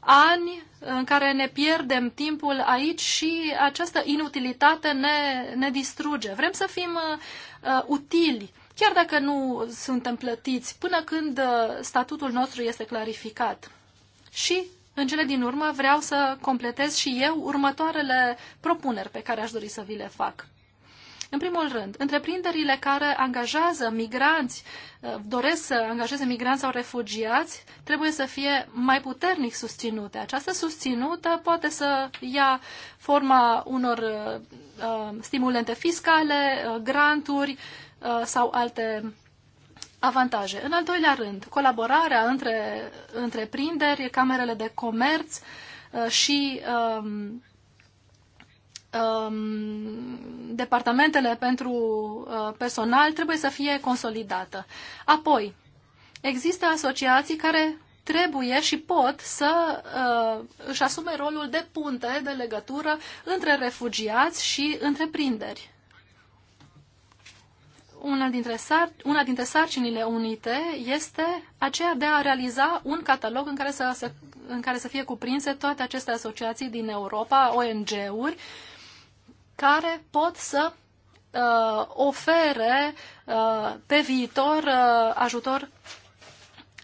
ani în care ne pierdem timpul aici și această inutilitate ne, ne distruge. Vrem să fim uh, uh utili, chiar dacă nu suntem plătiți, până când uh, statutul nostru este clarificat și, în cele din urmă, vreau să completez și eu următoarele propuneri pe care aș dori să vi le fac. În primul rând, întreprinderile care angajează migranți, uh, doresc să angajeze migranți sau refugiați, trebuie să fie mai puternic susținute. Această susținută poate să ia forma unor uh, uh stimulente fiscale, uh, granturi uh, sau alte avantaje. În al doilea rând, colaborarea între întreprinderi, camerele de comerț uh, și um, um, departamentele pentru uh, personal trebuie să fie consolidată. Apoi, există asociații care trebuie și pot să uh, își asume rolul de punte, de legătură între refugiați și întreprinderi una dintre, sar, una dintre sarcinile unite este aceea de a realiza un catalog în care să, să, în care să fie cuprinse toate aceste asociații din Europa, ONG-uri, care pot să uh, ofere uh, pe viitor uh, ajutor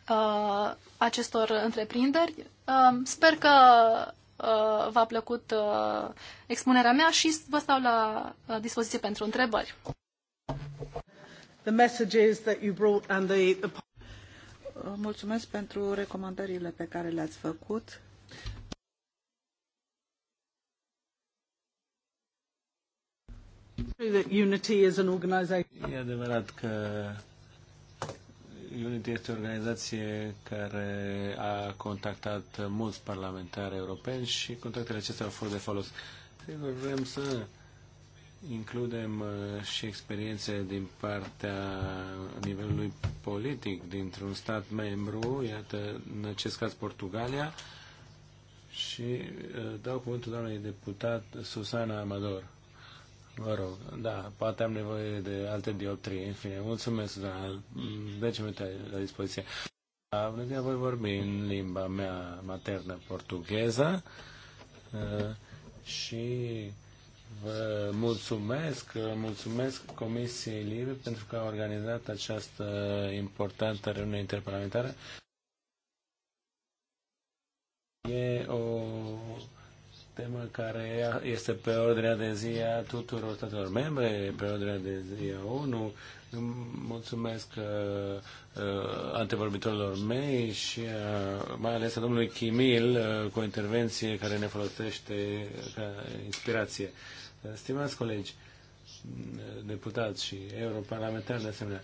uh, acestor întreprinderi. Uh, sper că uh, v-a plăcut uh, expunerea mea și vă stau la uh, dispoziție pentru întrebări the messages that you brought and the, Mulțumesc pentru recomandările pe care le-ați făcut. E adevărat că Unity este o organizație care a contactat mulți parlamentari europeni și contactele acestea au fost de folos. Sigur, vrem să includem uh, și experiențe din partea nivelului politic dintr-un stat membru, iată, în acest caz Portugalia, și uh, dau cuvântul doamnei deputat Susana Amador. Vă rog, da, poate am nevoie de alte dioptrii, în fine, mulțumesc, Susana, 10 minute la dispoziție. Bună da, ziua, voi vorbi în limba mea maternă portugheză uh, și Vă mulțumesc, mulțumesc Comisiei Libe pentru că a organizat această importantă reuniune interparlamentară. E o temă care este pe ordinea de zi a tuturor statelor membre, pe ordinea de zi a ONU, Mulțumesc uh, uh, antevorbitorilor mei și uh, mai ales a domnului Chimil uh, cu o intervenție care ne folosește ca inspirație. Uh, stimați colegi, uh, deputați și europarlamentari de asemenea,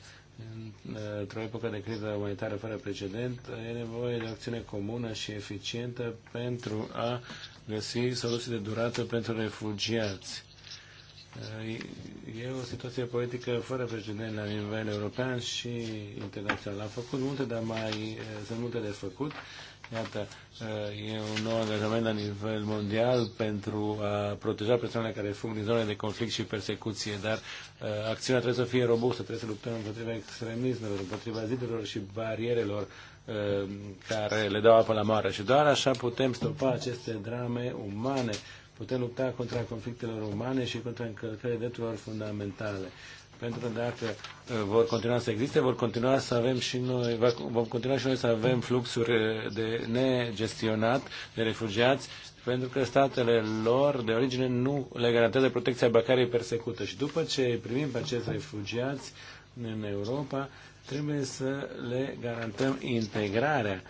într-o epocă de criză umanitară fără precedent, e nevoie de o acțiune comună și eficientă pentru a găsi soluții de durată pentru refugiați E o situație politică fără precedent la nivel european și internațional. Am făcut multe, dar mai eh, sunt multe de făcut. Iată, eh, e un nou angajament la nivel mondial pentru a proteja persoanele care fug din zone de conflict și persecuție, dar eh, acțiunea trebuie să fie robustă, trebuie să luptăm împotriva extremismelor, împotriva zidurilor și barierelor care le dau apă la mare și doar așa putem stopa aceste drame umane Putem lupta contra conflictelor umane și contra încălcării drepturilor fundamentale. Pentru că dacă uh, vor continua să existe, vor continua să avem și noi, vom continua și noi să avem fluxuri uh, de negestionat de refugiați pentru că statele lor de origine nu le garantează protecția băcarei persecută. Și după ce primim pe acești refugiați în Europa, trebuie să le garantăm integrarea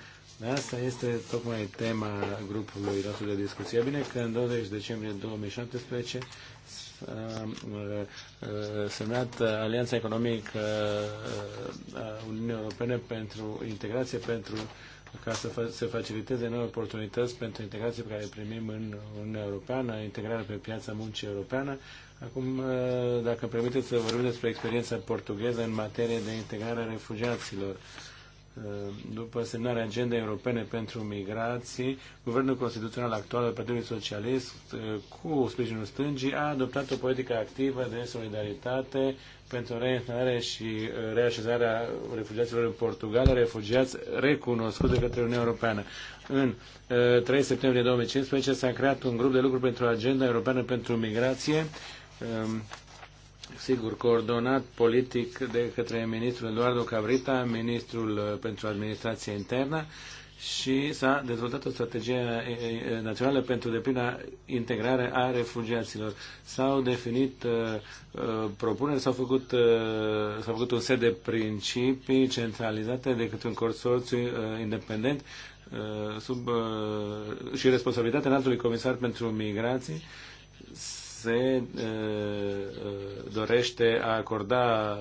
Asta este tocmai tema grupului nostru de discuție. Bine că în 20 decembrie 2017 s-a uh, uh, semnat Alianța Economică uh, a Uniunii Europene pentru integrație, pentru ca să se faciliteze noi oportunități pentru integrație pe care le primim în Uniunea Europeană, integrarea pe piața muncii europeană. Acum, dacă îmi permiteți să vorbim despre experiența portugheză în materie de integrare a refugiaților. Uh, Uh, după semnarea agendei europene pentru migrații, guvernul constituțional actual al Partidului Socialist, uh, cu sprijinul stângii, a adoptat o politică activă de solidaritate pentru reinstalare și uh, reașezarea refugiaților în Portugalia, refugiați recunoscuți de către Uniunea Europeană. În 3 septembrie 2015 s-a creat un grup de lucru pentru agenda europeană pentru migrație, um, sigur, coordonat politic de către ministrul Eduardo Cabrita, ministrul uh, pentru administrație internă, și s-a dezvoltat o strategie uh, uh, națională pentru deplina integrare a refugiaților. S-au definit uh, propuneri, s-au făcut, uh, s au făcut un set de principii centralizate de către un consorțiu uh, independent uh, sub, uh, și responsabilitatea înaltului comisar pentru migrații se dorește a acorda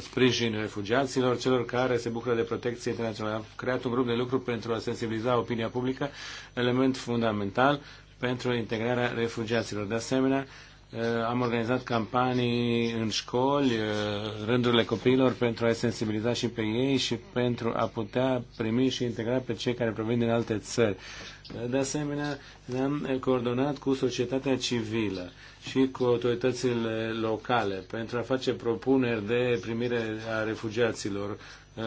sprijin refugiaților, celor care se bucură de protecție internațională. Am creat un grup de lucru pentru a sensibiliza opinia publică, element fundamental pentru integrarea refugiaților. De asemenea, am organizat campanii în școli, rândurile copiilor, pentru a-i sensibiliza și pe ei și pentru a putea primi și integra pe cei care provin din alte țări. De asemenea, ne-am coordonat cu societatea civilă și cu autoritățile locale pentru a face propuneri de primire a refugiaților Uh,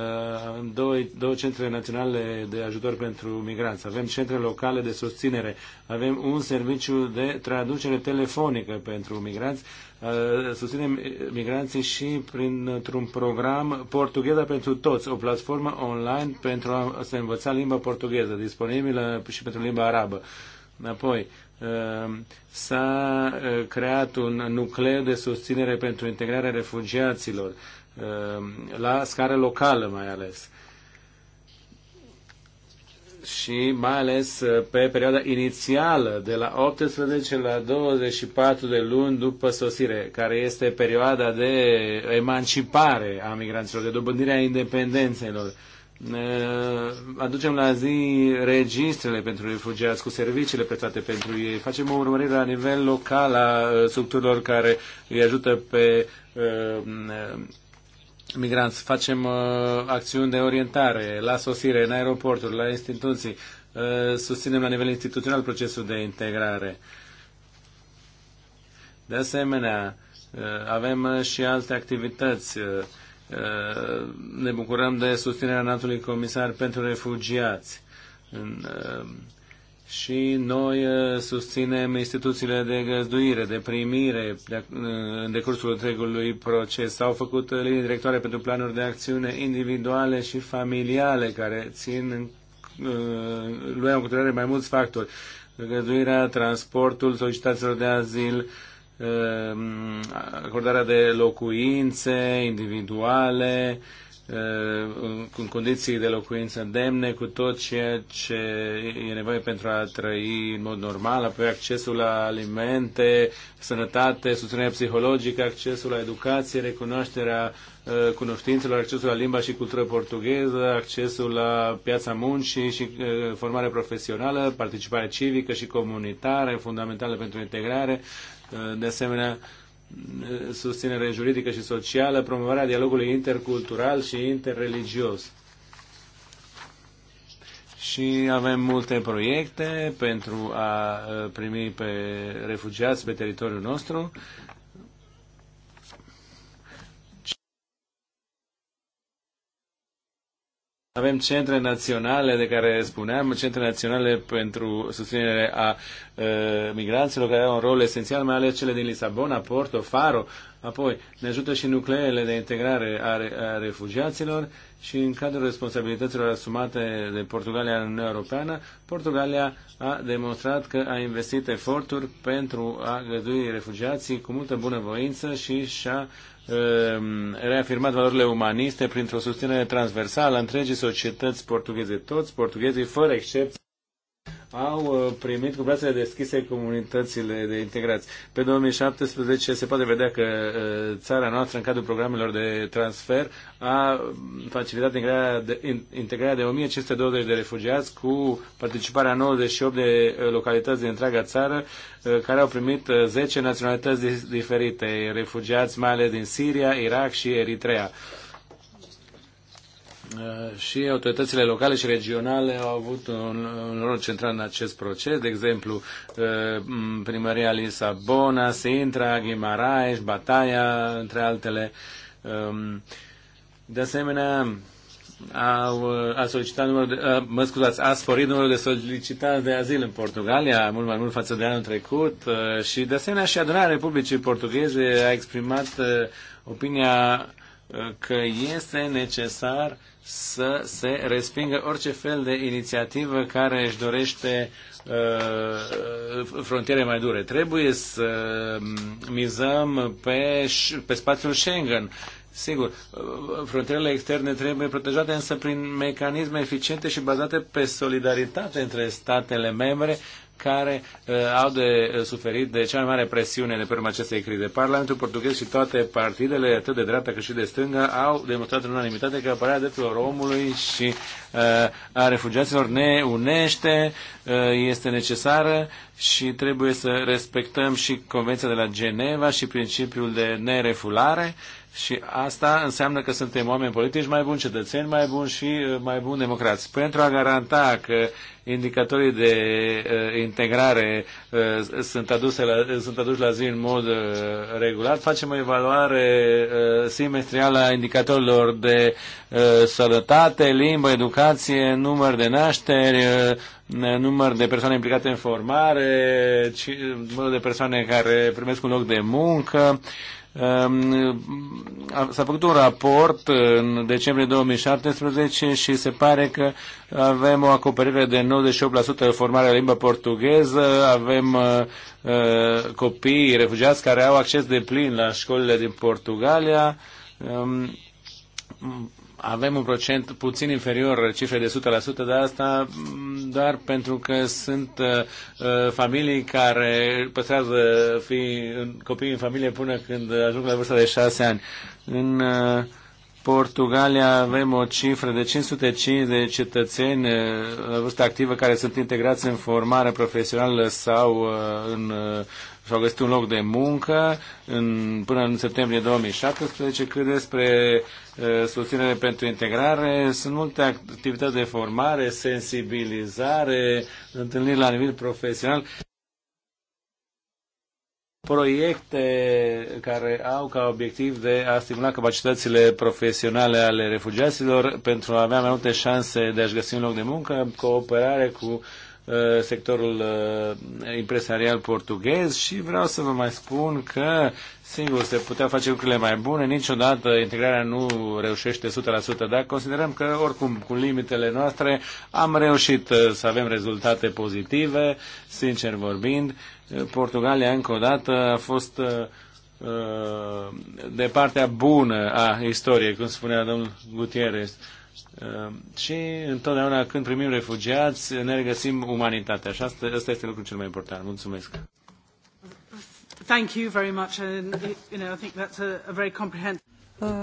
avem două, două centre naționale de ajutor pentru migranți, avem centre locale de susținere, avem un serviciu de traducere telefonică pentru migranți, uh, susținem migranții și printr-un program Portugheza pentru toți, o platformă online pentru a se învăța limba portugheză, disponibilă și pentru limba arabă. Apoi, uh, s-a creat un nucleu de susținere pentru integrarea refugiaților Ehm, la scară locală mai ales și mai ales eh, pe perioada inițială, de la 18 la 24 de luni după sosire, care este perioada de emancipare a migranților, de dobândirea independențelor. Eh, aducem la zi registrele pentru refugiați cu serviciile prestate pentru ei. Facem o urmărire la nivel local a eh, structurilor care îi ajută pe migranți, facem uh, acțiuni de orientare la sosire, în aeroporturi, la instituții, uh, susținem la nivel instituțional procesul de integrare. De asemenea, uh, avem și alte activități. Uh, uh ne bucurăm de susținerea Natului comisar pentru refugiați. uh, și noi uh, susținem instituțiile de găzduire, de primire de, uh, în decursul întregului proces. S-au făcut uh, linii directoare pentru planuri de acțiune individuale și familiale care țin în luăm în considerare mai mulți factori. Găzduirea, transportul, solicitațiilor de azil, acordarea de locuințe individuale, cu condiții de locuință demne, cu tot ceea ce e nevoie pentru a trăi în mod normal, apoi accesul la alimente, sănătate, susținerea psihologică, accesul la educație, recunoașterea cunoștințelor, accesul la limba și cultură portugheză, accesul la piața muncii și formare profesională, participare civică și comunitară, fundamentală pentru integrare, de asemenea susținere juridică și socială, promovarea dialogului intercultural și interreligios. Și avem multe proiecte pentru a uh, primi pe refugiați pe teritoriul nostru Avem centre naționale de care spuneam, centre naționale pentru susținere a uh, migranților care au un rol esențial, mai ales cele din Lisabona, Porto, Faro. Apoi ne ajută și nucleele de integrare a, re, a refugiaților și în cadrul responsabilităților asumate de Portugalia în Uniunea Europeană, Portugalia a demonstrat că a investit eforturi pentru a gădui refugiații cu multă bunăvoință și și-a uh, Ehm, reafirmat valorile umaniste printr-o susținere transversală a întregii societăți portugheze. Toți portughezii, fără excepție, au uh, primit cu brațele deschise comunitățile de integrați. Pe 2017 se poate vedea că uh, țara noastră, în cadrul programelor de transfer, a facilitat integrarea de, integrarea de 1520 de refugiați cu participarea 98 de uh, localități din întreaga țară, care au primit 10 naționalități diferite, refugiați mai ales din Siria, Irak și Eritrea. Eh, și autoritățile locale și regionale au avut un, un rol central în acest proces, de exemplu eh, primăria Lisabona, Sintra, Ghimaraes, Bataia, între altele. Ehm, de asemenea, au, eh, a solicitat numărul de, mă scuzați, a sporit numărul de solicitați de azil în Portugalia, mult mai mult față de anul trecut și de asemenea și adunarea Republicii Portugheze a exprimat opinia că este necesar să se respingă orice fel de inițiativă care își dorește uh, frontiere mai dure. Trebuie să mizăm pe, pe spațiul Schengen. Sigur, uh, frontierele externe trebuie protejate, însă prin mecanisme eficiente și bazate pe solidaritate între statele membre care uh, au de uh, suferit de cea mai mare presiune de pe urma acestei crize. Parlamentul portughez și toate partidele, atât de dreapta cât și de stânga, au demonstrat în unanimitate că apărarea drepturilor omului și uh, a refugiaților ne unește, uh, este necesară și trebuie să respectăm și Convenția de la Geneva și principiul de nerefulare. Uh, și asta înseamnă că suntem oameni politici mai buni, cetățeni mai buni și uh, mai buni democrați. Pentru a garanta că indicatorii de uh, integrare uh, sunt, aduse la, sunt aduși la zi în mod uh, regulat, facem o evaluare uh, semestrială a indicatorilor de uh, sănătate, limbă, educație, număr de nașteri, uh, număr de persoane implicate în formare, uh, număr de persoane care primesc un loc de muncă, uh, Ehm, s-a făcut un raport în decembrie 2017 și se pare că avem o acoperire de 98% formare la limba portugheză, avem eh, eh, copii refugiați care au acces de plin la școlile din Portugalia ehm, avem un procent puțin inferior cifre de 100%, dar asta mm, doar pentru că sunt uh, uh familii care păstrează fi, copii în familie până când ajung la vârsta de 6 ani. În uh, Portugalia avem o cifră de 505 de cetățeni uh, la vârstă activă care sunt integrați în formare profesională sau uh, în uh, și-au găsit un loc de muncă în, până în septembrie 2017, cât despre uh, susținere pentru integrare. Sunt multe activități de formare, sensibilizare, întâlniri la nivel profesional proiecte care au ca obiectiv de a stimula capacitățile profesionale ale refugiaților pentru a avea mai multe șanse de a-și găsi un loc de muncă, cooperare cu Uh, sectorul uh, impresarial portughez și vreau să vă mai spun că, singur se putea face lucrurile mai bune, niciodată integrarea nu reușește 100%, dar considerăm că, oricum, cu limitele noastre am reușit uh, să avem rezultate pozitive, sincer vorbind. Portugalia, încă o dată, a fost de partea bună a istoriei, cum spunea domnul Gutierrez. Ehm, și întotdeauna când primim refugiați ne regăsim umanitatea și asta, asta este lucrul cel mai important. Mulțumesc! Thank you very much and you know I think that's a, a very comprehensive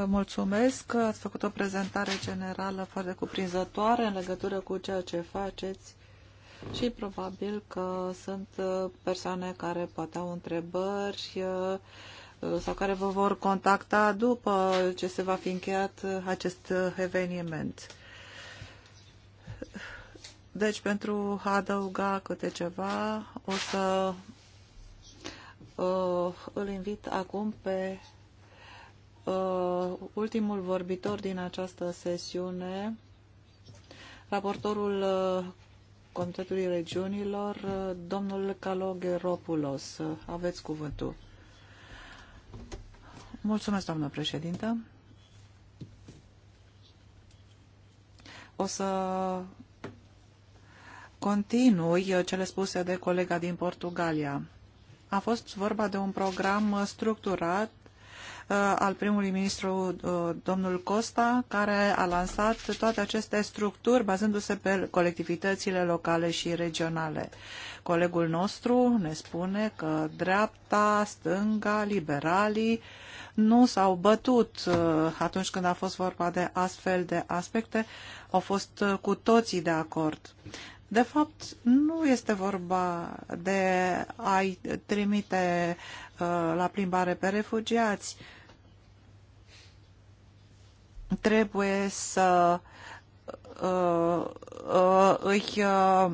Mulțumesc că ați făcut o prezentare generală foarte cuprinzătoare în legătură cu ceea ce faceți și probabil că sunt uh, persoane care poate au întrebări uh, sau care vă vor contacta după ce se va fi încheiat acest eveniment. Deci, pentru a adăuga câte ceva, o să uh, îl invit acum pe uh, ultimul vorbitor din această sesiune, raportorul uh, Comitetului Regiunilor, uh, domnul Caloghe Ropulos. Aveți cuvântul. Mulțumesc, doamnă președintă. O să continui cele spuse de colega din Portugalia. A fost vorba de un program structurat Uh, al primului ministru, uh, domnul Costa, care a lansat toate aceste structuri bazându-se pe colectivitățile locale și regionale. Colegul nostru ne spune că dreapta, stânga, liberalii nu s-au bătut uh, atunci când a fost vorba de astfel de aspecte, au fost cu toții de acord. De fapt, nu este vorba de a-i trimite uh, la plimbare pe refugiați trebuie să uh, uh, îi uh,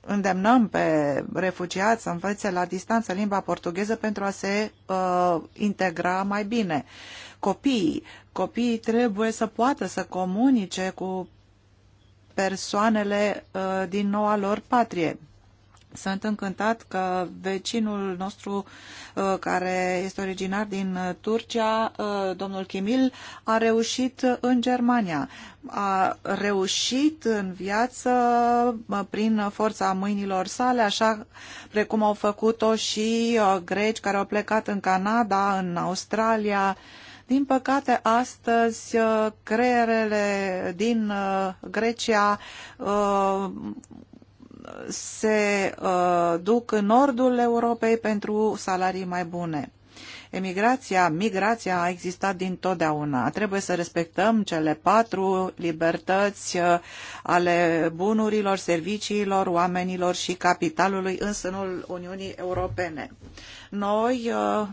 îndemnăm pe refugiați să învețe la distanță limba portugheză pentru a se uh, integra mai bine. Copiii, copiii trebuie să poată să comunice cu persoanele uh, din noua lor patrie. Sunt încântat că vecinul nostru uh, care este originar din uh, Turcia, uh, domnul Chimil, a reușit în Germania. A reușit în viață prin forța mâinilor sale, așa precum au făcut-o și greci care au plecat în Canada, în Australia, din păcate, astăzi creierele din Grecia se uh, duc în nordul Europei pentru salarii mai bune. Emigrația, migrația a existat dintotdeauna. Trebuie să respectăm cele patru libertăți uh, ale bunurilor, serviciilor, oamenilor și capitalului în sânul Uniunii Europene. Noi, uh,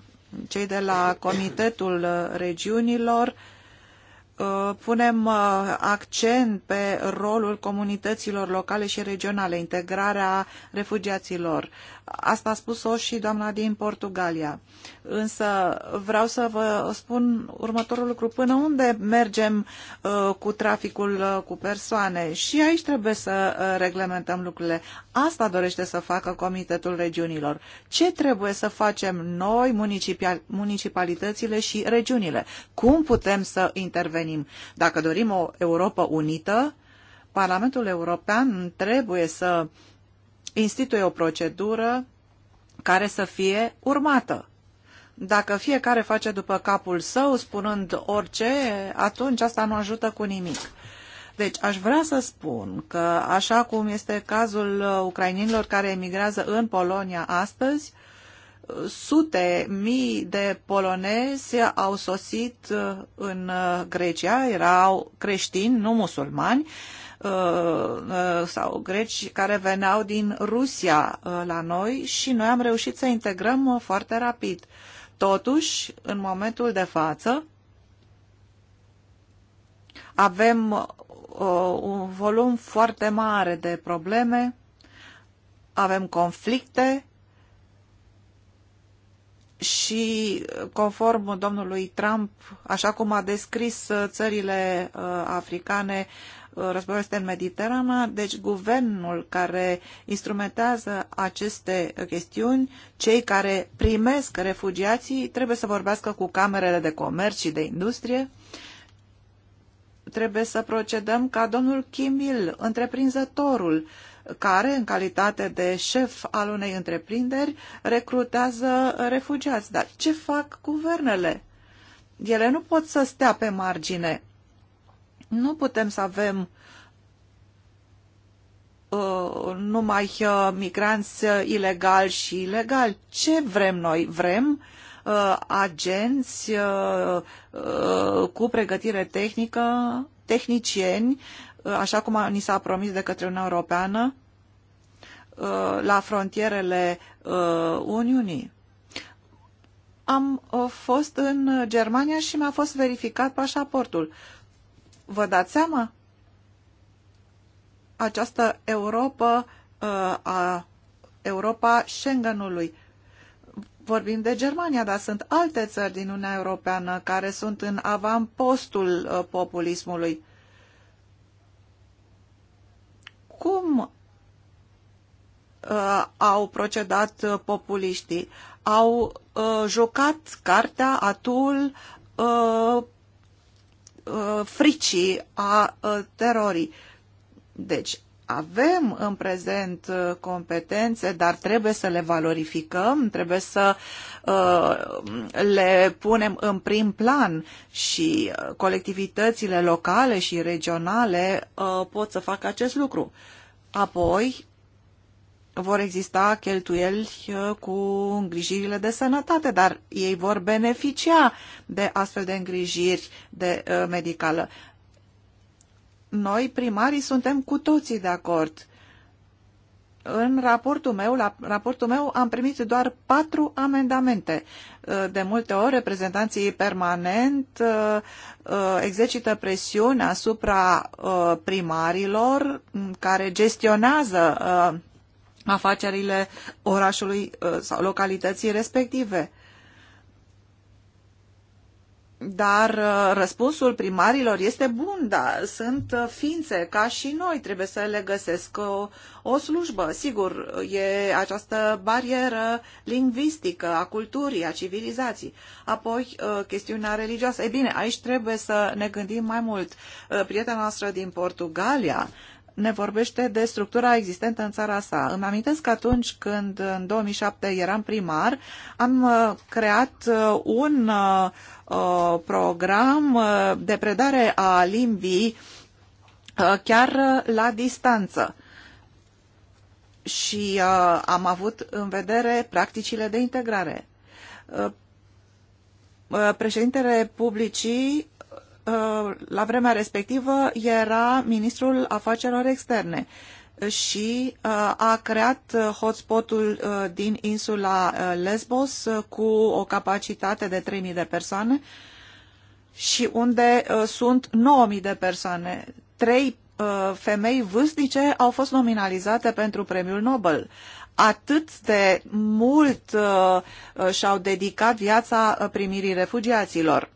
cei de la Comitetul Regiunilor, Uh, punem uh, accent pe rolul comunităților locale și regionale, integrarea refugiaților, Asta a spus-o și doamna din Portugalia. Însă vreau să vă spun următorul lucru. Până unde mergem uh, cu traficul uh, cu persoane? Și aici trebuie să uh, reglementăm lucrurile. Asta dorește să facă Comitetul Regiunilor. Ce trebuie să facem noi, municipalitățile și regiunile? Cum putem să intervenim? Dacă dorim o Europa unită, Parlamentul European trebuie să uh, instituie o procedură care să fie urmată. Dacă fiecare face după capul său, spunând orice, atunci asta nu ajută cu nimic. Deci aș vrea să spun că așa cum este cazul ucrainilor care emigrează în Polonia astăzi, sute mii de polonezi au sosit în Grecia, erau creștini, nu musulmani, Uh, uh, sau greci care veneau din Rusia uh, la noi și noi am reușit să integrăm foarte rapid. Totuși, în momentul de față, avem un volum foarte mare de probleme, avem conflicte și conform domnului Trump, așa cum a descris țările africane, războiul este în Mediterana, deci guvernul care instrumentează aceste chestiuni, cei care primesc refugiații, trebuie să vorbească cu camerele de comerț și de industrie, trebuie să procedăm ca domnul Kimil, întreprinzătorul, care, în calitate de șef al unei întreprinderi, recrutează refugiați. Dar ce fac guvernele? Ele nu pot să stea pe margine. Nu putem să avem uh, numai uh, migranți uh, ilegali și ilegali. Ce vrem noi? Vrem uh, agenți uh, uh, cu pregătire tehnică, tehnicieni, uh, așa cum ni s-a promis de către Uniunea Europeană, uh, la frontierele uh, Uniunii am uh, fost în Germania și mi-a fost verificat pașaportul. Vă dați seama? Această Europa uh, a Europa Schengenului. Vorbim de Germania, dar sunt alte țări din Uniunea Europeană care sunt în avampostul uh, populismului. Cum uh, au procedat uh, populiștii? Au uh, jucat cartea, atul uh, Uh, fricii a uh, terorii. Deci, avem în prezent uh, competențe, dar trebuie să le valorificăm, trebuie să le punem în prim plan și colectivitățile locale și regionale pot să facă acest lucru. Apoi, vor exista cheltuieli uh, cu îngrijirile de sănătate, dar ei vor beneficia de astfel de îngrijiri de uh, medicală. Noi, primarii, suntem cu toții de acord. În raportul meu, la raportul meu am primit doar patru amendamente. Uh, de multe ori, reprezentanții permanent exercită presiune asupra primarilor care gestionează afacerile orașului ă, sau localității respective. Dar ă, răspunsul primarilor este bun, dar sunt ă, ființe ca și noi, trebuie să le găsesc o, o slujbă. Sigur, e această barieră lingvistică a culturii, a civilizației. Apoi, chestiunea religioasă. E bine, aici trebuie să ne gândim mai mult. Prietena noastră din Portugalia ne vorbește de structura existentă în țara sa. Îmi amintesc că atunci când în 2007 eram primar, am uh, creat uh, un uh, program de predare a limbii chiar la distanță și uh, am avut în vedere practicile de integrare. Uh, președintele publicii Uh, la vremea respectivă era ministrul afacerilor externe și uh, a creat uh, hotspotul din insula Lesbos cu o capacitate de 3.000 de persoane și unde sunt 9.000 de persoane. Trei femei vârstnice au fost nominalizate pentru premiul Nobel. Atât de mult și-au dedicat viața primirii refugiaților.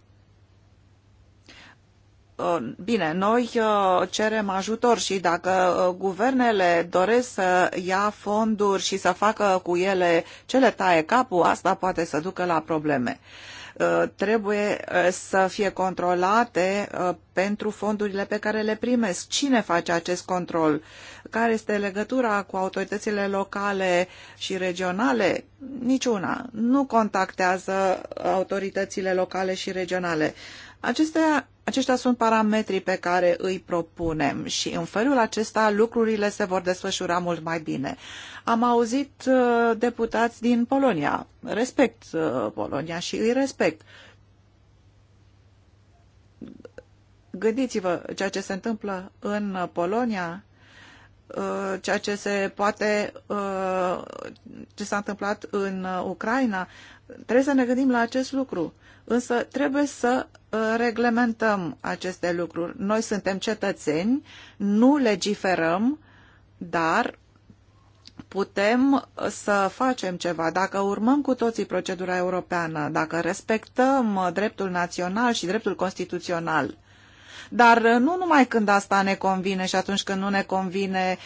Uh, bine, noi uh, cerem ajutor și dacă uh, guvernele doresc să ia fonduri și să facă cu ele ce le taie capul, asta poate să ducă la probleme. Trebuie să fie controlate pentru fondurile pe care le primesc. Cine face acest control? Care este legătura cu autoritățile locale și regionale? Niciuna. Nu contactează autoritățile locale și regionale. Acestea aceștia sunt parametrii pe care îi propunem și în felul acesta lucrurile se vor desfășura mult mai bine. Am auzit uh, deputați din Polonia. Respect uh, Polonia și îi respect. Gândiți-vă ceea ce se întâmplă în Polonia, uh, ceea ce se poate, uh, ce s-a întâmplat în Ucraina, Trebuie să ne gândim la acest lucru, însă trebuie să uh, reglementăm aceste lucruri. Noi suntem cetățeni, nu legiferăm, dar putem uh, să facem ceva. Dacă urmăm cu toții procedura europeană, dacă respectăm uh, dreptul național și dreptul constituțional, dar nu numai când asta ne convine și atunci când nu ne convine,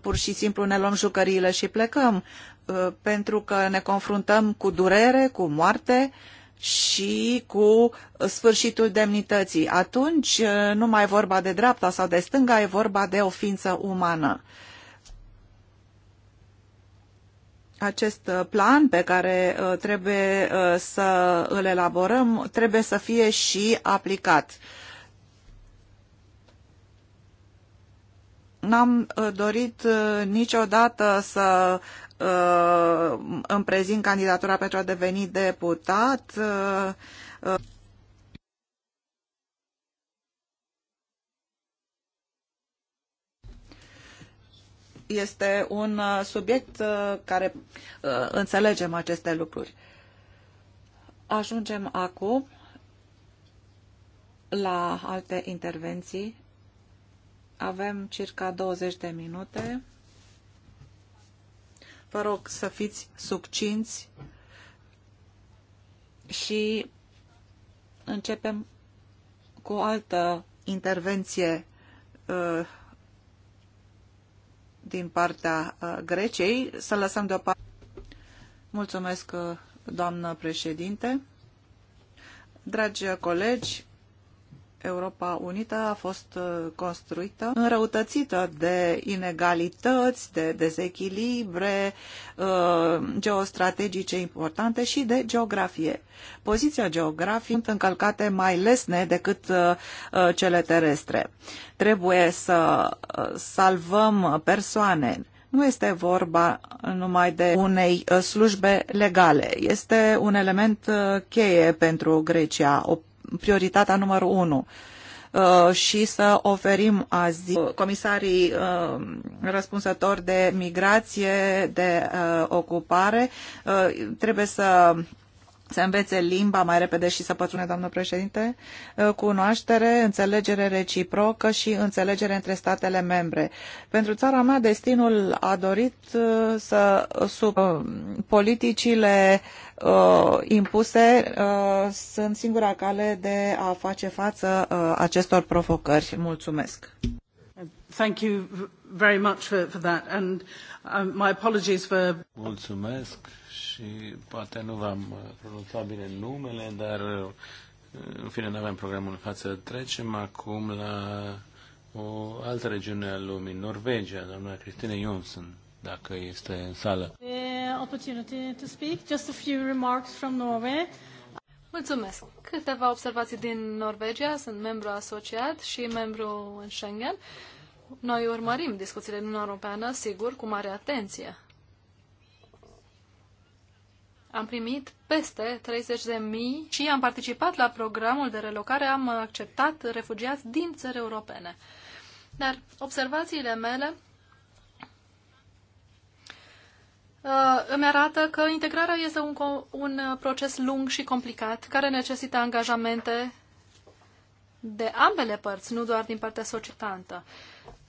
pur și simplu ne luăm jucăriile și plecăm. Uh, pentru că ne confruntăm cu durere, cu moarte și cu sfârșitul demnității. Atunci uh, nu mai e vorba de dreapta sau de stânga, e vorba de o ființă umană. Acest uh, plan pe care trebuie să îl elaborăm trebuie să fie și aplicat. n-am dorit niciodată să Uh, îmi prezint candidatura pentru a deveni deputat. Uh, uh, este un subiect care înțelegem aceste lucruri. Ajungem acum la alte intervenții. Avem circa 20 de minute. Vă rog să fiți subcinți și începem cu o altă intervenție uh, din partea uh, Greciei. Să lăsăm deoparte. Mulțumesc, uh, doamnă președinte. Dragi colegi, Europa Unită a fost uh, construită înrăutățită de inegalități, de dezechilibre uh, geostrategice importante și de geografie. Poziția geografică sunt încălcate mai lesne decât uh, cele terestre. Trebuie să salvăm persoane, nu este vorba numai de unei slujbe legale. Este un element cheie pentru Grecia, o prioritatea numărul unu uh, și să oferim azi comisarii uh, răspunsători de migrație, de uh, ocupare. Trebuie să se învețe limba mai repede și să pătrune, doamnă președinte, cunoaștere, înțelegere reciprocă și înțelegere între statele membre. Pentru țara mea, destinul a dorit să sub politicile uh, impuse uh, sunt singura cale de a face față uh, acestor provocări. Mulțumesc! Thank you very much for, for that and um, my apologies for... Mulțumesc și poate nu v-am uh, pronunțat bine numele, dar uh, în fine nu avem programul în față. Trecem acum la o altă regiune a lumii, Norvegia, doamna Cristine Jonsson dacă este în sală. Mulțumesc. Câteva observații din Norvegia. Sunt membru asociat și membru în Schengen. Noi urmărim discuțiile din Uniunea Europeană, sigur, cu mare atenție. Am primit peste 30 de mii și am participat la programul de relocare, am acceptat refugiați din țări europene. Dar observațiile mele Uh, îmi arată că integrarea este un, un uh, proces lung și complicat, care necesită angajamente de ambele părți, nu doar din partea societantă.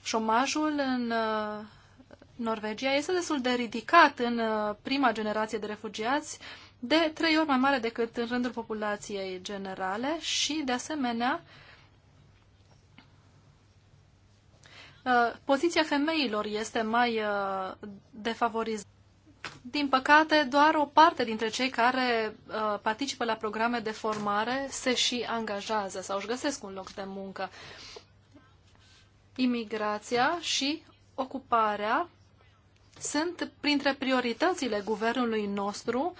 Șomajul în uh, Norvegia este destul de ridicat în prima generație de refugiați, de trei ori mai mare decât în rândul populației generale și, de asemenea, poziția femeilor este mai defavorizată din păcate, doar o parte dintre cei care uh, participă la programe de formare se și angajează sau își găsesc un loc de muncă. Imigrația și ocuparea sunt printre prioritățile guvernului nostru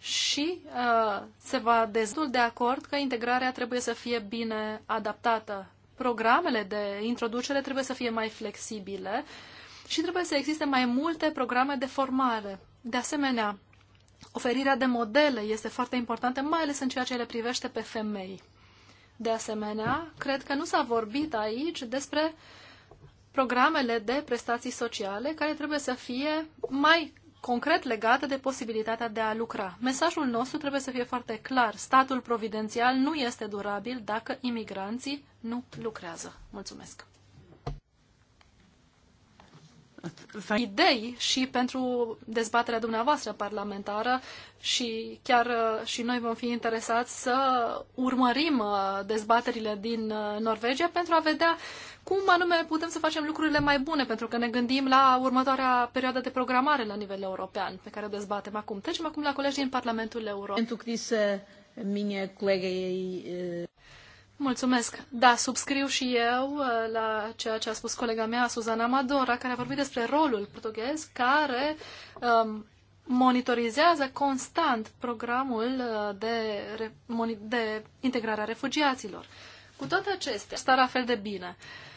și uh, se va destul de acord că integrarea trebuie să fie bine adaptată. Programele de introducere trebuie să fie mai flexibile și trebuie să existe mai multe programe de formare. De asemenea, oferirea de modele este foarte importantă, mai ales în ceea ce le privește pe femei. De asemenea, cred că nu s-a vorbit aici despre programele de prestații sociale care trebuie să fie mai concret legate de posibilitatea de a lucra. Mesajul nostru trebuie să fie foarte clar. Statul providențial nu este durabil dacă imigranții nu lucrează. Mulțumesc! idei și pentru dezbaterea dumneavoastră parlamentară și chiar uh, și noi vom fi interesați să urmărim uh, dezbaterile din uh, Norvegia pentru a vedea cum anume putem să facem lucrurile mai bune, pentru că ne gândim la următoarea perioadă de programare la nivel european pe care o dezbatem acum. Trecem acum la colegii din Parlamentul European. Mulțumesc. Da, subscriu și eu uh, la ceea ce a spus colega mea, Suzana Madora, care a vorbit despre rolul portughez, care um, monitorizează constant programul uh, de, de integrare a refugiaților. Cu toate acestea, stă la fel de bine. Uh,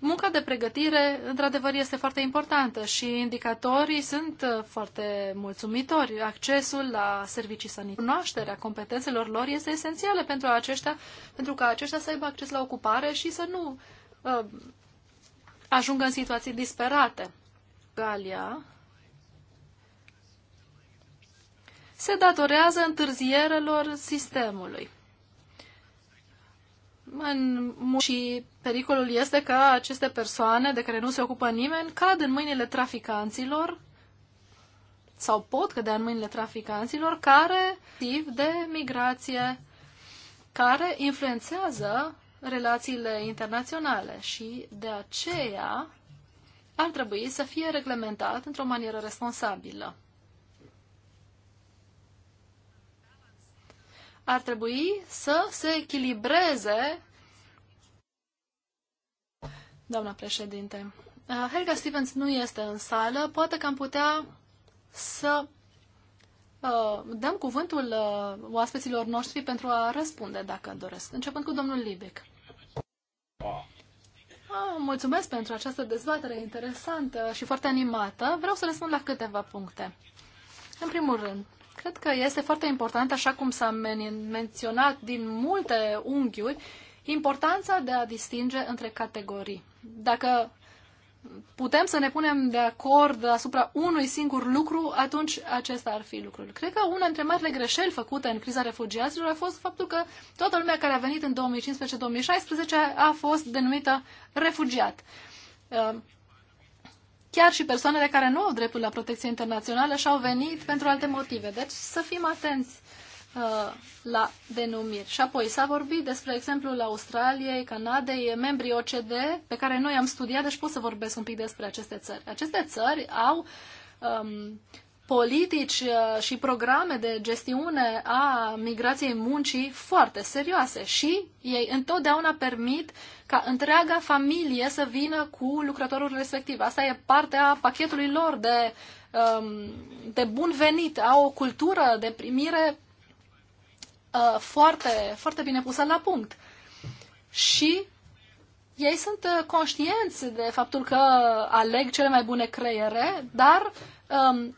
Munca de pregătire, într-adevăr, este foarte importantă și indicatorii sunt uh, foarte mulțumitori. Accesul la servicii sanitare, cunoașterea competențelor lor este esențială pentru aceștia, pentru ca aceștia să aibă acces la ocupare și să nu uh, ajungă în situații disperate. Galia se datorează întârzierelor sistemului în și pericolul este că aceste persoane de care nu se ocupă nimeni cad în mâinile traficanților sau pot cădea în mâinile traficanților care tip de migrație care influențează relațiile internaționale și de aceea ar trebui să fie reglementat într-o manieră responsabilă. ar trebui să se echilibreze. Doamna președinte, uh, Helga Stevens nu este în sală, poate că am putea să uh, dăm cuvântul uh, oaspeților noștri pentru a răspunde, dacă doresc, începând cu domnul Libic. Ah, mulțumesc pentru această dezbatere interesantă și foarte animată. Vreau să răspund la câteva puncte. În primul rând, Cred că este foarte important, așa cum s-a men- menționat din multe unghiuri, importanța de a distinge între categorii. Dacă putem să ne punem de acord asupra unui singur lucru, atunci acesta ar fi lucrul. Cred că una dintre marile greșeli făcute în criza refugiaților a fost faptul că toată lumea care a venit în 2015-2016 a fost denumită refugiat chiar și persoanele care nu au dreptul la protecție internațională și-au venit pentru alte motive. Deci să fim atenți uh, la denumiri. Și apoi s-a vorbit despre exemplul Australiei, Canadei, membrii OCD pe care noi am studiat, deci pot să vorbesc un pic despre aceste țări. Aceste țări au um, politici uh, și programe de gestiune a migrației muncii foarte serioase și ei întotdeauna permit ca întreaga familie să vină cu lucrătorul respectiv. Asta e partea pachetului lor de, um, de bun venit. Au o cultură de primire uh, foarte, foarte bine pusă la punct. Și ei sunt uh, conștienți de faptul că aleg cele mai bune creiere, dar um,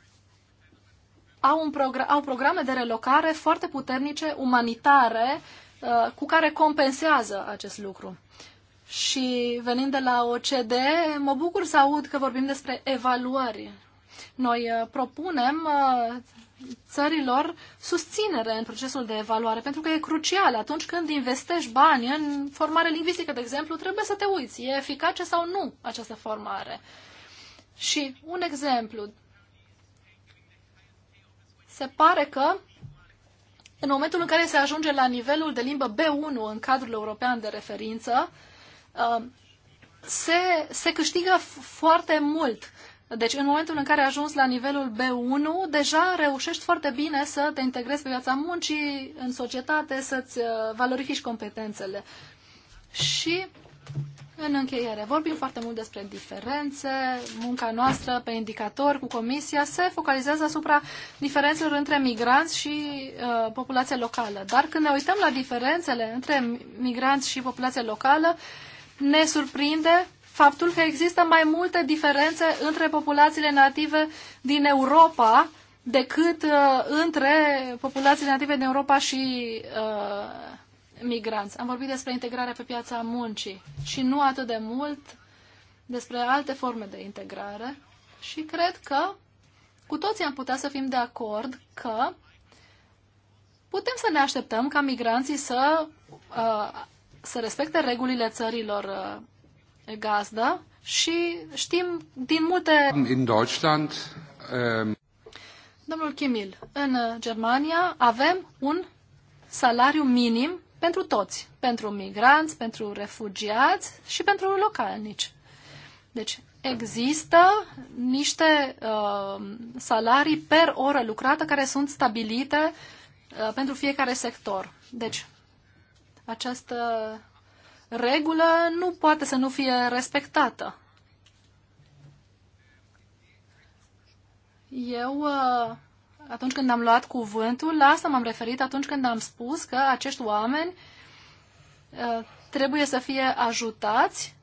au, un progr- au programe de relocare foarte puternice, umanitare, uh, cu care compensează acest lucru. Și venind de la OCD, mă bucur să aud că vorbim despre evaluări. Noi uh, propunem uh, țărilor susținere în procesul de evaluare, pentru că e crucial. Atunci când investești bani în formare lingvistică, de exemplu, trebuie să te uiți, e eficace sau nu această formare. Și un exemplu, se pare că în momentul în care se ajunge la nivelul de limbă B1 în cadrul european de referință, um, se, se câștigă foarte mult. Deci în momentul în care ajungi la nivelul B1, deja reușești foarte bine să te integrezi pe viața muncii, în societate, să-ți uh, valorifici competențele. Și în încheiere, vorbim foarte mult despre diferențe. Munca noastră pe indicator cu comisia se focalizează asupra diferențelor între migranți și uh, populația locală. Dar când ne uităm la diferențele între migranți și populația locală, ne surprinde faptul că există mai multe diferențe între populațiile native din Europa decât uh, între populațiile native din Europa și uh, migranți. Am vorbit despre integrarea pe piața muncii și nu atât de mult despre alte forme de integrare și cred că cu toții am putea să fim de acord că putem să ne așteptăm ca migranții să, uh, să respecte regulile țărilor uh, gazdă și știm din multe... În Deutschland... Um... Domnul Kimil, în Germania avem un salariu minim pentru toți, pentru migranți, pentru refugiați și pentru localnici. Deci există niște uh, salarii per oră lucrată care sunt stabilite uh, pentru fiecare sector. Deci această regulă nu poate să nu fie respectată. Eu uh, atunci când am luat cuvântul, la asta m-am referit atunci când am spus că acești oameni uh, trebuie să fie ajutați.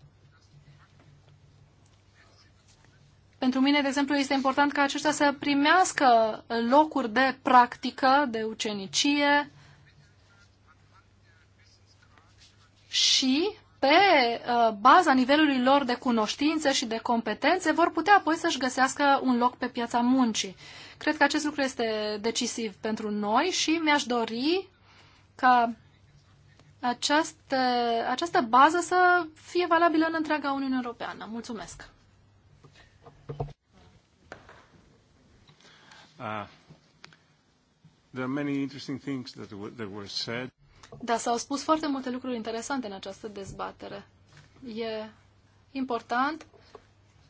Pentru mine, de exemplu, este important ca aceștia să primească locuri de practică, de ucenicie și pe uh, baza nivelului lor de cunoștințe și de competențe vor putea apoi să-și găsească un loc pe piața muncii. Cred că acest lucru este decisiv pentru noi și mi-aș dori ca această, această bază să fie valabilă în întreaga Uniune Europeană. Mulțumesc! Uh, there are many interesting things that were, that were said. Da, s-au spus foarte multe lucruri interesante în această dezbatere. E important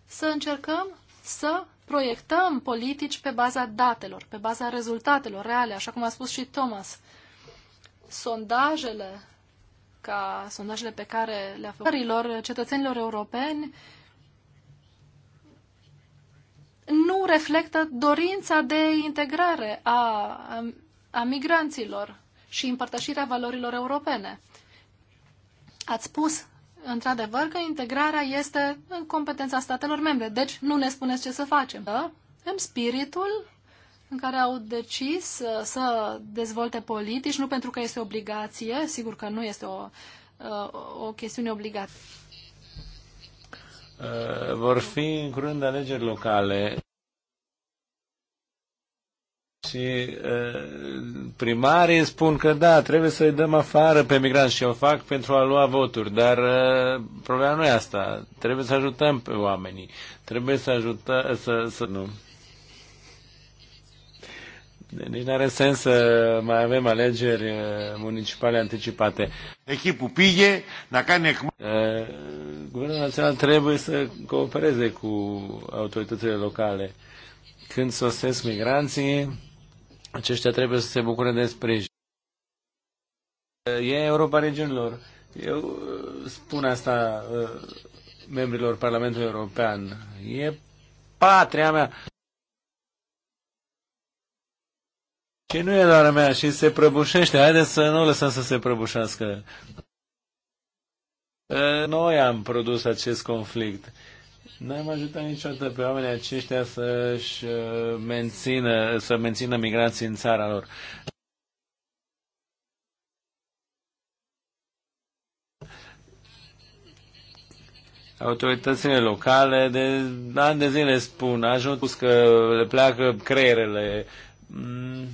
să încercăm să proiectăm politici pe baza datelor, pe baza rezultatelor reale, așa cum a spus și Thomas. Sondajele, ca sondajele pe care le-a făcut cetățenilor europeni, nu reflectă dorința de integrare a, a, a migranților și împărtășirea valorilor europene. Ați spus într-adevăr că integrarea este în competența statelor membre, deci nu ne spuneți ce să facem. Da? În spiritul în care au decis să, uh, să dezvolte politici, nu pentru că este obligație, sigur că nu este o, uh, o chestiune obligată. Uh, vor fi în curând alegeri locale. Și primarii îmi spun că da, trebuie să-i dăm afară pe migranți și o fac pentru a lua voturi, dar problema nu e asta. Trebuie să ajutăm pe oamenii. Trebuie să ajutăm să, să nu. Nici nu are sens să mai avem alegeri municipale anticipate. Echipul pige, dacă ne... Guvernul Național trebuie să coopereze cu autoritățile locale. Când sosesc migranții, aceștia trebuie să se bucure de sprijin. E Europa regiunilor. Eu uh, spun asta uh, membrilor Parlamentului European. E patria mea. Și nu e doar a mea și se prăbușește. Haideți să nu lăsăm să se prăbușească. Uh, noi am produs acest conflict N-am ajutat niciodată pe oamenii aceștia să-și uh, mențină, să mențină migranții în țara lor. Autoritățile locale de ani de zile spun, ajut că le pleacă creierele. Mm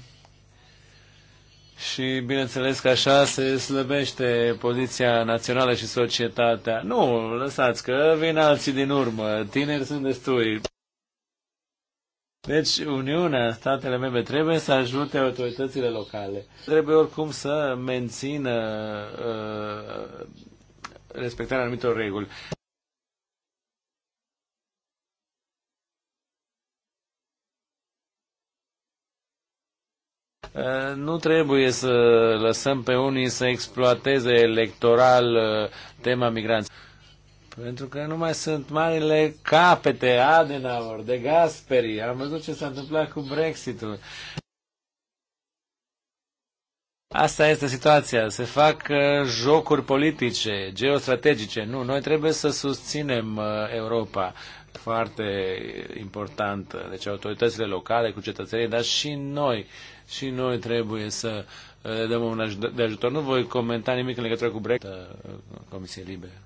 și bineînțeles că așa se slăbește poziția națională și societatea. Nu, lăsați că vin alții din urmă, tineri sunt destui. Deci Uniunea, statele membre trebuie să ajute autoritățile locale. Trebuie oricum să mențină uh, respectarea anumitor reguli. Eh, nu trebuie să lăsăm pe unii să exploateze electoral eh, tema migranților. Pentru că nu mai sunt marile capete, Adenauer, de Gasperi. Am văzut ce s-a întâmplat cu Brexitul. Asta este situația. Se fac eh, jocuri politice, geostrategice. Nu, noi trebuie să susținem Europa foarte important, Deci autoritățile locale cu cetățenii, dar și noi, și noi trebuie să eh, dăm un ajutor. ajutor. Nu voi comenta nimic în legătură cu Brexit, eh, Comisie Libere.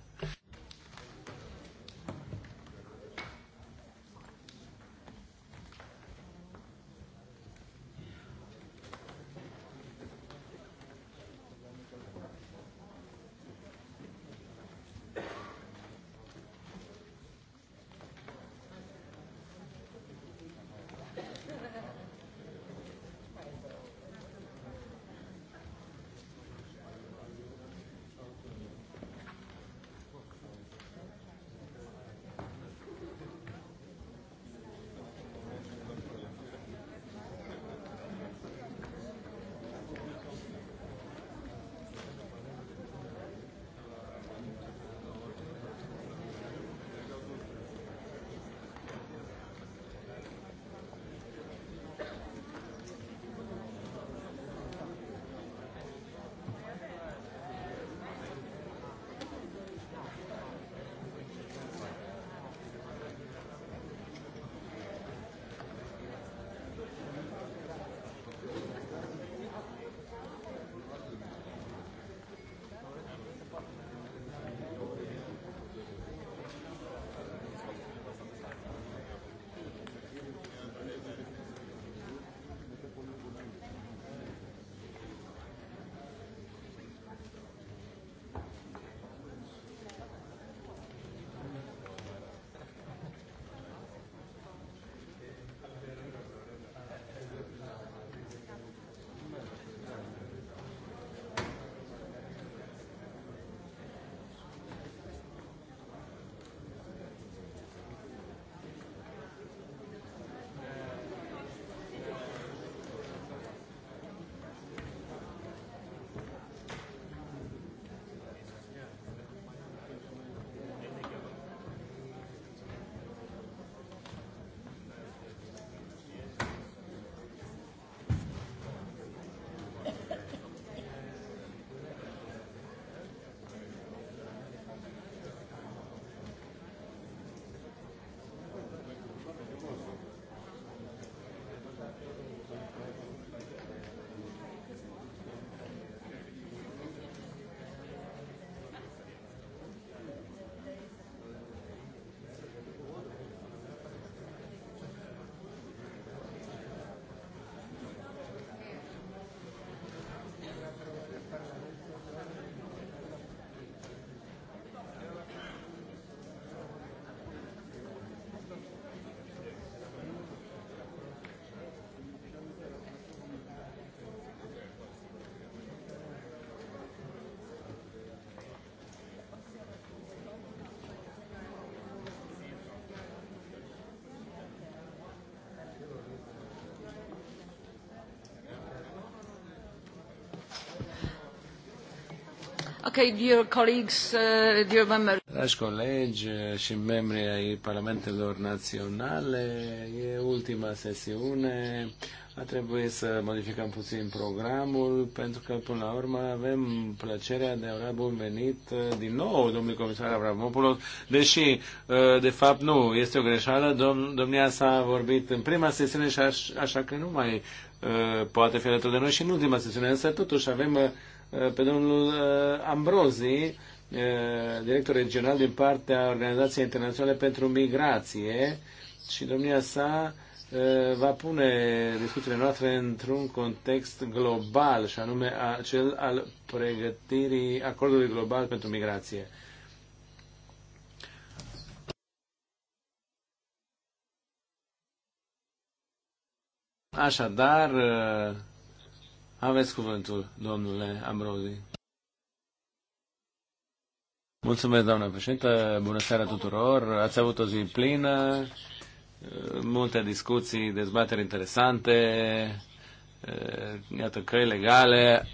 Uh, Dragi colegi și membri ai Parlamentelor Naționale, e ultima sesiune. A trebuit să modificăm puțin programul, pentru că până la urmă avem plăcerea de a avea bun venit uh, din nou domnul comisar Avramopoulos, deși, uh, de fapt, nu, este o greșeală. Dom- domnia s-a vorbit în prima sesiune și aș, așa că nu mai poate fi alături de noi și în ultima sesiune, însă totuși avem Eh, pe domnul eh, Ambrozi, eh, director regional din partea Organizației Internaționale pentru Migrație și domnia sa va pune discuțiile noastre într-un context global și anume cel al pregătirii acordului global pentru migrație. Așadar, aveți cuvântul, domnule Ambrozi. Mulțumesc, doamnă președintă. Bună seara tuturor. Ați avut o zi plină, multe discuții, dezbateri interesante, iată căi legale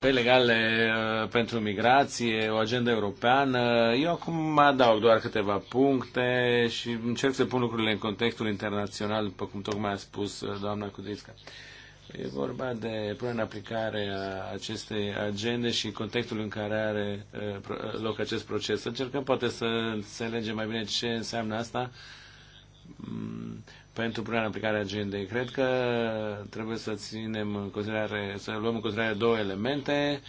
legale uh, pentru migrație, o agenda europeană. Eu acum adaug doar câteva puncte și încerc să pun lucrurile în contextul internațional, după cum tocmai a spus uh, doamna Cudrițca. E vorba de până în aplicare a acestei agende și contextul în care are uh, loc acest proces. Să încercăm poate să înțelegem mai bine ce înseamnă asta mm, pentru punerea în aplicare a agendei. Cred că trebuie să ținem în considerare, să luăm în considerare două elemente,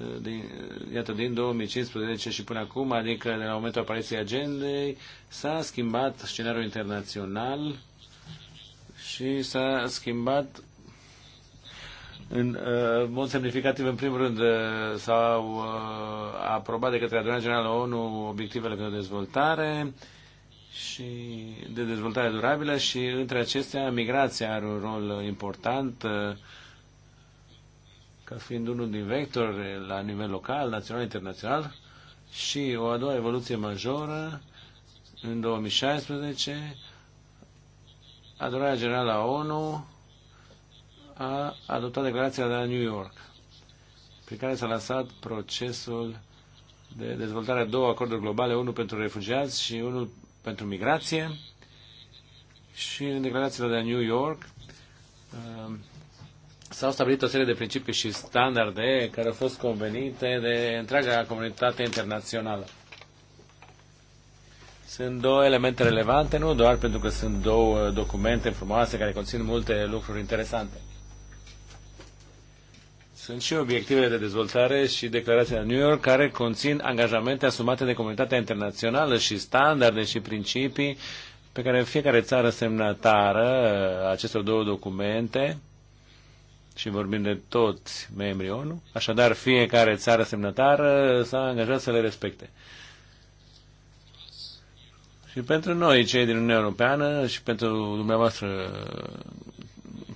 uh, din, uh, iată, din 2015 și până acum, adică de la momentul apariției agendei, s-a schimbat scenariul internațional și s-a schimbat în uh, mod semnificativ, în primul rând, uh, s-au uh, aprobat de către Adunarea Generală ONU obiectivele pentru de dezvoltare, uh, și de dezvoltare durabilă și între acestea migrația are un rol important uh, ca fiind unul din vectori la nivel local, național, internațional și o a doua evoluție majoră în 2016 adunarea generală a ONU a adoptat declarația de la New York prin care s-a lansat procesul de dezvoltare a două acorduri globale, unul pentru refugiați și unul pentru migrație și în declarațiile de la New York um, s-au stabilit o serie de principii și standarde care au fost convenite de întreaga comunitate internațională. Sunt două elemente relevante, nu doar pentru că sunt două documente frumoase care conțin multe lucruri interesante. Sunt și obiectivele de dezvoltare și declarația de New York care conțin angajamente asumate de comunitatea internațională și standarde și principii pe care fiecare țară semnatară acestor două documente și vorbim de toți membrii ONU, așadar fiecare țară semnatară s-a angajat să le respecte. Și pentru noi, cei din Uniunea Europeană, și pentru dumneavoastră,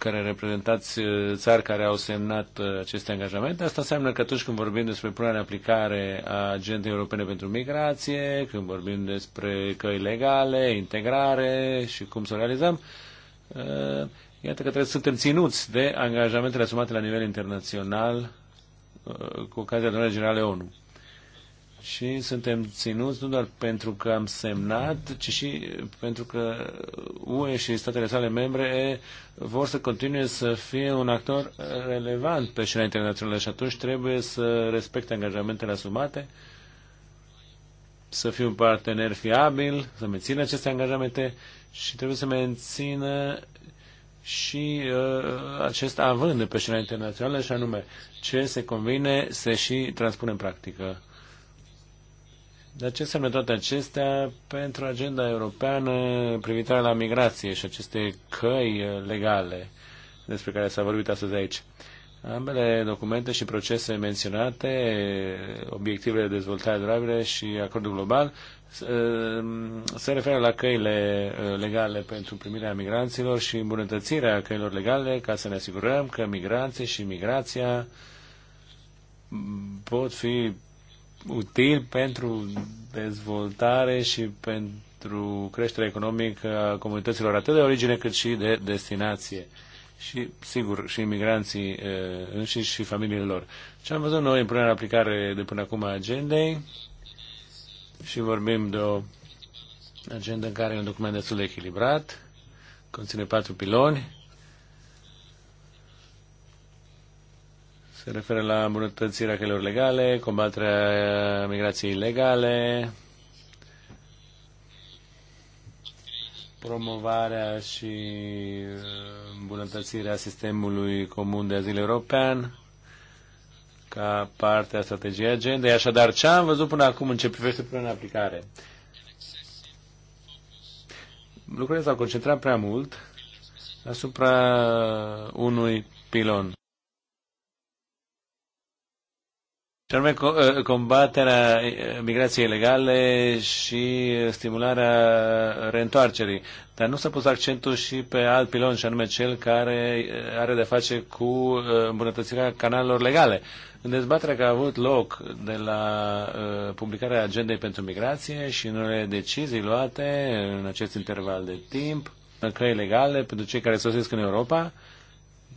care reprezentați uh, țări care au semnat uh, aceste angajamente. Asta înseamnă că atunci când vorbim despre punerea în aplicare a agentei europene pentru migrație, când vorbim despre căi legale, integrare și cum să o realizăm, uh, iată că trebuie să suntem ținuți de angajamentele asumate la nivel internațional cu ocazia adunării generale ONU și suntem ținuți nu doar pentru că am semnat, ci și pentru că UE și statele sale membre vor să continue să fie un actor relevant pe scena internațională și atunci trebuie să respecte angajamentele asumate, să fie un partener fiabil, să mențină aceste angajamente și trebuie să mențină și uh, acest având pe scena internațională și anume ce se convine se și transpune în practică. Dar ce înseamnă toate acestea pentru agenda europeană privitoare la migrație și aceste căi legale despre care s-a vorbit astăzi aici? Ambele documente și procese menționate, obiectivele de dezvoltare durabile și acordul global, se uh, referă la căile uh, legale pentru primirea migranților și îmbunătățirea căilor legale ca să ne asigurăm că migranții și migrația pot fi util pentru dezvoltare și pentru creșterea economică a comunităților atât de origine cât și de destinație. Și, sigur, și imigranții înșiși și familiile lor. Ce am văzut noi în punerea aplicare de până acum a agendei și vorbim de o agenda în care e un document destul de echilibrat, conține patru piloni, Se referă la îmbunătățirea căilor legale, combaterea migrației ilegale, promovarea și uh, îmbunătățirea sistemului comun de azil european ca parte a strategiei agendei. Așadar, ce am văzut până acum în ce privește până în aplicare? Lucrurile s-au concentrat prea mult asupra unui pilon. și anume ă, combaterea migrației ilegale și stimularea reîntoarcerii. Dar nu s-a pus accentul și pe alt pilon, și anume cel care ă, are de face cu ă, îmbunătățirea canalelor legale. În dezbaterea care a avut loc de la publicarea agendei pentru migrație și în unele decizii luate în acest interval de timp, căi legale pentru cei care sosesc în Europa,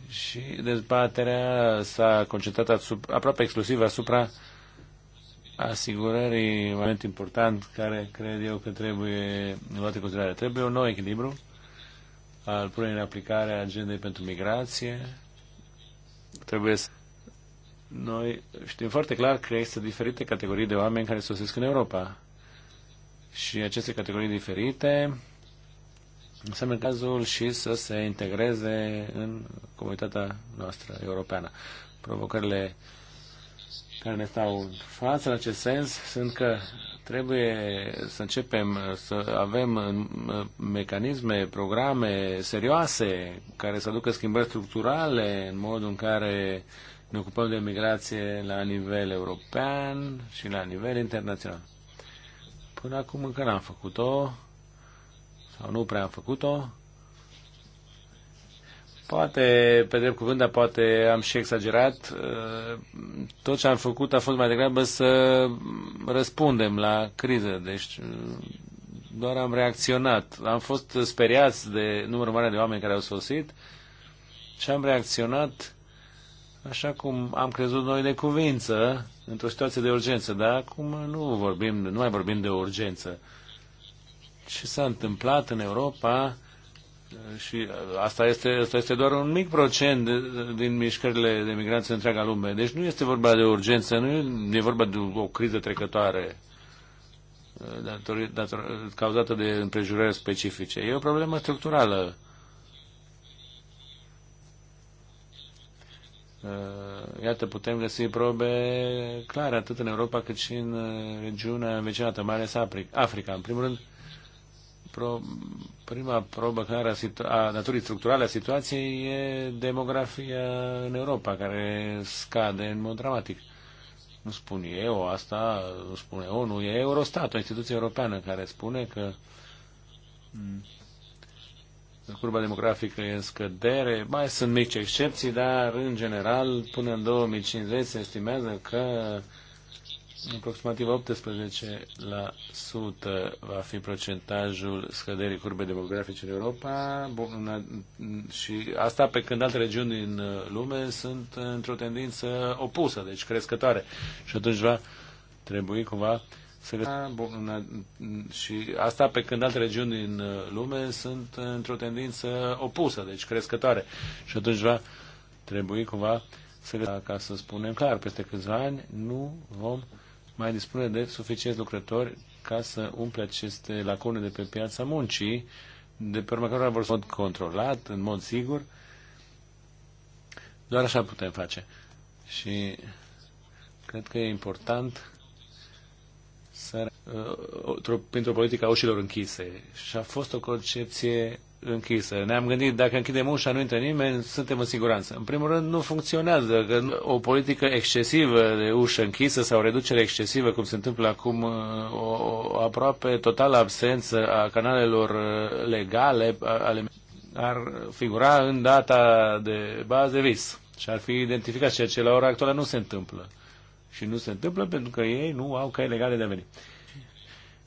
și dezbaterea s-a concentrat asupra, aproape exclusiv asupra asigurării, un moment important care cred eu că trebuie luat în considerare. Trebuie un nou echilibru al punerii în aplicare a agendei pentru migrație. Trebuie să... Noi știm foarte clar că există diferite categorii de oameni care sosesc în Europa. Și aceste categorii diferite înseamnă cazul și să se integreze în comunitatea noastră europeană. Provocările care ne stau în față în acest sens sunt că trebuie să începem să avem uh, mecanisme, programe serioase care să aducă schimbări structurale în modul în care ne ocupăm de migrație la nivel european și la nivel internațional. Până acum încă n-am făcut-o sau nu prea am făcut-o. Poate, pe drept cuvânt, dar poate am și exagerat. Eh, tot ce am făcut a fost mai degrabă să răspundem la criză. Deci eh, doar am reacționat. Am fost speriați de numărul mare de oameni care au sosit și am reacționat așa cum am crezut noi de cuvință într-o situație de urgență. Dar acum nu vorbim, nu mai vorbim de urgență ce s-a întâmplat în Europa uh, și uh, asta este, asta este doar un mic procent de, din mișcările de migranți în întreaga lume. Deci nu este vorba de urgență, nu e, vorba de o criză trecătoare uh, dator, dator, cauzată de împrejurări specifice. E o problemă structurală. Iată, putem găsi probe clare atât în Europa cât și în regiunea vecinată mai ales Africa. În primul rând, pro, prima probă clară a, a naturii structurale a situației e demografia în Europa, care scade în mod dramatic. Nu spun eu asta, nu spune ONU, e Eurostat, o instituție europeană care spune că mm, curba demografică e în scădere. Mai sunt mici excepții, dar în general până în 2050 se estimează că aproximativ 18% va fi procentajul scăderii curbei demografice în Europa și asta pe când alte regiuni în uh, lume sunt într-o tendință opusă, deci crescătoare. Și atunci va trebui cumva să ah, Bun, și asta pe când alte regiuni în uh, lume sunt într-o tendință opusă, deci crescătoare. Și atunci va trebui cumva să ca să spunem clar, peste câțiva ani nu vom mai dispune de suficienți lucrători ca să umple aceste lacune de pe piața muncii, de pe urmă vor să mod controlat, în mod sigur. Doar așa putem face. Și cred că e important să, pentru politica politică ușilor închise. Și a fost o concepție închisă. Ne-am gândit, dacă închidem ușa, nu intră nimeni, suntem în siguranță. În primul rând, nu funcționează. Că o politică excesivă de ușă închisă sau reducere excesivă, cum se întâmplă acum, uh, o, o aproape totală absență a canalelor uh, legale, ale, ar figura în data de bază vis și ar fi identificat, ceea ce la ora actuală nu se întâmplă. Și nu se întâmplă pentru că ei nu au căi legale de a veni.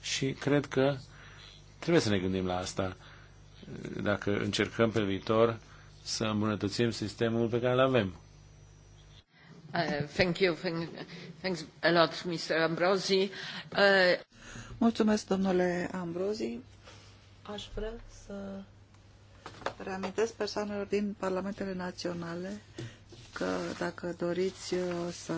Și cred că trebuie să ne gândim la asta dacă încercăm pe viitor să îmbunătățim sistemul pe care îl avem. Uh, thank you. Thank, thanks a lot, Mr. Ambrosi. Uh... Mulțumesc, domnule Ambrosi. Aș vrea să reamintesc persoanelor din Parlamentele Naționale că dacă doriți uh, să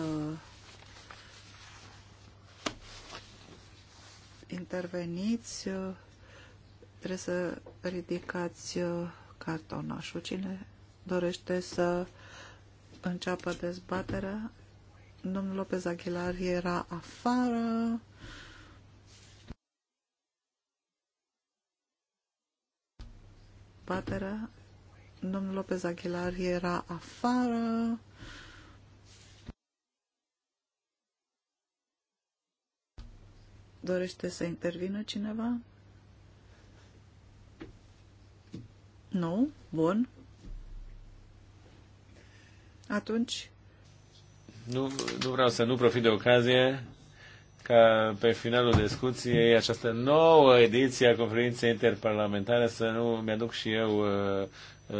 interveniți, uh, trebuie să ridicați uh, cartonașul. Cine dorește să înceapă dezbaterea? Domnul Lopez Aguilar era afară. Dezbaterea. Domnul Lopez Aguilar era afară. Dorește să intervină cineva? Nu? Bun. Atunci... Nu, nu vreau să nu profit de ocazie ca pe finalul discuției această nouă ediție a conferinței interparlamentare să nu mi-aduc și eu uh, uh,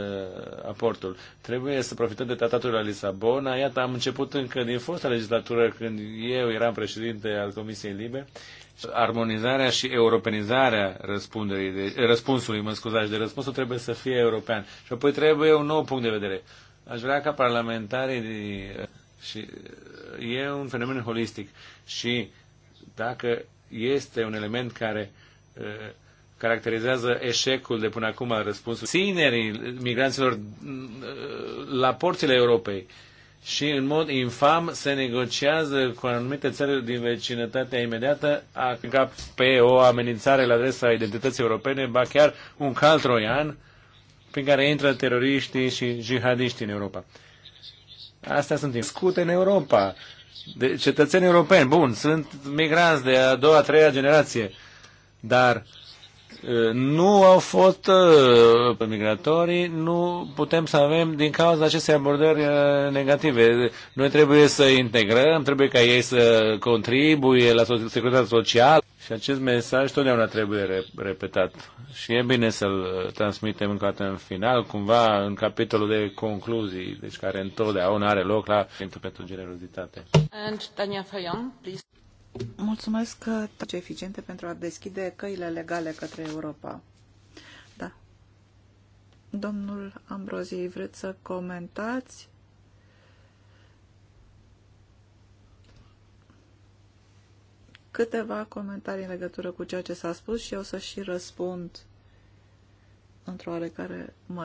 aportul. Trebuie să profităm de tratatul la Lisabona. Iată, am început încă din fosta legislatură când eu eram președinte al Comisiei Libe armonizarea și europenizarea răspunderii, de, răspunsului, mă scuzați, de răspunsul trebuie să fie european. Și apoi trebuie un nou punct de vedere. Aș vrea ca parlamentarii de, și e un fenomen holistic și dacă este un element care caracterizează eșecul de până acum al răspunsului ținerii migranților la porțile Europei și în mod infam se negociază cu anumite țări din vecinătatea imediată a, cap pe o amenințare la adresa identității europene, ba chiar un cal troian prin care intră teroriștii și jihadiști în Europa. Astea sunt discute în Europa. De cetățeni europeni, bun, sunt migranți de a doua, a treia generație, dar uh, nu au fost uh, pe migratorii, nu putem să avem din cauza acestei abordări uh, negative. Noi trebuie să integrăm, trebuie ca ei să contribuie la securitatea socială și acest mesaj totdeauna trebuie repetat. Și e bine să-l uh, transmitem încă dată în final, cumva în capitolul de concluzii, deci care întotdeauna are loc la pentru generozitate. And Tania Fayon, please. Mulțumesc că eficiente pentru a deschide căile legale către Europa. Da. Domnul Ambrozi, vreți să comentați? Câteva comentarii în legătură cu ceea ce s-a spus și eu să și răspund într-o oarecare mă